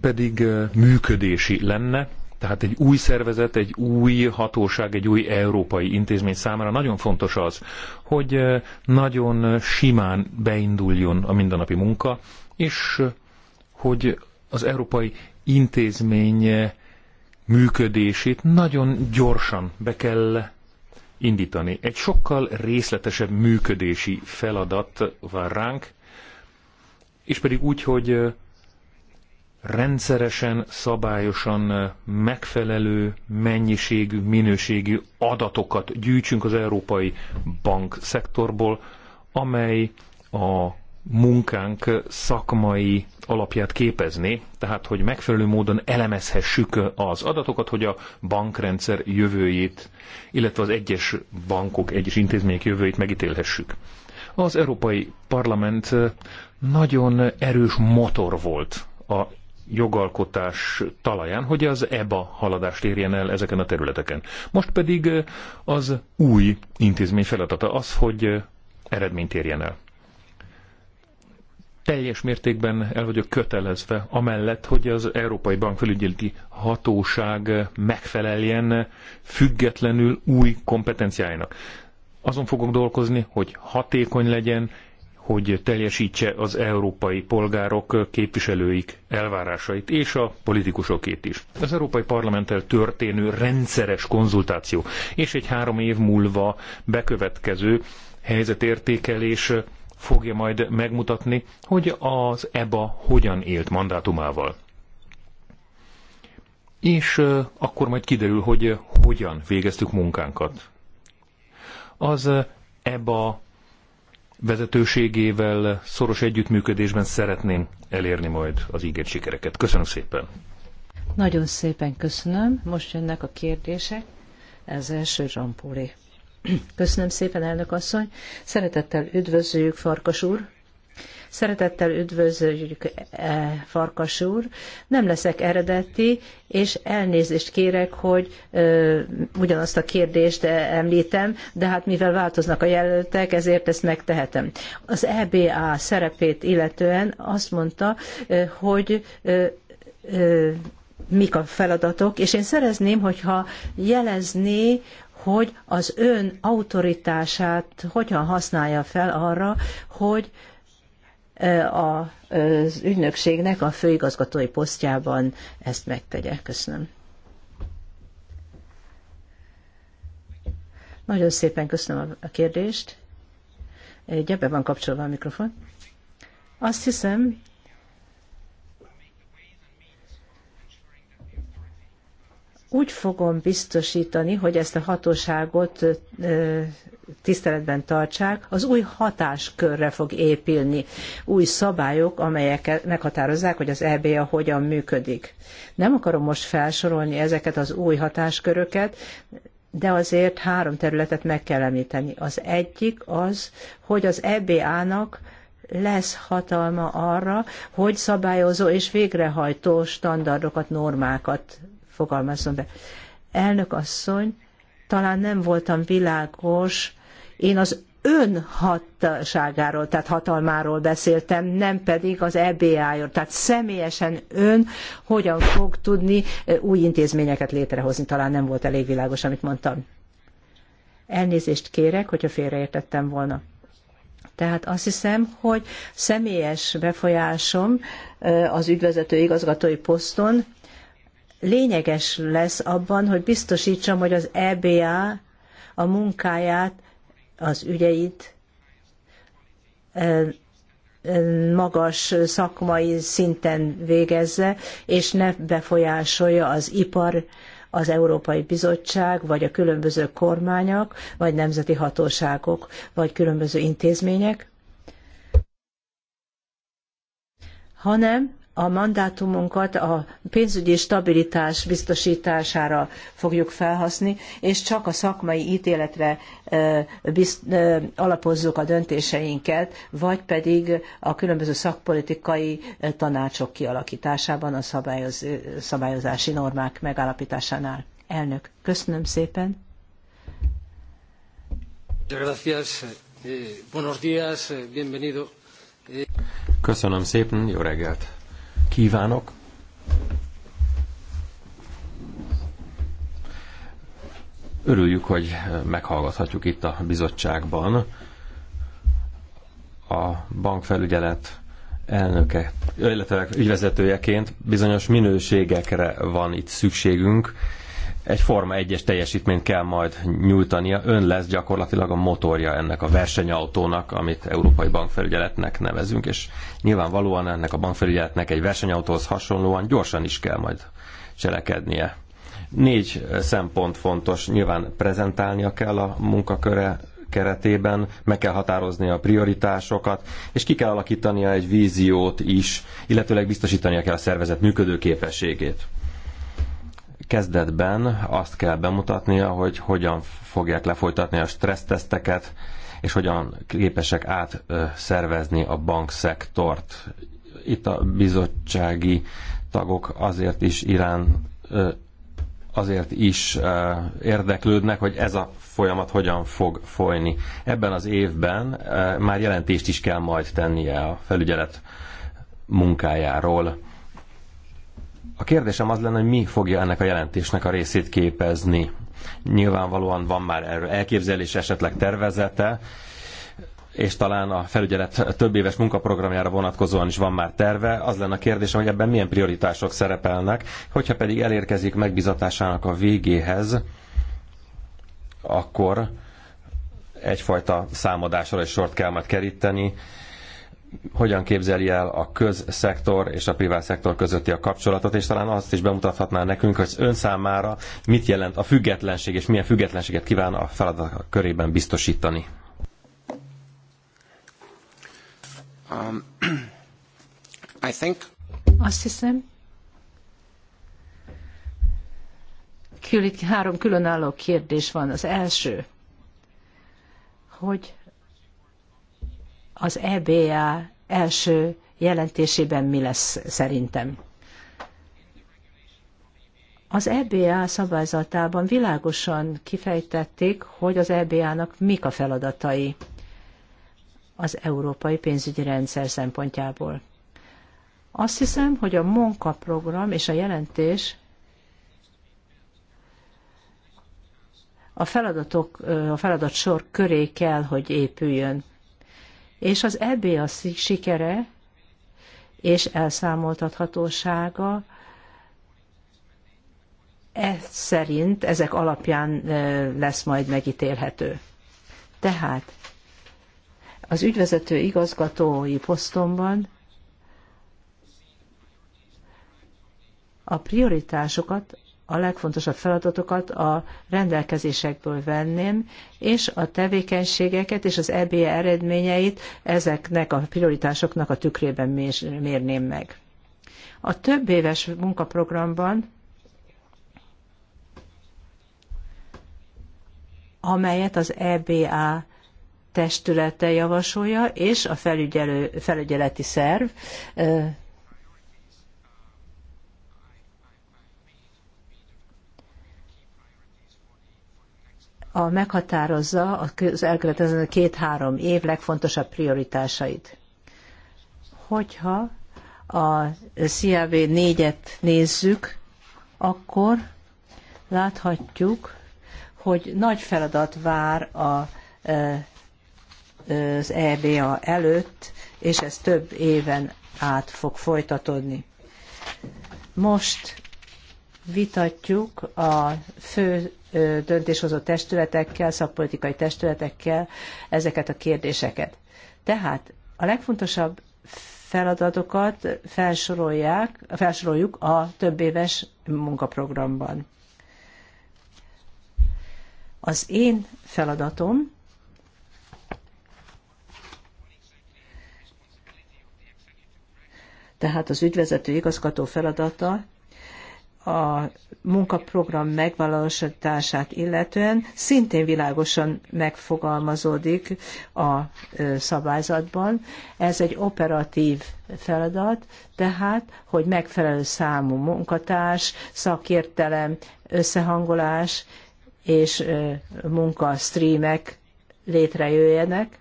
pedig működési lenne, tehát egy új szervezet, egy új hatóság, egy új európai intézmény számára nagyon fontos az, hogy nagyon simán beinduljon a mindennapi munka, és hogy az európai intézmény működését nagyon gyorsan be kell indítani. Egy sokkal részletesebb működési feladat vár ránk, és pedig úgy, hogy rendszeresen, szabályosan eh, megfelelő mennyiségű, minőségű adatokat gyűjtsünk az európai bank szektorból, amely a munkánk szakmai alapját képezni, tehát hogy megfelelő módon elemezhessük az adatokat, hogy a bankrendszer jövőjét, illetve az egyes bankok, egyes intézmények jövőjét megítélhessük. Az Európai Parlament eh, nagyon erős motor volt a jogalkotás talaján, hogy az EBA haladást érjen el ezeken a területeken. Most pedig eh, az új intézmény feladata az, hogy eh, eredményt érjen el. Teljes mértékben el vagyok kötelezve, amellett, hogy az Európai Bankfelügyeleti Hatóság eh, megfeleljen függetlenül új kompetenciáinak. Azon fogok dolgozni, hogy hatékony legyen, hogy teljesítse az európai polgárok képviselőik elvárásait, és a politikusokét is. Az Európai Parlamenttel történő rendszeres konzultáció, és egy három év múlva bekövetkező helyzetértékelés fogja majd megmutatni, hogy az EBA hogyan élt mandátumával. És akkor majd kiderül, hogy hogyan végeztük munkánkat. Az EBA vezetőségével szoros együttműködésben szeretném elérni majd az ígért sikereket. Köszönöm szépen! Nagyon szépen köszönöm. Most jönnek a kérdések. Ez első Zsampóri. Köszönöm szépen, elnök asszony. Szeretettel üdvözöljük, Farkas úr. Szeretettel üdvözöljük eh, Farkas úr. Nem leszek eredeti, és elnézést kérek, hogy ö, eh, ugyanazt a kérdést eh, említem, de hát mivel változnak a jelöltek, ezért ezt megtehetem. Az EBA szerepét illetően azt mondta, ö, hogy ö, ö, mik a feladatok, és én szerezném, hogyha jelezné, hogy az ön autoritását hogyan használja fel arra, hogy az ügynökségnek a főigazgatói posztjában ezt megtegye. Köszönöm. Nagyon szépen köszönöm a kérdést. Ugye be van kapcsolva a mikrofon. Azt hiszem, úgy fogom biztosítani, hogy ezt a hatóságot tiszteletben tartsák, az új hatáskörre fog épülni. Új szabályok, amelyek meghatározzák, hogy az EBA hogyan működik. Nem akarom most felsorolni ezeket az új hatásköröket, de azért három területet meg kell említeni. Az egyik az, hogy az EBA-nak lesz hatalma arra, hogy szabályozó és végrehajtó standardokat, normákat fogalmazzon be. Elnök asszony, talán nem voltam világos. Én az ön hatóságáról, tehát hatalmáról beszéltem, nem pedig az EBA-ról. Tehát személyesen ön hogyan fog tudni eh, új intézményeket létrehozni. Talán nem volt elég világos, amit mondtam. Elnézést kérek, hogyha félreértettem volna. Tehát azt hiszem, hogy személyes befolyásom eh, az ügyvezető igazgatói poszton lényeges lesz abban, hogy biztosítsam, hogy az EBA a munkáját, az ügyeit magas szakmai szinten végezze, és ne befolyásolja az ipar, az Európai Bizottság, vagy a különböző kormányok, vagy nemzeti hatóságok, vagy különböző intézmények, hanem a mandátumunkat a pénzügyi stabilitás biztosítására fogjuk felhasználni, és csak a szakmai ítéletre alapozzuk a döntéseinket, vagy pedig a különböző szakpolitikai tanácsok kialakításában, a szabályoz, szabályozási normák megállapításánál. Elnök, köszönöm szépen. Eh, eh, köszönöm szépen, jó reggelt kívánok. Örüljük, hogy meghallgathatjuk itt a bizottságban a bankfelügyelet elnöke, illetve ügyvezetőjeként bizonyos minőségekre van itt szükségünk, egy Forma 1-es teljesítményt kell majd nyújtania. Ön lesz gyakorlatilag a motorja ennek a versenyautónak, amit Európai Bankfelügyeletnek nevezünk, és nyilvánvalóan ennek a bankfelügyeletnek egy versenyautóhoz hasonlóan gyorsan is kell majd cselekednie. Négy eh, szempont fontos, nyilván prezentálnia kell a munkaköre keretében, meg kell határozni a prioritásokat, és ki kell alakítania egy víziót is, illetőleg biztosítania kell a szervezet működőképességét Kezdetben azt kell bemutatnia, hogy hogyan fogják lefolytatni a stresszteszteket, és hogyan képesek átszervezni a bankszektort. Itt a bizottsági tagok azért is Irán azért is érdeklődnek, hogy ez a folyamat hogyan fog folyni. Ebben az évben már jelentést is kell majd tennie a felügyelet munkájáról. A kérdésem az lenne, hogy mi fogja ennek a jelentésnek a részét képezni. Nyilvánvalóan van már erről elképzelés, esetleg tervezete, és talán a felügyelet több éves munkaprogramjára vonatkozóan is van már terve. Az lenne a kérdésem, hogy ebben milyen prioritások szerepelnek, hogyha pedig elérkezik megbizatásának a végéhez, akkor egyfajta számadásra is sort kell majd keríteni, hogyan képzeli el a közszektor és a privát szektor közötti a kapcsolatot, és talán azt is bemutathatná nekünk, hogy ön számára mit jelent a függetlenség, és milyen függetlenséget kíván a feladat körében biztosítani. Um, I think... Azt hiszem, három különálló kérdés van. Az első, hogy az EBA első jelentésében mi lesz szerintem. Az EBA szabályzatában világosan kifejtették, hogy az EBA-nak mik a feladatai az európai pénzügyi rendszer szempontjából. Azt hiszem, hogy a munkaprogram és a jelentés a feladatok, a feladatsor köré kell, hogy épüljön. És az EBA sikere és elszámoltathatósága ez szerint ezek alapján e, lesz majd megítélhető. Tehát az ügyvezető igazgatói posztomban a prioritásokat a legfontosabb feladatokat a rendelkezésekből venném, és a tevékenységeket és az EBE e eredményeit ezeknek a prioritásoknak a tükrében mérném meg. A több éves munkaprogramban amelyet az EBA testülete javasolja, és a felügyelő, felügyeleti szerv a, meghatározza az elkövetkező két-három év legfontosabb prioritásait. Hogyha a CIAB négyet et nézzük, akkor láthatjuk, hogy nagy feladat vár a, e, az EBA előtt, és ez több éven át fog folytatódni. Most vitatjuk a fő döntéshozó testületekkel, szakpolitikai testületekkel ezeket a kérdéseket. Tehát a legfontosabb feladatokat felsorolják, felsoroljuk a több éves munkaprogramban. Az én feladatom tehát az ügyvezető igazgató feladata a munkaprogram megvalósítását illetően szintén világosan megfogalmazódik a szabályzatban. Ez egy operatív feladat, tehát, hogy megfelelő számú munkatárs, szakértelem, összehangolás és munkastreamek létrejöjjenek,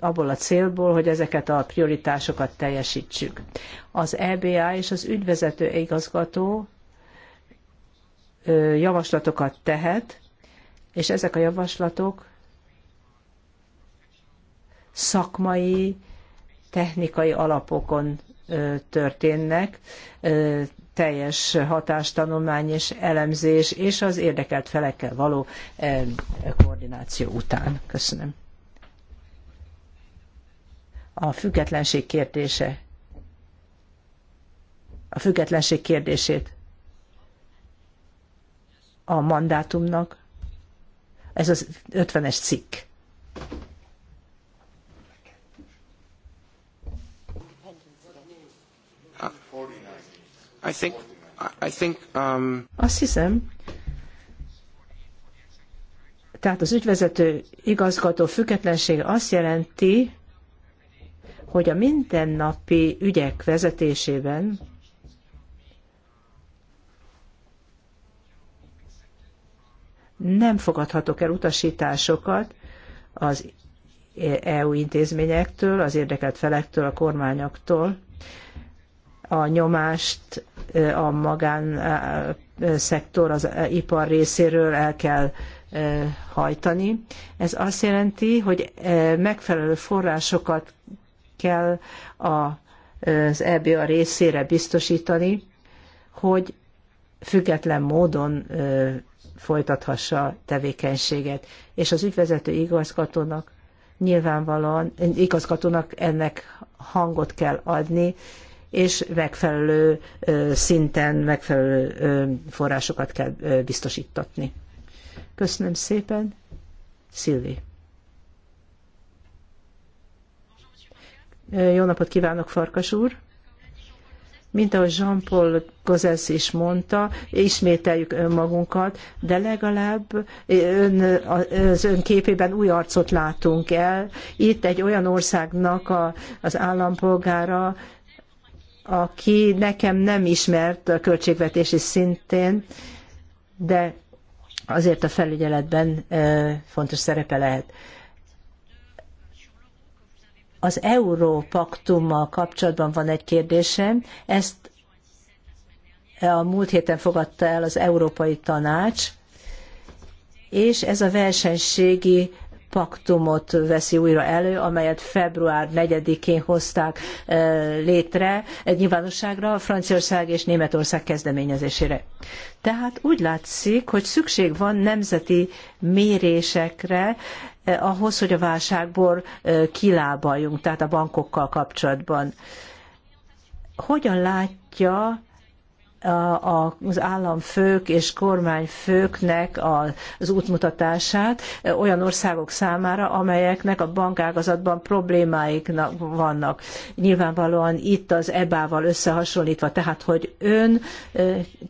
abból a célból, hogy ezeket a prioritásokat teljesítsük. Az EBA és az ügyvezető igazgató javaslatokat tehet, és ezek a javaslatok szakmai, technikai alapokon történnek, teljes hatástanulmány és elemzés, és az érdekelt felekkel való koordináció után. Köszönöm a függetlenség kérdése. A függetlenség kérdését a mandátumnak. Ez az 50-es cikk. I think, I think, um... Azt hiszem, tehát az ügyvezető igazgató függetlensége azt jelenti, hogy a mindennapi ügyek vezetésében nem fogadhatok el utasításokat az EU intézményektől, az érdekelt felektől, a kormányoktól, a nyomást a magánszektor, az ipar részéről el kell hajtani. Ez azt jelenti, hogy megfelelő forrásokat kell az EBA részére biztosítani, hogy független módon folytathassa tevékenységet. És az ügyvezető igazgatónak nyilvánvalóan igazgatónak ennek hangot kell adni, és megfelelő szinten megfelelő forrásokat kell biztosítatni. Köszönöm szépen, Szilvi. Jó napot kívánok, Farkas úr! Mint ahogy Jean-Paul Gozes is mondta, ismételjük önmagunkat, de legalább ön, az ön képében új arcot látunk el. Itt egy olyan országnak a, az állampolgára, aki nekem nem ismert a költségvetési szintén, de azért a felügyeletben fontos szerepe lehet. Az Európaktummal kapcsolatban van egy kérdésem, ezt a múlt héten fogadta el az Európai Tanács, és ez a versenységi paktumot veszi újra elő, amelyet február 4-én hozták létre egy nyilvánosságra Franciaország és Németország kezdeményezésére. Tehát úgy látszik, hogy szükség van nemzeti mérésekre Eh, ahhoz, hogy a válságból eh, kilábaljunk, tehát a bankokkal kapcsolatban. Hogyan látja az államfők és kormányfőknek az útmutatását eh, olyan országok számára, amelyeknek a bankágazatban problémáik vannak. Nyilvánvalóan itt az EBA-val összehasonlítva, tehát hogy ön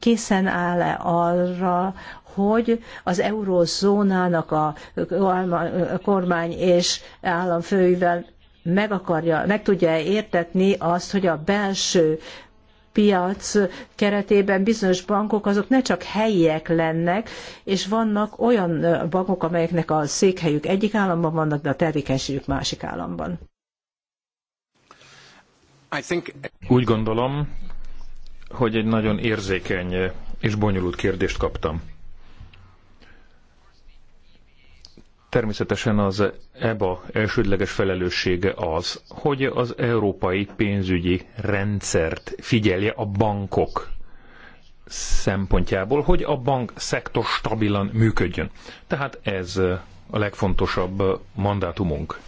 készen áll-e arra, hogy az eurózónának a kormány és államfőivel meg, akarja, meg tudja értetni azt, hogy a belső piac keretében bizonyos bankok azok ne csak helyiek lennek, és vannak olyan bankok, amelyeknek a székhelyük egyik államban vannak, de a tevékenységük másik államban. Think... Úgy gondolom, hogy egy nagyon érzékeny és bonyolult kérdést kaptam. Természetesen az EBA elsődleges felelőssége az, hogy az európai pénzügyi rendszert figyelje a bankok szempontjából, hogy a bank szektor stabilan működjön. Tehát ez a legfontosabb mandátumunk.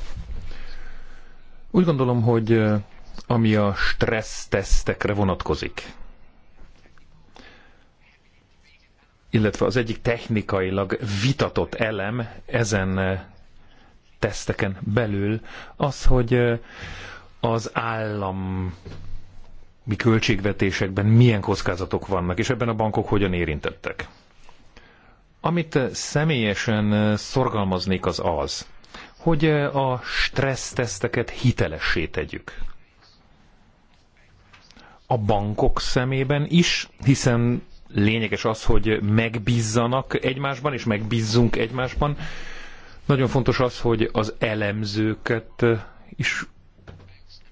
Úgy gondolom, hogy ami a stressztesztekre vonatkozik, illetve az egyik technikailag vitatott elem ezen eh, teszteken belül az, hogy eh, az állam mi költségvetésekben milyen kockázatok vannak, és ebben a bankok hogyan érintettek. Amit eh, személyesen szorgalmaznék az az, hogy a stresszteszteket hitelessé tegyük. A bankok szemében is, hiszen lényeges az, hogy megbízzanak egymásban, és megbízzunk egymásban. Nagyon fontos az, hogy az elemzőket is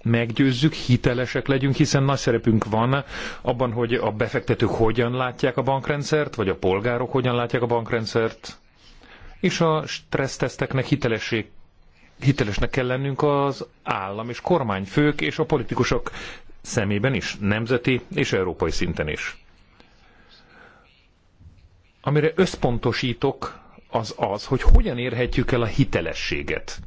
meggyőzzük, hitelesek legyünk, hiszen nagy szerepünk van abban, hogy a befektetők hogyan látják a bankrendszert, vagy a polgárok hogyan látják a bankrendszert, és a stresszteszteknek hitelesség hitelesnek kell lennünk az állam és kormányfők és a politikusok szemében is, nemzeti és európai szinten is amire összpontosítok, az az, hogy hogyan érhetjük el a hitelességet.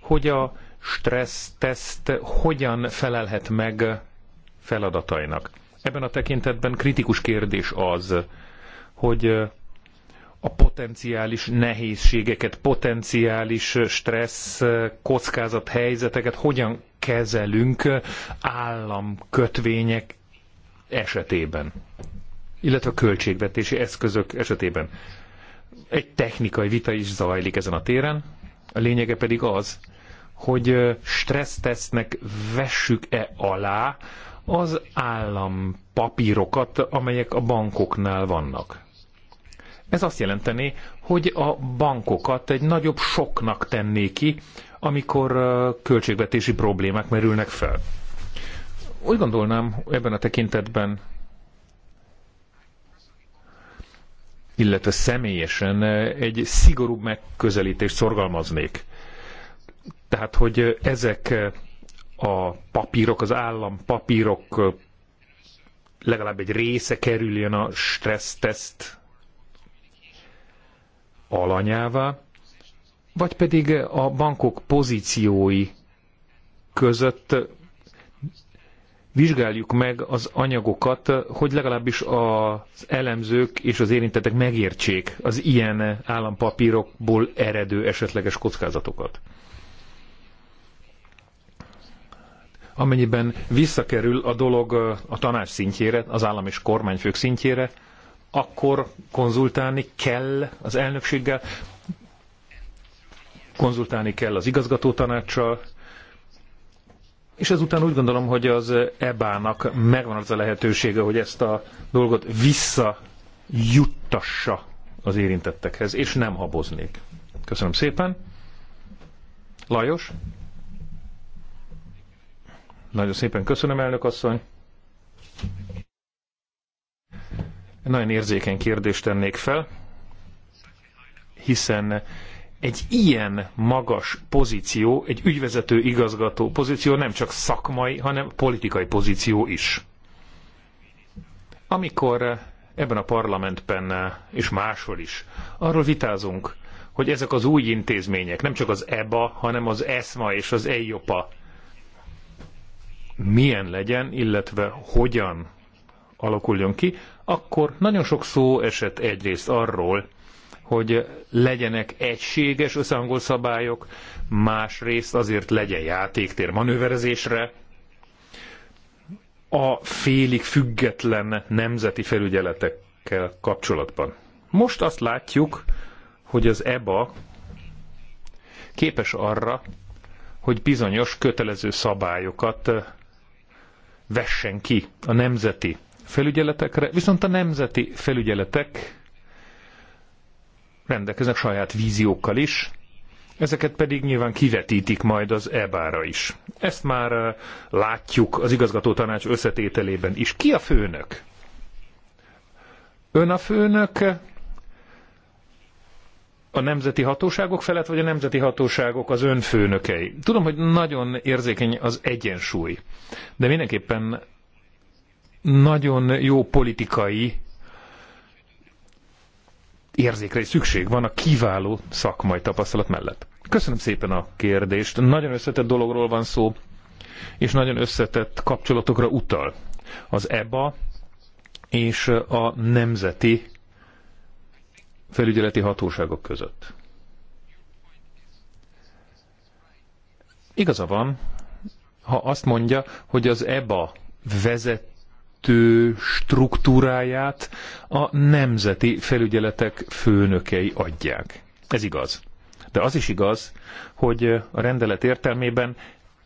Hogy a stresszteszt hogyan felelhet meg feladatainak. Ebben a tekintetben kritikus kérdés az, hogy a potenciális nehézségeket, potenciális stressz, kockázat helyzeteket hogyan kezelünk államkötvények esetében illetve a költségvetési eszközök esetében. Egy technikai vita is zajlik ezen a téren, a lényege pedig az, hogy stressztesznek vessük-e alá az állampapírokat, amelyek a bankoknál vannak. Ez azt jelenteni, hogy a bankokat egy nagyobb soknak tenné ki, amikor költségvetési problémák merülnek fel. Úgy gondolnám ebben a tekintetben, illetve személyesen eh, egy szigorúbb megközelítést szorgalmaznék. Tehát, hogy ezek eh, a papírok, az állam papírok eh, legalább egy része kerüljön a stresszteszt alanyává, vagy pedig a bankok pozíciói között vizsgáljuk meg az anyagokat, hogy legalábbis az elemzők és az érintettek megértsék az ilyen állampapírokból eredő esetleges kockázatokat. Amennyiben visszakerül a dolog a tanács szintjére, az állam és kormányfők szintjére, akkor konzultálni kell az elnökséggel, konzultálni kell az igazgató tanácssal, és ezután úgy gondolom, hogy az EBA-nak megvan az a lehetősége, hogy ezt a dolgot visszajuttassa az érintettekhez, és nem haboznék. Köszönöm szépen. Lajos? Nagyon szépen köszönöm, elnök asszony. Nagyon érzékeny kérdést tennék fel, hiszen egy ilyen magas pozíció, egy ügyvezető igazgató pozíció nem csak szakmai, hanem politikai pozíció is. Amikor ebben a parlamentben és máshol is arról vitázunk, hogy ezek az új intézmények, nem csak az EBA, hanem az ESMA és az EIOPA milyen legyen, illetve hogyan alakuljon ki, akkor nagyon sok szó esett egyrészt arról, hogy legyenek egységes összehangolt szabályok, másrészt azért legyen játéktér manőverezésre, a félig független nemzeti felügyeletekkel kapcsolatban. Most azt látjuk, hogy az EBA képes arra, hogy bizonyos kötelező szabályokat vessen ki a nemzeti felügyeletekre, viszont a nemzeti felügyeletek rendelkeznek saját víziókkal is, ezeket pedig nyilván kivetítik majd az EBA-ra is. Ezt már eh, látjuk az igazgató tanács összetételében is. Ki a főnök? Ön a főnök eh, a nemzeti hatóságok felett, vagy a nemzeti hatóságok az ön főnökei? Tudom, hogy nagyon érzékeny az egyensúly, de mindenképpen nagyon jó politikai érzékre is szükség van a kiváló szakmai tapasztalat mellett. Köszönöm szépen a kérdést. Nagyon összetett dologról van szó, és nagyon összetett kapcsolatokra utal. Az EBA és a nemzeti felügyeleti hatóságok között. Igaza van, ha azt mondja, hogy az EBA vezet kettő struktúráját a nemzeti felügyeletek főnökei adják. Ez igaz. De az is igaz, hogy a rendelet értelmében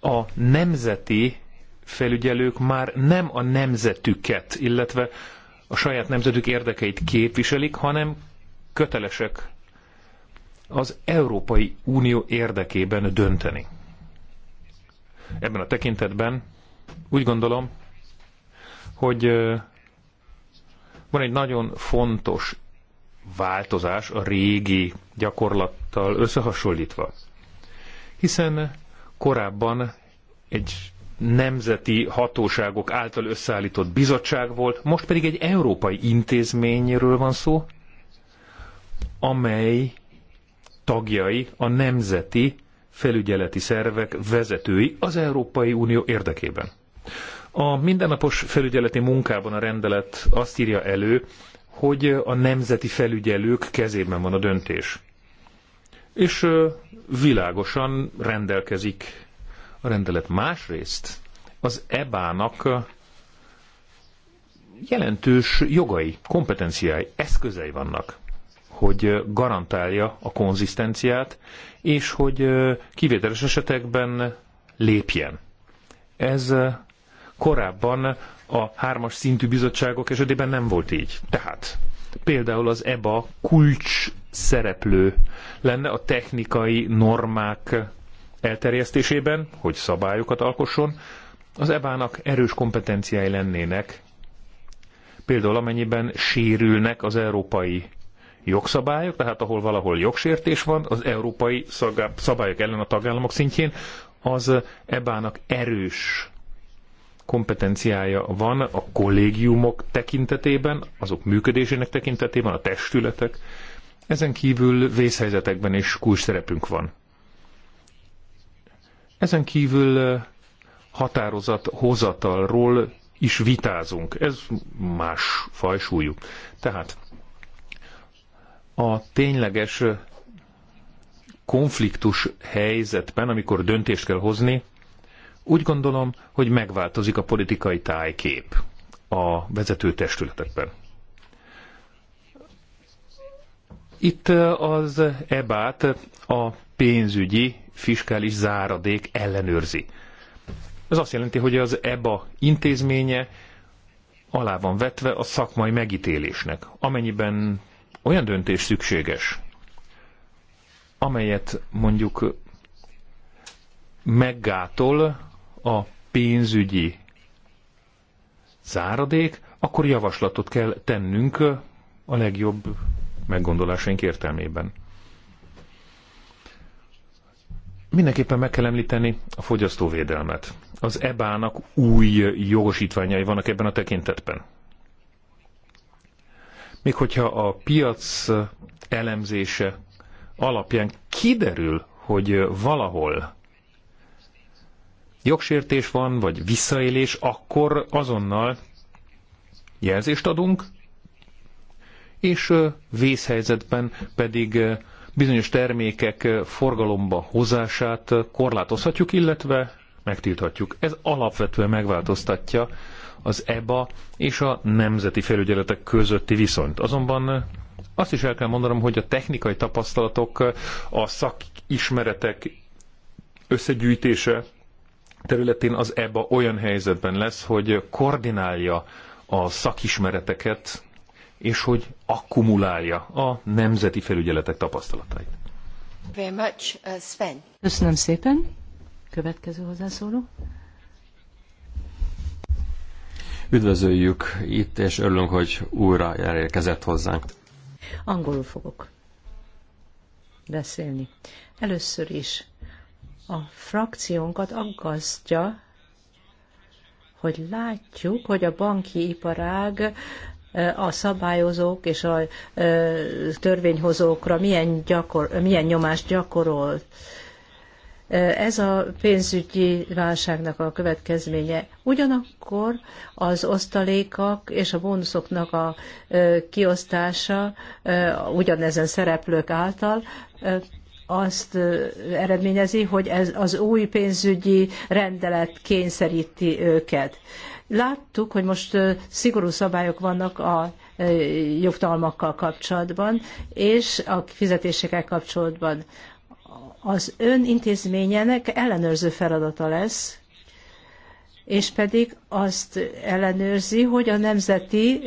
a nemzeti felügyelők már nem a nemzetüket, illetve a saját nemzetük érdekeit képviselik, hanem kötelesek az Európai Unió érdekében dönteni. Ebben a tekintetben úgy gondolom, hogy van egy nagyon fontos változás a régi gyakorlattal összehasonlítva. Hiszen korábban egy nemzeti hatóságok által összeállított bizottság volt, most pedig egy európai intézményről van szó, amely tagjai a nemzeti felügyeleti szervek vezetői az Európai Unió érdekében. A mindennapos felügyeleti munkában a rendelet azt írja elő, hogy a nemzeti felügyelők kezében van a döntés. És világosan rendelkezik a rendelet. Másrészt az EBA-nak jelentős jogai, kompetenciái, eszközei vannak, hogy garantálja a konzisztenciát, és hogy kivételes esetekben lépjen. Ez korábban a hármas szintű bizottságok esetében nem volt így. Tehát például az EBA kulcs szereplő lenne a technikai normák elterjesztésében, hogy szabályokat alkosson, az EBA-nak erős kompetenciái lennének, például amennyiben sérülnek az európai jogszabályok, tehát ahol valahol jogsértés van, az európai szabályok ellen a tagállamok szintjén, az EBA-nak erős kompetenciája van a kollégiumok tekintetében, azok működésének tekintetében, a testületek. Ezen kívül vészhelyzetekben is kulcs szerepünk van. Ezen kívül határozat hozatalról is vitázunk. Ez más fajsúlyú. Tehát a tényleges konfliktus helyzetben, amikor döntést kell hozni, úgy gondolom, hogy megváltozik a politikai tájkép a vezető testületekben. Itt az EBÁT a pénzügyi fiskális záradék ellenőrzi. Ez azt jelenti, hogy az EBA intézménye alá van vetve a szakmai megítélésnek, amennyiben olyan döntés szükséges, amelyet mondjuk meggátol a pénzügyi záradék, akkor javaslatot kell tennünk a legjobb meggondolásaink értelmében. Mindenképpen meg kell említeni a fogyasztóvédelmet. Az EBA-nak új jogosítványai vannak ebben a tekintetben. Még hogyha a piac elemzése alapján kiderül, hogy valahol jogsértés van, vagy visszaélés, akkor azonnal jelzést adunk, és vészhelyzetben pedig bizonyos termékek forgalomba hozását korlátozhatjuk, illetve megtilthatjuk. Ez alapvetően megváltoztatja az EBA és a nemzeti felügyeletek közötti viszonyt. Azonban azt is el kell mondanom, hogy a technikai tapasztalatok, a szakismeretek összegyűjtése területén az EBA olyan helyzetben lesz, hogy koordinálja a szakismereteket, és hogy akkumulálja a nemzeti felügyeletek tapasztalatait. Very much, uh, Sven. Köszönöm szépen. Következő hozzászóló. Üdvözöljük itt, és örülünk, hogy újra elérkezett hozzánk. Angolul fogok beszélni. Először is a frakciónkat aggasztja, hogy látjuk, hogy a banki iparág a szabályozók és a törvényhozókra milyen, gyakor, milyen nyomást gyakorol. Ez a pénzügyi válságnak a következménye. Ugyanakkor az osztalékak és a bónuszoknak a kiosztása ugyanezen szereplők által azt eredményezi, hogy ez az új pénzügyi rendelet kényszeríti őket. Láttuk, hogy most szigorú szabályok vannak a jogtalmakkal kapcsolatban, és a fizetésekkel kapcsolatban. Az ön intézményének ellenőrző feladata lesz, és pedig azt ellenőrzi, hogy a nemzeti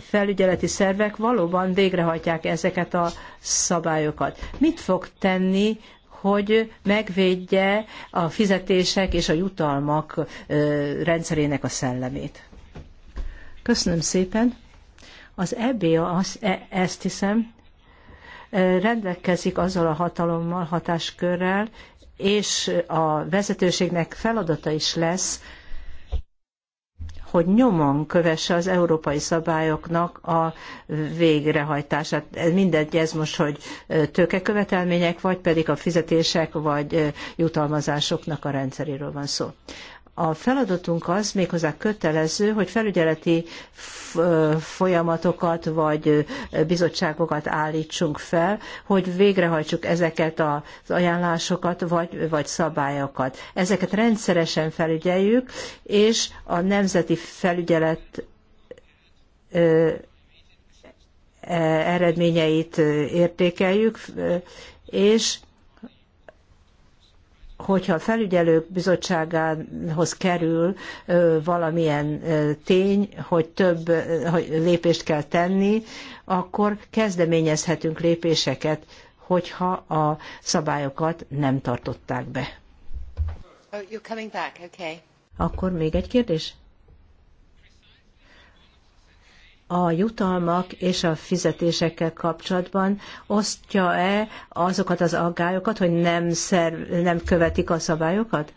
felügyeleti szervek valóban végrehajtják ezeket a szabályokat. Mit fog tenni, hogy megvédje a fizetések és a jutalmak rendszerének a szellemét? Köszönöm szépen. Az EBA azt, e, ezt hiszem rendelkezik azzal a hatalommal, hatáskörrel, és a vezetőségnek feladata is lesz, hogy nyomon kövesse az európai szabályoknak a végrehajtását. Mindegy ez most, hogy tőkekövetelmények, vagy pedig a fizetések, vagy jutalmazásoknak a rendszeréről van szó a feladatunk az méghozzá kötelező, hogy felügyeleti folyamatokat vagy bizottságokat állítsunk fel, hogy végrehajtsuk ezeket az ajánlásokat vagy, vagy szabályokat. Ezeket rendszeresen felügyeljük, és a nemzeti felügyelet e, eredményeit értékeljük, és hogyha a felügyelők bizottságához kerül valamilyen tény, hogy több hogy lépést kell tenni, akkor kezdeményezhetünk lépéseket, hogyha a szabályokat nem tartották be. Oh, okay. Akkor még egy kérdés? a jutalmak és a fizetésekkel kapcsolatban osztja-e azokat az aggályokat, hogy nem, szerv, nem követik a szabályokat?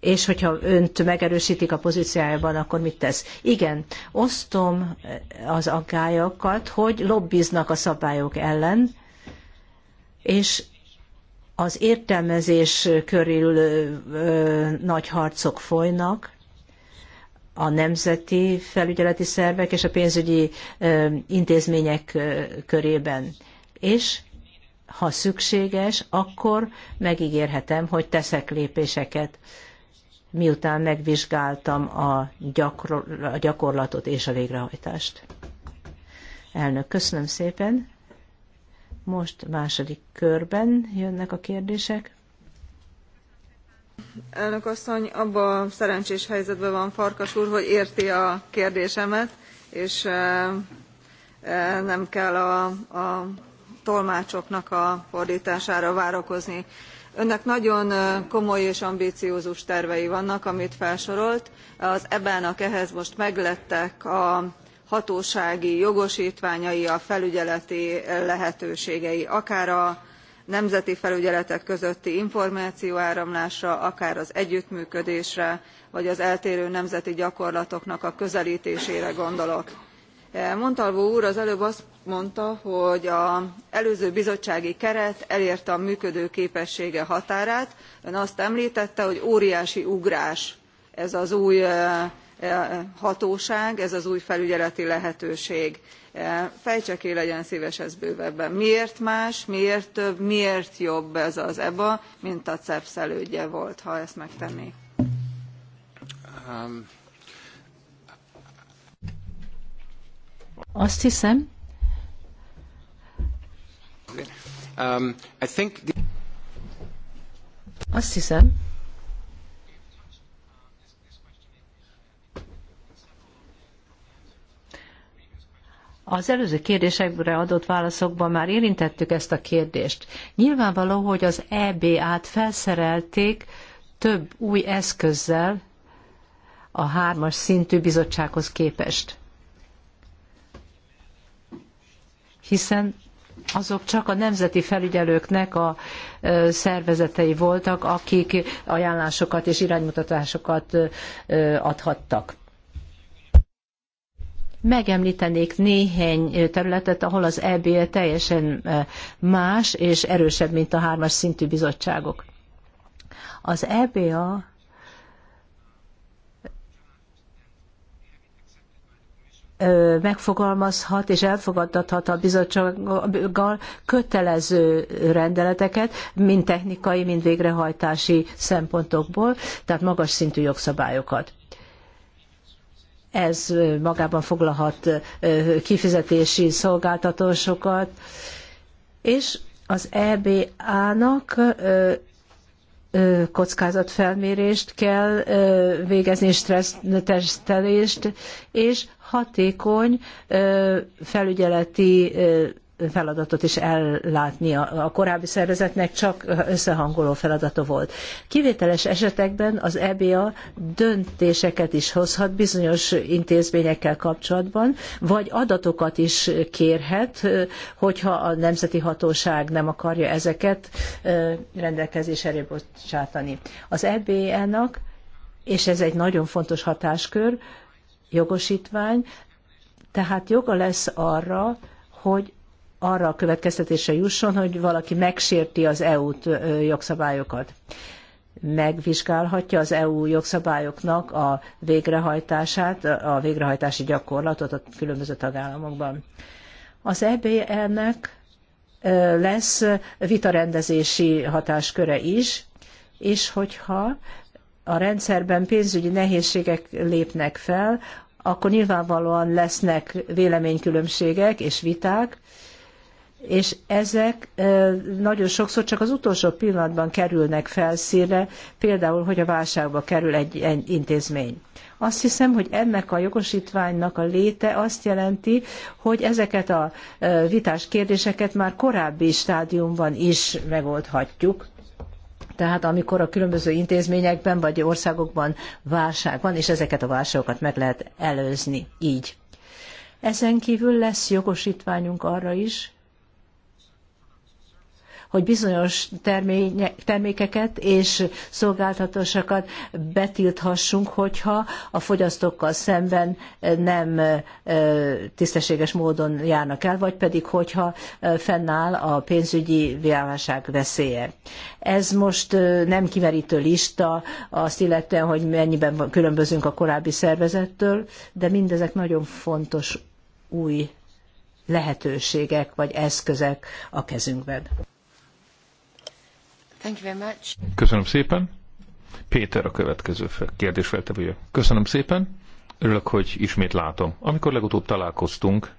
És hogyha önt megerősítik a pozíciájában, akkor mit tesz? Igen, osztom az aggályokat, hogy lobbiznak a szabályok ellen, és az értelmezés körül ö, ö, nagy harcok folynak, a nemzeti felügyeleti szervek és a pénzügyi intézmények körében. És ha szükséges, akkor megígérhetem, hogy teszek lépéseket, miután megvizsgáltam a, a gyakorlatot és a végrehajtást. Elnök, köszönöm szépen. Most második körben jönnek a kérdések elnök asszony abban a szerencsés helyzetben van farkas úr hogy érti a kérdésemet és eh, eh, nem kell a, tolmácsoknak a fordtására várakozni. önnek nagyon eh, komoly és ambiciózus tervei vannak amit felsorolt az eba nak ehhez most meglettek a hatósági jogostványai a felügyeleti lehetőségei akár a nemzeti felügyeletek közötti információáramlásra akár az együttműködésre vagy az eltérő nemzeti gyakorlatoknak a közeltésére gondolok. E, montalvo úr az előbb azt mondta hogy az előző bizottsági keret elérte a működőképessége határát ön azt emltette hogy óriási ugrás ez az új e, e, hatóság ez az új felügyeleti lehetőség E, fejtse ki legyen szves ezt bővebben miért más miért több miért jobb ez az eba mint a cepsz elődje volt ha ezt megtenné? Um, Azt hiszem. Um, I think the... Azt hiszem, Az előző kérdésekre adott válaszokban már érintettük ezt a kérdést. Nyilvánvaló, hogy az EBA-t felszerelték több új eszközzel a hármas szintű bizottsághoz képest. Hiszen azok csak a nemzeti felügyelőknek a szervezetei voltak, akik ajánlásokat és iránymutatásokat adhattak. Megemlítenék néhány területet, ahol az EB teljesen más és erősebb, mint a hármas szintű bizottságok. Az EBA megfogalmazhat és elfogadhat a bizottsággal kötelező rendeleteket, mind technikai, mind végrehajtási szempontokból, tehát magas szintű jogszabályokat. Ez magában foglalhat kifizetési szolgáltatásokat, és az EBA-nak kockázatfelmérést kell végezni, stressztesztelést, és hatékony felügyeleti feladatot is ellátni. A korábbi szervezetnek csak összehangoló feladata volt. Kivételes esetekben az EBA döntéseket is hozhat bizonyos intézményekkel kapcsolatban, vagy adatokat is kérhet, hogyha a nemzeti hatóság nem akarja ezeket rendelkezésre bocsátani. Az EBA-nak, és ez egy nagyon fontos hatáskör, jogosítvány, tehát joga lesz arra, hogy arra a következtetése jusson, hogy valaki megsérti az EU jogszabályokat. Megvizsgálhatja az EU jogszabályoknak a végrehajtását, a végrehajtási gyakorlatot a különböző tagállamokban. Az EBL-nek lesz vitarendezési hatásköre is, és hogyha a rendszerben pénzügyi nehézségek lépnek fel, akkor nyilvánvalóan lesznek véleménykülönbségek és viták, és ezek nagyon sokszor csak az utolsó pillanatban kerülnek felszínre, például, hogy a válságba kerül egy, egy intézmény. Azt hiszem, hogy ennek a jogosítványnak a léte azt jelenti, hogy ezeket a vitás kérdéseket már korábbi stádiumban is megoldhatjuk. Tehát amikor a különböző intézményekben vagy országokban válság van, és ezeket a válságokat meg lehet előzni így. Ezen kívül lesz jogosítványunk arra is, hogy bizonyos termékeket és szolgáltatásokat betilthassunk, hogyha a fogyasztókkal szemben eh, nem eh, tisztességes módon járnak el, vagy pedig hogyha eh, fennáll a pénzügyi válság veszélye. Ez most nem kimerítő lista azt illetően, hogy mennyiben különbözünk a korábbi szervezettől, de mindezek nagyon fontos új lehetőségek vagy eszközek a kezünkben. Köszönöm szépen. Péter a következő kérdésfeltevője. Köszönöm szépen. Örülök, hogy ismét látom. Amikor legutóbb találkoztunk,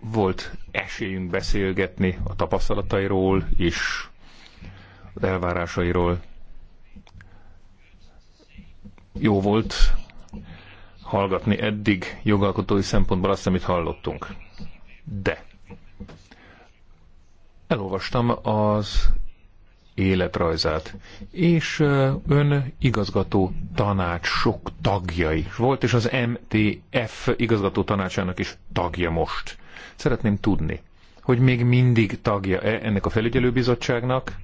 volt esélyünk beszélgetni a tapasztalatairól és az elvárásairól. Jó volt hallgatni eddig jogalkotói szempontból azt, amit hallottunk. De Elolvastam az életrajzát, és ön igazgató tanács sok tagja is volt, és az MTF igazgató tanácsának is tagja most. Szeretném tudni, hogy még mindig tagja -e ennek a felügyelőbizottságnak.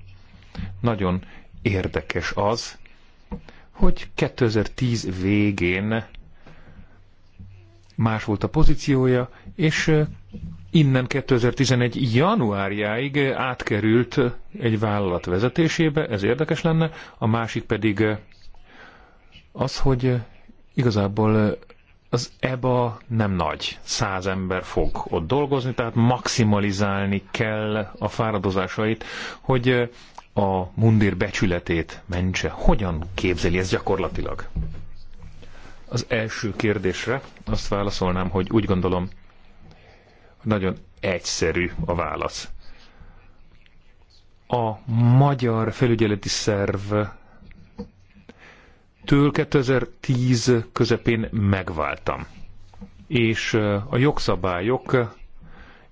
Nagyon érdekes az, hogy 2010 végén más volt a pozíciója, és innen 2011. januárjáig átkerült egy vállalat vezetésébe, ez érdekes lenne, a másik pedig az, hogy igazából az EBA nem nagy, száz ember fog ott dolgozni, tehát maximalizálni kell a fáradozásait, hogy a mundér becsületét mentse. Hogyan képzeli ez gyakorlatilag? Az első kérdésre azt válaszolnám, hogy úgy gondolom, nagyon egyszerű a válasz. A magyar felügyeleti szerv től 2010 közepén megváltam. És a jogszabályok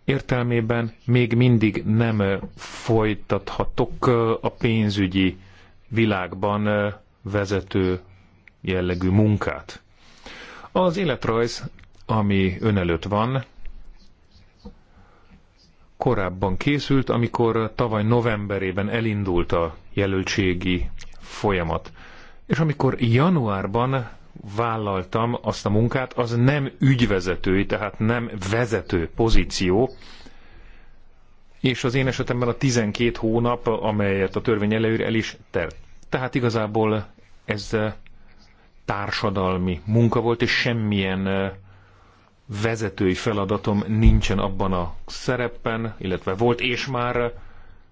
értelmében még mindig nem folytathatok a pénzügyi világban vezető jellegű munkát. Az életrajz, ami ön előtt van, korábban készült, amikor tavaly novemberében elindult a jelöltségi folyamat. És amikor januárban vállaltam azt a munkát, az nem ügyvezetői, tehát nem vezető pozíció, és az én esetemben a 12 hónap, amelyet a törvény előír, el is telt. Tehát igazából ez eh, társadalmi munka volt, és semmilyen eh, vezetői feladatom nincsen abban a szerepben, illetve volt, és már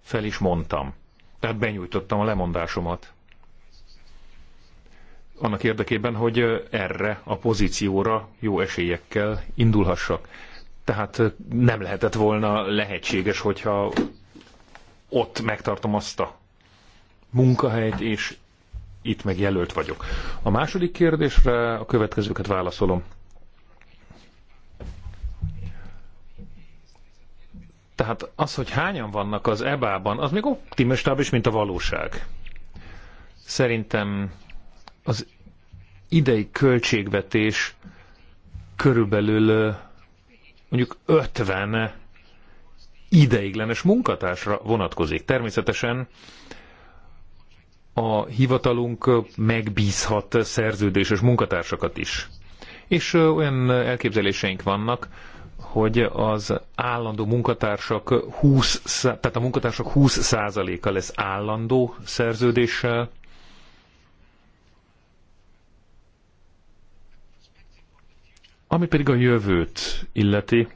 fel is mondtam. Tehát benyújtottam a lemondásomat. Annak érdekében, hogy erre a pozícióra jó esélyekkel indulhassak. Tehát nem lehetett volna lehetséges, hogyha ott megtartom azt a munkahelyt, és itt megjelölt vagyok. A második kérdésre a következőket válaszolom. Tehát az, hogy hányan vannak az EBA-ban, az még optimistább is, mint a valóság. Szerintem az idei költségvetés körülbelül mondjuk 50 ideiglenes munkatársra vonatkozik. Természetesen a hivatalunk megbízhat szerződéses munkatársakat is. És olyan elképzeléseink vannak, hogy az állandó munkatársak 20, tehát a munkatársak 20%-a lesz állandó szerződéssel, Ami pedig a jövőt illeti,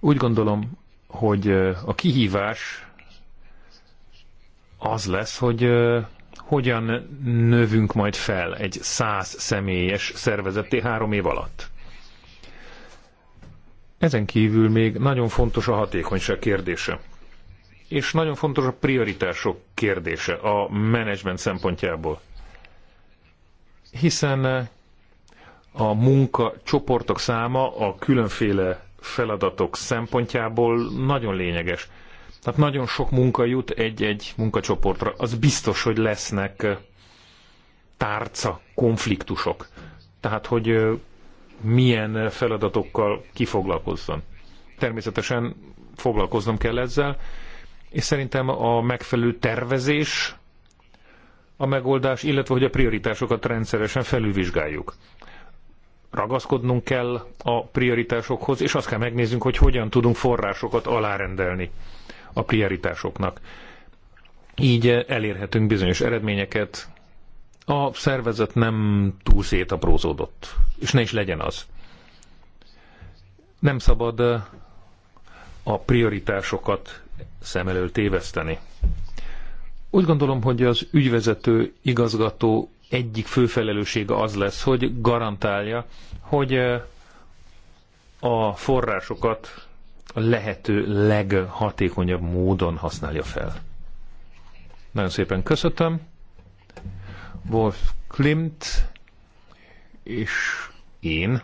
úgy gondolom, hogy a kihívás az lesz, hogy hogyan növünk majd fel egy száz személyes szervezeté három év alatt. Ezen kívül még nagyon fontos a hatékonyság kérdése. És nagyon fontos a prioritások kérdése a menedzsment szempontjából. Hiszen a munka csoportok száma a különféle feladatok szempontjából nagyon lényeges. Tehát nagyon sok munka jut egy-egy munkacsoportra. Az biztos, hogy lesznek tárca konfliktusok. Tehát, hogy milyen feladatokkal kifoglalkozzon. Természetesen foglalkoznom kell ezzel, és szerintem a megfelelő tervezés a megoldás, illetve hogy a prioritásokat rendszeresen felülvizsgáljuk. Ragaszkodnunk kell a prioritásokhoz, és azt kell megnéznünk, hogy hogyan tudunk forrásokat alárendelni a prioritásoknak. Így elérhetünk bizonyos eredményeket, a szervezet nem túl szétaprózódott, és ne is legyen az. Nem szabad a prioritásokat szem elől téveszteni. Úgy gondolom, hogy az ügyvezető igazgató egyik fő felelőssége az lesz, hogy garantálja, hogy a forrásokat a lehető leghatékonyabb módon használja fel. Nagyon szépen köszönöm. Wolf Klimt és én,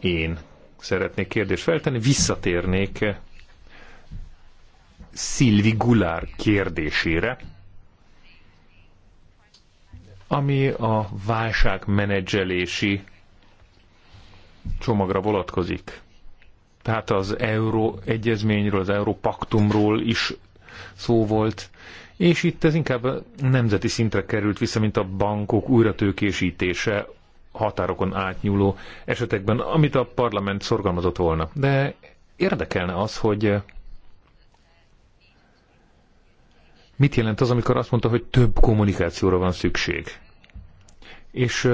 én szeretnék kérdést feltenni, visszatérnék Szilvi Gulár kérdésére, ami a válságmenedzselési csomagra vonatkozik. Tehát az Euró egyezményről, az Európaktumról is szó volt, és itt ez inkább nemzeti szintre került vissza, mint a bankok újratőkésítése határokon átnyúló esetekben, amit a parlament szorgalmazott volna. De érdekelne az, hogy mit jelent az, amikor azt mondta, hogy több kommunikációra van szükség. És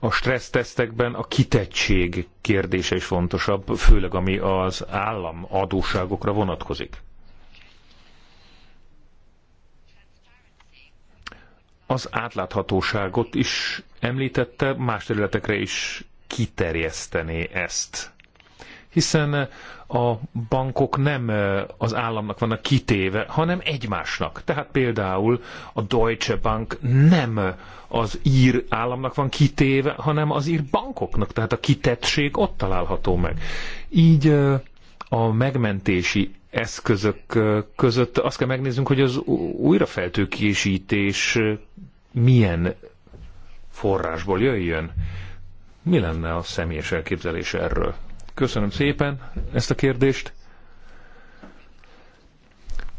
a stressztesztekben a kitettség kérdése is fontosabb, főleg ami az állam adósságokra vonatkozik. az átláthatóságot is említette, más területekre is kiterjesztené ezt. Hiszen a bankok nem az államnak vannak kitéve, hanem egymásnak. Tehát például a Deutsche Bank nem az ír államnak van kitéve, hanem az ír bankoknak. Tehát a kitettség ott található meg. Így a megmentési eszközök között azt kell megnéznünk, hogy az újrafeltőkésítés milyen forrásból jöjjön. Mi lenne a személyes elképzelés erről? Köszönöm szépen ezt a kérdést.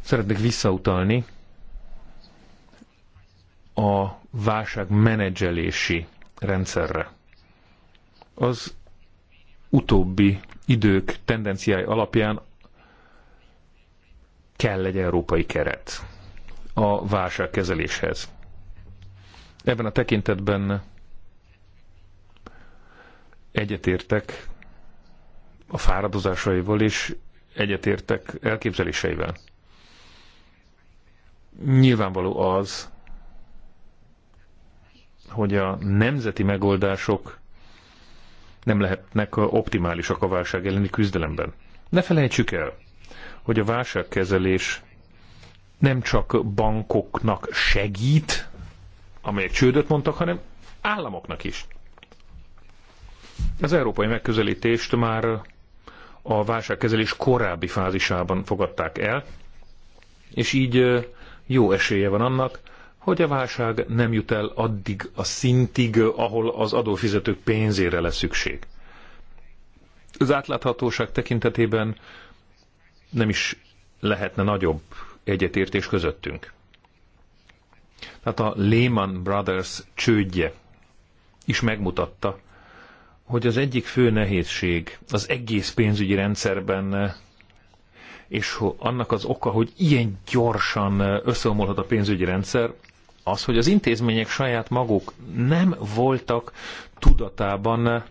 Szeretnék visszautalni a válság menedzselési rendszerre. Az utóbbi idők tendenciái alapján kell egy európai keret a válságkezeléshez. Ebben a tekintetben egyetértek a fáradozásaival és egyetértek elképzeléseivel. Nyilvánvaló az, hogy a nemzeti megoldások nem lehetnek optimálisak a válság elleni küzdelemben. Ne felejtsük el, hogy a válságkezelés nem csak bankoknak segít, amelyek csődöt mondtak, hanem államoknak is. Az európai megközelítést már a válságkezelés korábbi fázisában fogadták el, és így jó esélye van annak, hogy a válság nem jut el addig a szintig, ahol az adófizetők pénzére lesz szükség. Az átláthatóság tekintetében nem is lehetne nagyobb egyetértés közöttünk. Tehát a Lehman Brothers csődje is megmutatta, hogy az egyik fő nehézség az egész pénzügyi rendszerben, és annak az oka, hogy ilyen gyorsan összeomolhat a pénzügyi rendszer, az, hogy az intézmények saját maguk nem voltak tudatában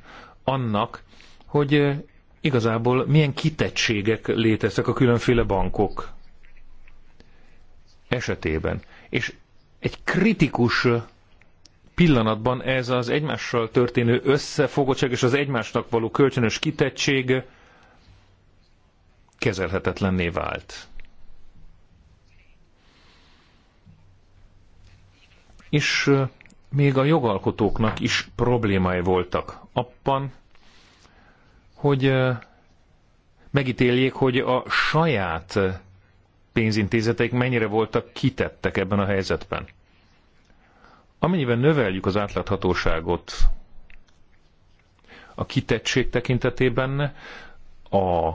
annak, hogy igazából milyen kitettségek léteztek a különféle bankok esetében. És egy kritikus pillanatban ez az egymással történő összefogottság és az egymásnak való kölcsönös kitettség kezelhetetlenné vált. És még a jogalkotóknak is problémái voltak abban, hogy megítéljék, hogy a saját pénzintézeteik mennyire voltak kitettek ebben a helyzetben. Amennyiben növeljük az átláthatóságot a kitettség tekintetében, a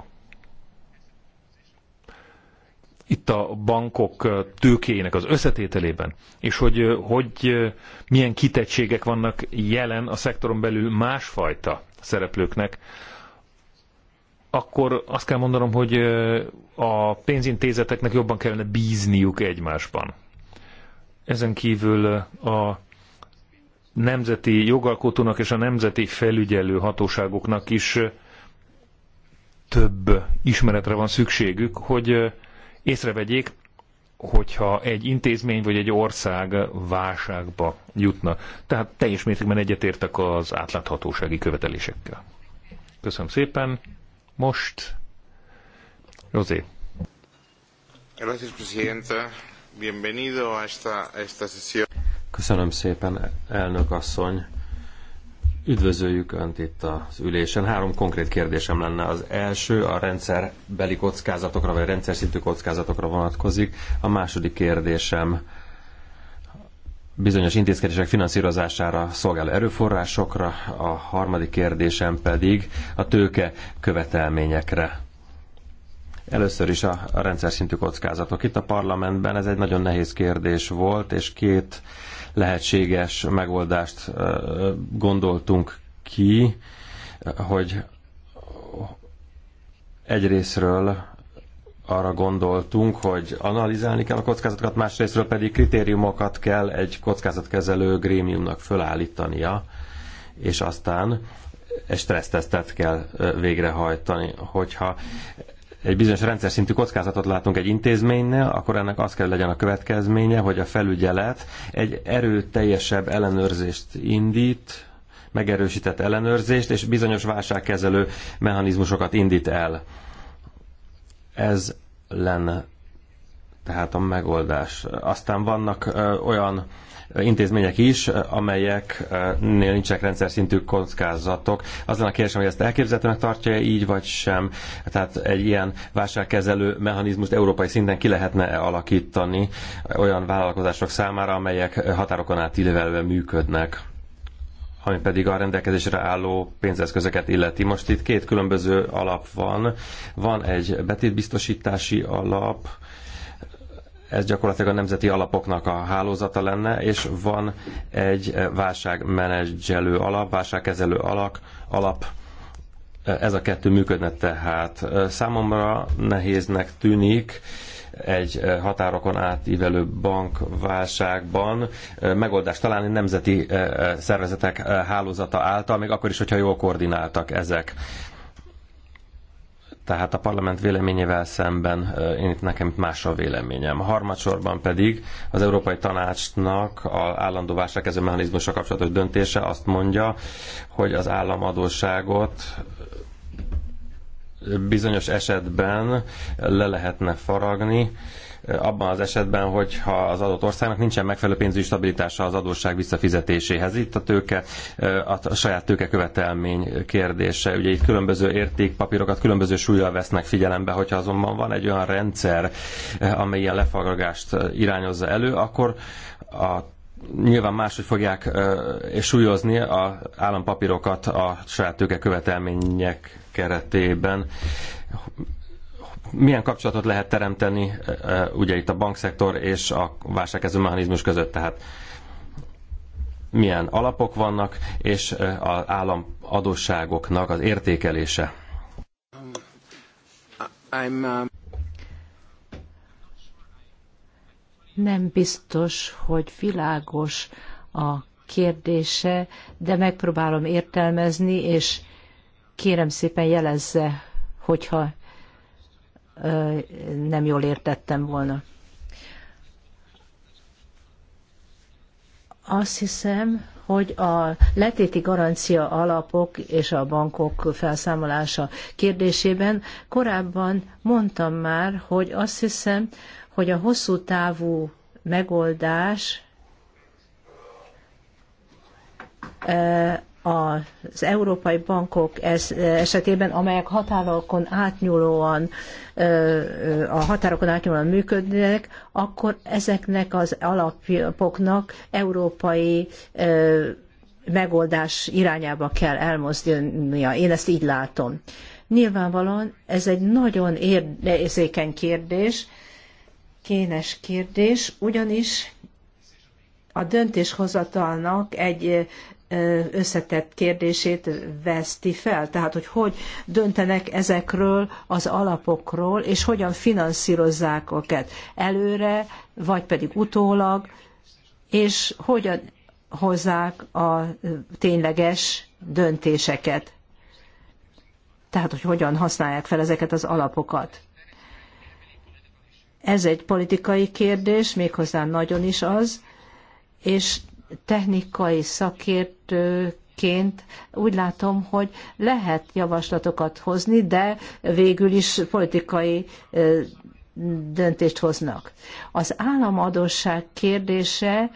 itt a bankok tőkéjének az összetételében, és hogy, hogy milyen kitettségek vannak jelen a szektoron belül másfajta szereplőknek, akkor azt kell mondanom, hogy a pénzintézeteknek jobban kellene bízniuk egymásban. Ezen kívül a nemzeti jogalkotónak és a nemzeti felügyelő hatóságoknak is több ismeretre van szükségük, hogy észrevegyék, hogyha egy intézmény vagy egy ország válságba jutna. Tehát teljes mértékben egyetértek az átláthatósági követelésekkel. Köszönöm szépen! Most José. Gracias, Presidenta. Bienvenido a esta, a esta sesión. Köszönöm szépen, elnök asszony. Üdvözöljük Önt itt az ülésen. Három konkrét kérdésem lenne. Az első a rendszerbeli kockázatokra, vagy rendszer szintű kockázatokra vonatkozik. A második kérdésem bizonyos intézkedések finanszírozására szolgáló erőforrásokra, a harmadik kérdésem pedig a tőke követelményekre. Először is a, a rendszer szintű kockázatok. Itt a parlamentben ez egy nagyon nehéz kérdés volt, és két lehetséges megoldást gondoltunk ki, hogy egyrésztről arra gondoltunk, hogy analizálni kell a kockázatokat, másrésztről pedig kritériumokat kell egy kockázatkezelő grémiumnak fölállítania, és aztán egy stressztesztet kell végrehajtani. Hogyha egy bizonyos rendszer szintű kockázatot látunk egy intézménynél, akkor ennek az kell legyen a következménye, hogy a felügyelet egy erőteljesebb ellenőrzést indít, megerősített ellenőrzést, és bizonyos válságkezelő mechanizmusokat indít el ez lenne tehát a megoldás. Aztán vannak olyan intézmények is, amelyeknél nincsenek rendszer szintű kockázatok. Azon a kérdésem, hogy ezt elképzelhetőnek tartja -e így, vagy sem. Tehát egy ilyen válságkezelő mechanizmust európai szinten ki lehetne -e alakítani olyan vállalkozások számára, amelyek határokon átívelve működnek ami pedig a rendelkezésre álló pénzeszközöket illeti. Most itt két különböző alap van. Van egy betétbiztosítási alap, ez gyakorlatilag a nemzeti alapoknak a hálózata lenne, és van egy válságmenedzselő alap, válságkezelő alak alap ez a kettő működne tehát. Számomra nehéznek tűnik, egy eh, határokon átívelő bankválságban eh, megoldást találni nemzeti eh, szervezetek hálózata által, még akkor is, hogyha jól koordináltak ezek. Tehát a parlament véleményével szemben én itt nekem más a véleményem. A harmadsorban pedig az Európai Tanácsnak a állandó válságkező mechanizmusra kapcsolatos döntése azt mondja, hogy az államadóságot bizonyos esetben le lehetne faragni, abban az esetben, hogyha az adott országnak nincsen megfelelő pénzügyi stabilitása az adósság visszafizetéséhez. Itt a tőke, a saját tőke követelmény kérdése. Ugye itt különböző értékpapírokat különböző súlyjal vesznek figyelembe, hogyha azonban van egy olyan rendszer, amely ilyen lefaragást irányozza elő, akkor a nyilván máshogy fogják súlyozni az állampapírokat a saját tőke követelmények keretében milyen kapcsolatot lehet teremteni e, e, ugye itt a bankszektor és a válságkező mechanizmus között, tehát milyen alapok vannak, és e, az állam adósságoknak az értékelése. Um, Nem biztos, hogy világos a kérdése, de megpróbálom értelmezni és kérem szépen jelezze, hogyha nem jól értettem volna. Azt hiszem, hogy a letéti garancia alapok és a bankok felszámolása kérdésében korábban mondtam már, hogy azt hiszem, hogy a hosszú távú megoldás az európai bankok esetében, amelyek határokon átnyúlóan, a határokon átnyúlóan működnek, akkor ezeknek az alapoknak európai megoldás irányába kell elmozdulnia. Én ezt így látom. Nyilvánvalóan ez egy nagyon érzékeny kérdés, kénes kérdés, ugyanis a döntéshozatalnak egy összetett kérdését veszti fel, tehát hogy hogy döntenek ezekről az alapokról, és hogyan finanszírozzák őket előre, vagy pedig utólag, és hogyan hozzák a tényleges döntéseket. Tehát, hogy hogyan használják fel ezeket az alapokat. Ez egy politikai kérdés, méghozzá nagyon is az, és technikai szakértőként úgy látom, hogy lehet javaslatokat hozni, de végül is politikai döntést hoznak. Az államadóság kérdése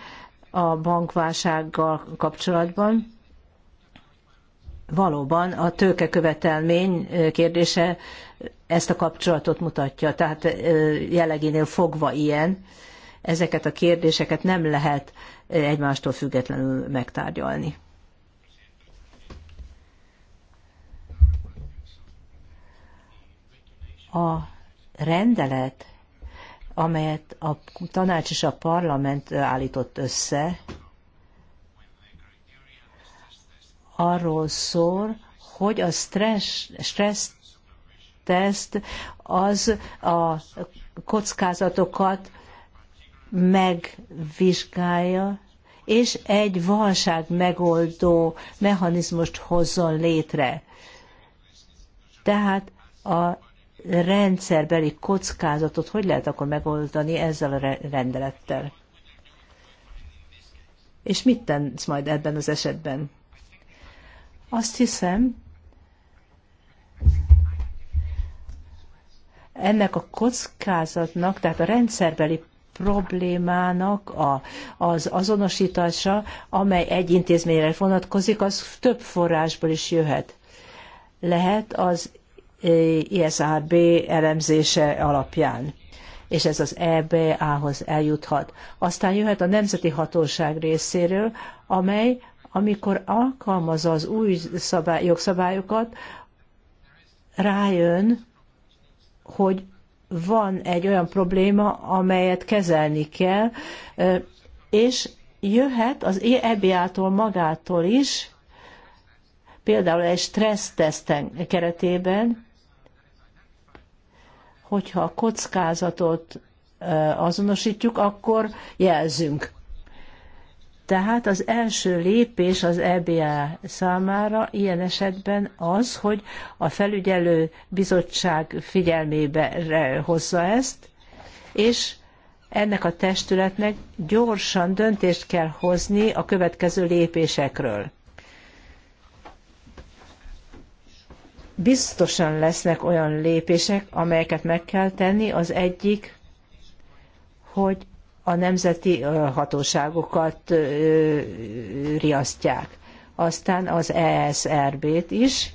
a bankválsággal kapcsolatban valóban a tőkekövetelmény kérdése ezt a kapcsolatot mutatja, tehát jellegénél fogva ilyen ezeket a kérdéseket nem lehet egymástól függetlenül megtárgyalni. A rendelet, amelyet a tanács és a parlament állított össze, arról szól, hogy a stressz, stress teszt az a kockázatokat megvizsgálja, és egy válság megoldó mechanizmust hozzon létre. Tehát a rendszerbeli kockázatot hogy lehet akkor megoldani ezzel a rendelettel? És mit tensz majd ebben az esetben? Azt hiszem, ennek a kockázatnak, tehát a rendszerbeli problémának a, az azonosítása, amely egy intézményre vonatkozik, az több forrásból is jöhet. Lehet az e, ISRB elemzése alapján és ez az EBA-hoz eljuthat. Aztán jöhet a Nemzeti Hatóság részéről, amely, amikor alkalmazza az új szabály, jogszabályokat, rájön, hogy van egy olyan probléma, amelyet kezelni kell, és jöhet az EBA-tól magától is, például egy stressztesten keretében, hogyha a kockázatot azonosítjuk, akkor jelzünk. Tehát az első lépés az EBA számára ilyen esetben az, hogy a felügyelő bizottság figyelmébe hozza ezt, és ennek a testületnek gyorsan döntést kell hozni a következő lépésekről. Biztosan lesznek olyan lépések, amelyeket meg kell tenni. Az egyik, hogy a nemzeti hatóságokat riasztják. Aztán az ESRB-t is,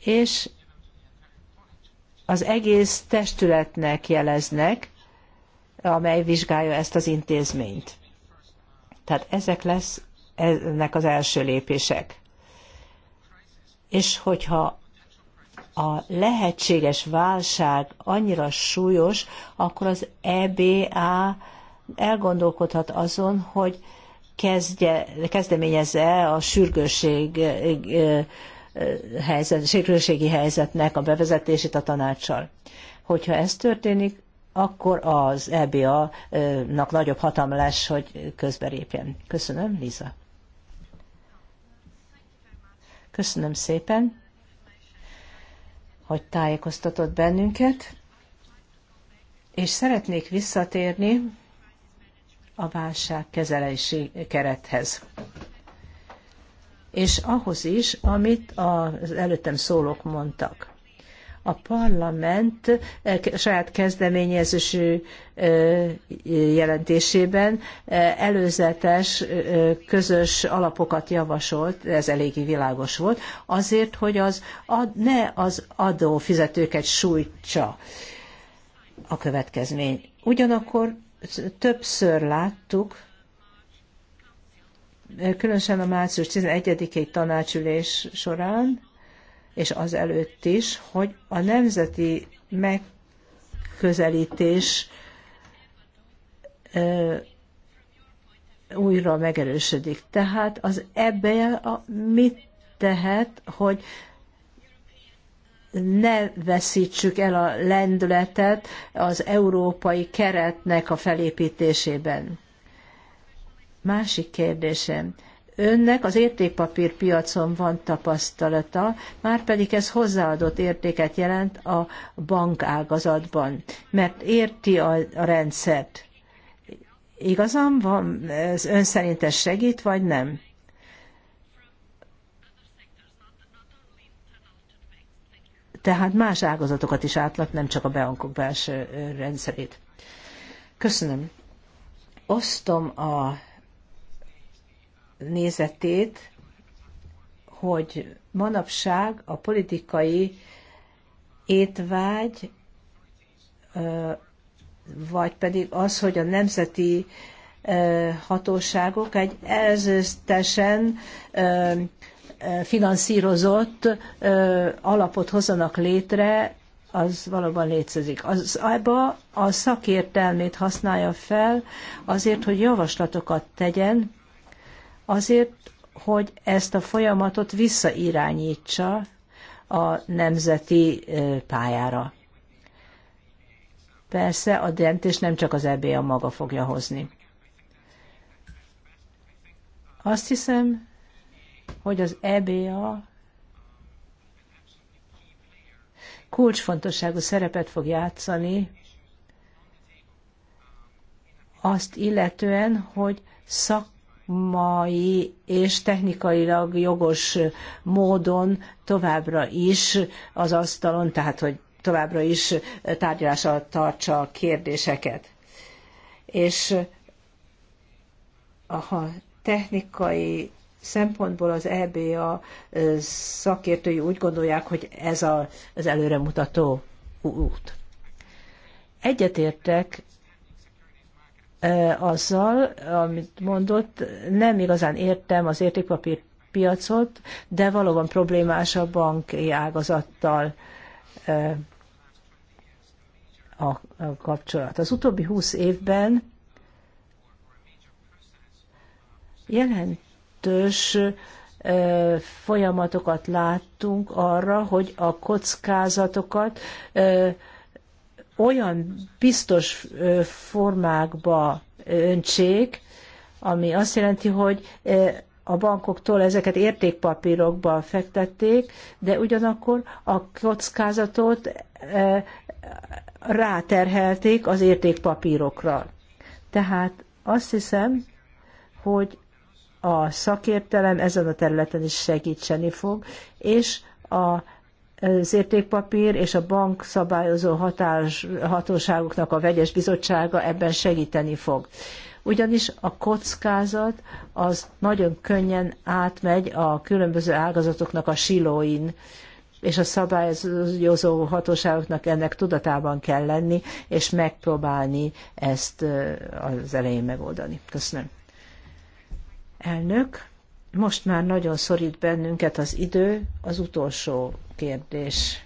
és az egész testületnek jeleznek, amely vizsgálja ezt az intézményt. Tehát ezek lesznek e-, az első lépések. És hogyha a lehetséges válság annyira súlyos, akkor az EBA elgondolkodhat azon, hogy kezdje, kezdeményezze a sürgőség helyzet, sürgőségi helyzetnek a bevezetését a tanácssal. Hogyha ez történik, akkor az EBA-nak nagyobb hatalma lesz, hogy közberépjen. Köszönöm, Liza. Köszönöm szépen hogy tájékoztatott bennünket, és szeretnék visszatérni a válság kezelési kerethez. És ahhoz is, amit az előttem szólók mondtak. A parlament e, saját kezdeményezésű e, jelentésében e, előzetes közös alapokat javasolt, ez eléggé világos volt, azért, hogy az ad, ne az adófizetőket sújtsa a következmény. Ugyanakkor többször láttuk, különösen a március 11-i tanácsülés során, és az előtt is, hogy a nemzeti megközelítés újra megerősödik. Tehát az ebben a, mit tehet, hogy ne veszítsük el a lendületet az európai keretnek a felépítésében. Másik kérdésem Önnek az értékpapírpiacon van tapasztalata, már pedig ez hozzáadott értéket jelent a bankágazatban, mert érti a, a rendszert. Igazam van, ez ön szerint ez segít, vagy nem? Tehát más ágazatokat is átlat, nem csak a bankok belső rendszerét. Köszönöm. Osztom a nézetét, hogy manapság a politikai étvágy, vagy pedig az, hogy a nemzeti hatóságok egy elzőztesen finanszírozott alapot hozzanak létre, az valóban létezik. Az ABBA a szakértelmét használja fel azért, hogy javaslatokat tegyen azért, hogy ezt a folyamatot visszairányítsa a nemzeti pályára. Persze a döntés nem csak az EBA maga fogja hozni. Azt hiszem, hogy az EBA kulcsfontosságú szerepet fog játszani azt illetően, hogy szak mai és technikailag jogos módon továbbra is az asztalon, tehát hogy továbbra is tárgyalás alatt tartsa a kérdéseket. És a technikai szempontból az EBA szakértői úgy gondolják, hogy ez a, az előremutató út. Egyetértek azzal, amit mondott, nem igazán értem az értékpapír piacot, de valóban problémás a banki ágazattal a kapcsolat. Az utóbbi húsz évben jelentős folyamatokat láttunk arra, hogy a kockázatokat olyan biztos formákba öntsék, ami azt jelenti, hogy a bankoktól ezeket értékpapírokba fektették, de ugyanakkor a kockázatot ráterhelték az értékpapírokra. Tehát azt hiszem, hogy a szakértelem ezen a területen is segíteni fog, és a az értékpapír és a bank szabályozó hatás, hatóságoknak a vegyes bizottsága ebben segíteni fog. Ugyanis a kockázat az nagyon könnyen átmegy a különböző ágazatoknak a silóin, és a szabályozó hatóságoknak ennek tudatában kell lenni, és megpróbálni ezt az elején megoldani. Köszönöm. Elnök. Most már nagyon szorít bennünket az idő, az utolsó kérdés.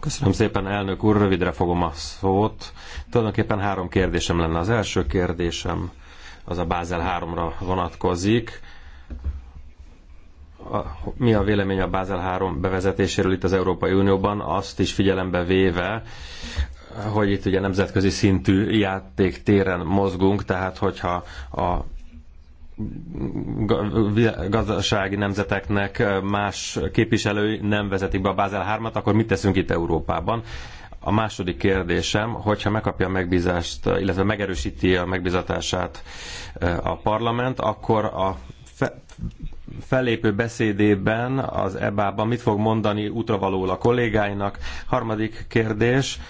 Köszönöm szépen, elnök úr, rövidre fogom a szót. Tulajdonképpen három kérdésem lenne. Az első kérdésem az a Bázel 3-ra vonatkozik. A, mi a vélemény a Bázel 3 bevezetéséről itt az Európai Unióban, azt is figyelembe véve, hogy itt ugye nemzetközi szintű játéktéren mozgunk, tehát hogyha a gazdasági nemzeteknek más képviselői nem vezetik be a Bázel 3-at, akkor mit teszünk itt Európában? A második kérdésem, hogyha megkapja a megbízást, illetve megerősíti a megbizatását a parlament, akkor a fe, fellépő beszédében az EBA-ban mit fog mondani útravalóul a kollégáinak? Harmadik kérdés,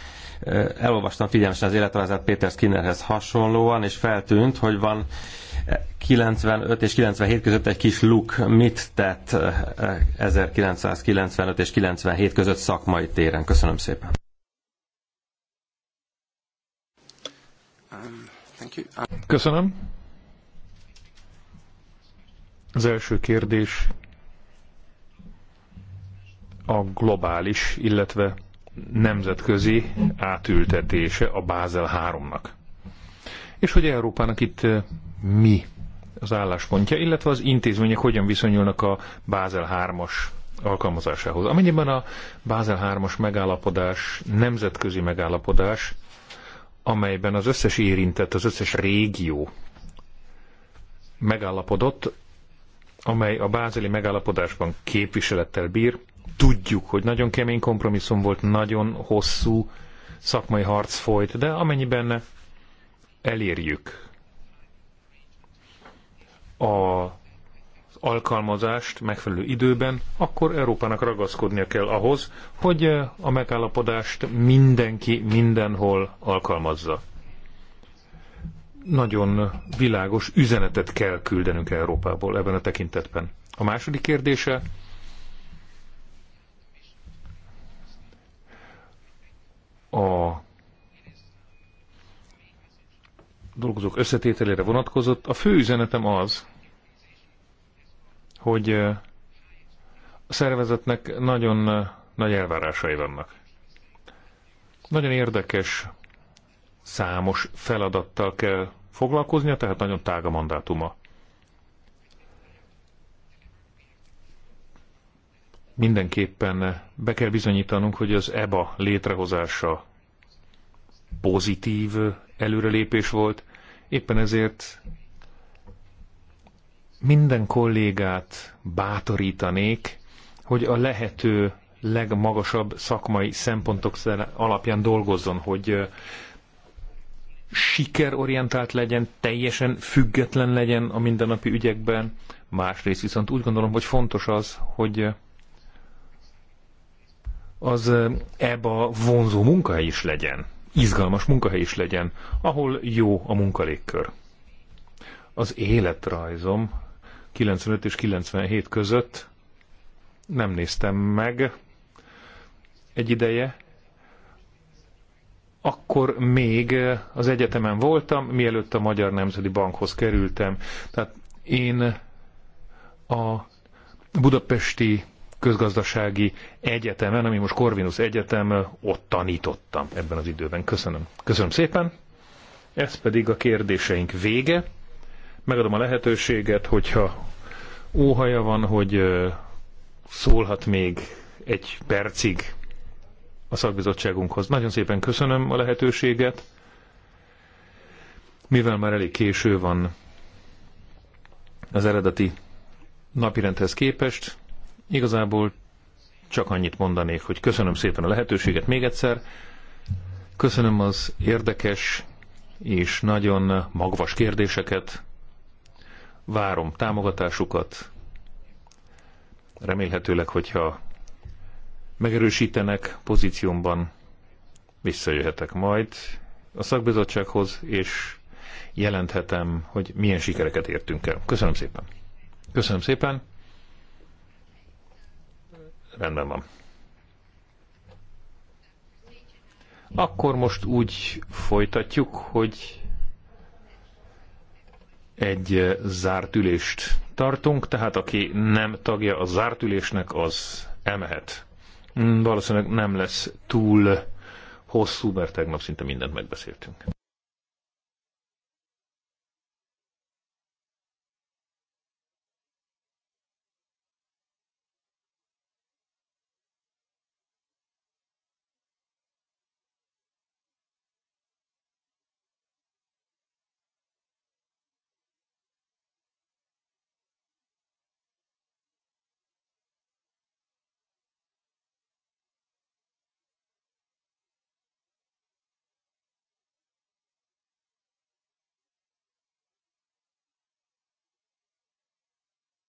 elolvastam figyelmesen az életrajzát Péter Skinnerhez hasonlóan, és feltűnt, hogy van 95 és 97 között egy kis luk mit tett 1995 eh, eh, és 97 között szakmai téren? Köszönöm szépen. Köszönöm. Az első kérdés a globális, illetve nemzetközi átültetése a Bázel 3-nak. És hogy Európának itt eh, mi az álláspontja, illetve az intézmények hogyan viszonyulnak a Bázel 3-as alkalmazásához. Amennyiben a Bázel 3-as megállapodás nemzetközi megállapodás, amelyben az összes érintett, az összes régió megállapodott, amely a bázeli megállapodásban képviselettel bír. Tudjuk, hogy nagyon kemény kompromisszum volt, nagyon hosszú szakmai harc folyt, de amennyiben elérjük az alkalmazást megfelelő időben, akkor Európának ragaszkodnia kell ahhoz, hogy eh, a megállapodást mindenki mindenhol alkalmazza. Nagyon világos üzenetet kell küldenünk Európából ebben a tekintetben. A második kérdése, a dolgozók összetételére vonatkozott. A fő üzenetem az, hogy a szervezetnek nagyon nagy elvárásai vannak. Nagyon érdekes, számos feladattal kell foglalkoznia, tehát nagyon tág a mandátuma. Mindenképpen be kell bizonyítanunk, hogy az EBA létrehozása pozitív előrelépés volt, éppen ezért minden kollégát bátorítanék, hogy a lehető legmagasabb szakmai szempontok alapján dolgozzon, hogy sikerorientált legyen, teljesen független legyen a mindennapi ügyekben. Másrészt viszont úgy gondolom, hogy fontos az, hogy az EBA vonzó munkahely is legyen, izgalmas munkahely is legyen, ahol jó a munkalékkör. Az életrajzom 95 és 97 között, nem néztem meg egy ideje, akkor még eh, az egyetemen voltam, mielőtt a Magyar Nemzeti Bankhoz kerültem. Tehát én a budapesti közgazdasági egyetemen, ami most Corvinus Egyetem, eh, ott tanítottam ebben az időben. Köszönöm. Köszönöm szépen. Ez pedig a kérdéseink vége megadom a lehetőséget, hogyha óhaja van, hogy szólhat még egy percig a szakbizottságunkhoz. Nagyon szépen köszönöm a lehetőséget. Mivel már elég késő van az eredeti napirendhez képest, igazából csak annyit mondanék, hogy köszönöm szépen a lehetőséget még egyszer. Köszönöm az érdekes és nagyon magvas kérdéseket, Várom támogatásukat. Remélhetőleg, hogyha megerősítenek pozíciómban, visszajöhetek majd a szakbizottsághoz, és jelenthetem, hogy milyen sikereket értünk el. Köszönöm szépen. Köszönöm szépen. Rendben van. Akkor most úgy folytatjuk, hogy egy eh, zárt ülést tartunk, tehát aki nem tagja a zárt ülésnek, az elmehet. Valószínűleg nem lesz túl hosszú, mert tegnap szinte mindent megbeszéltünk.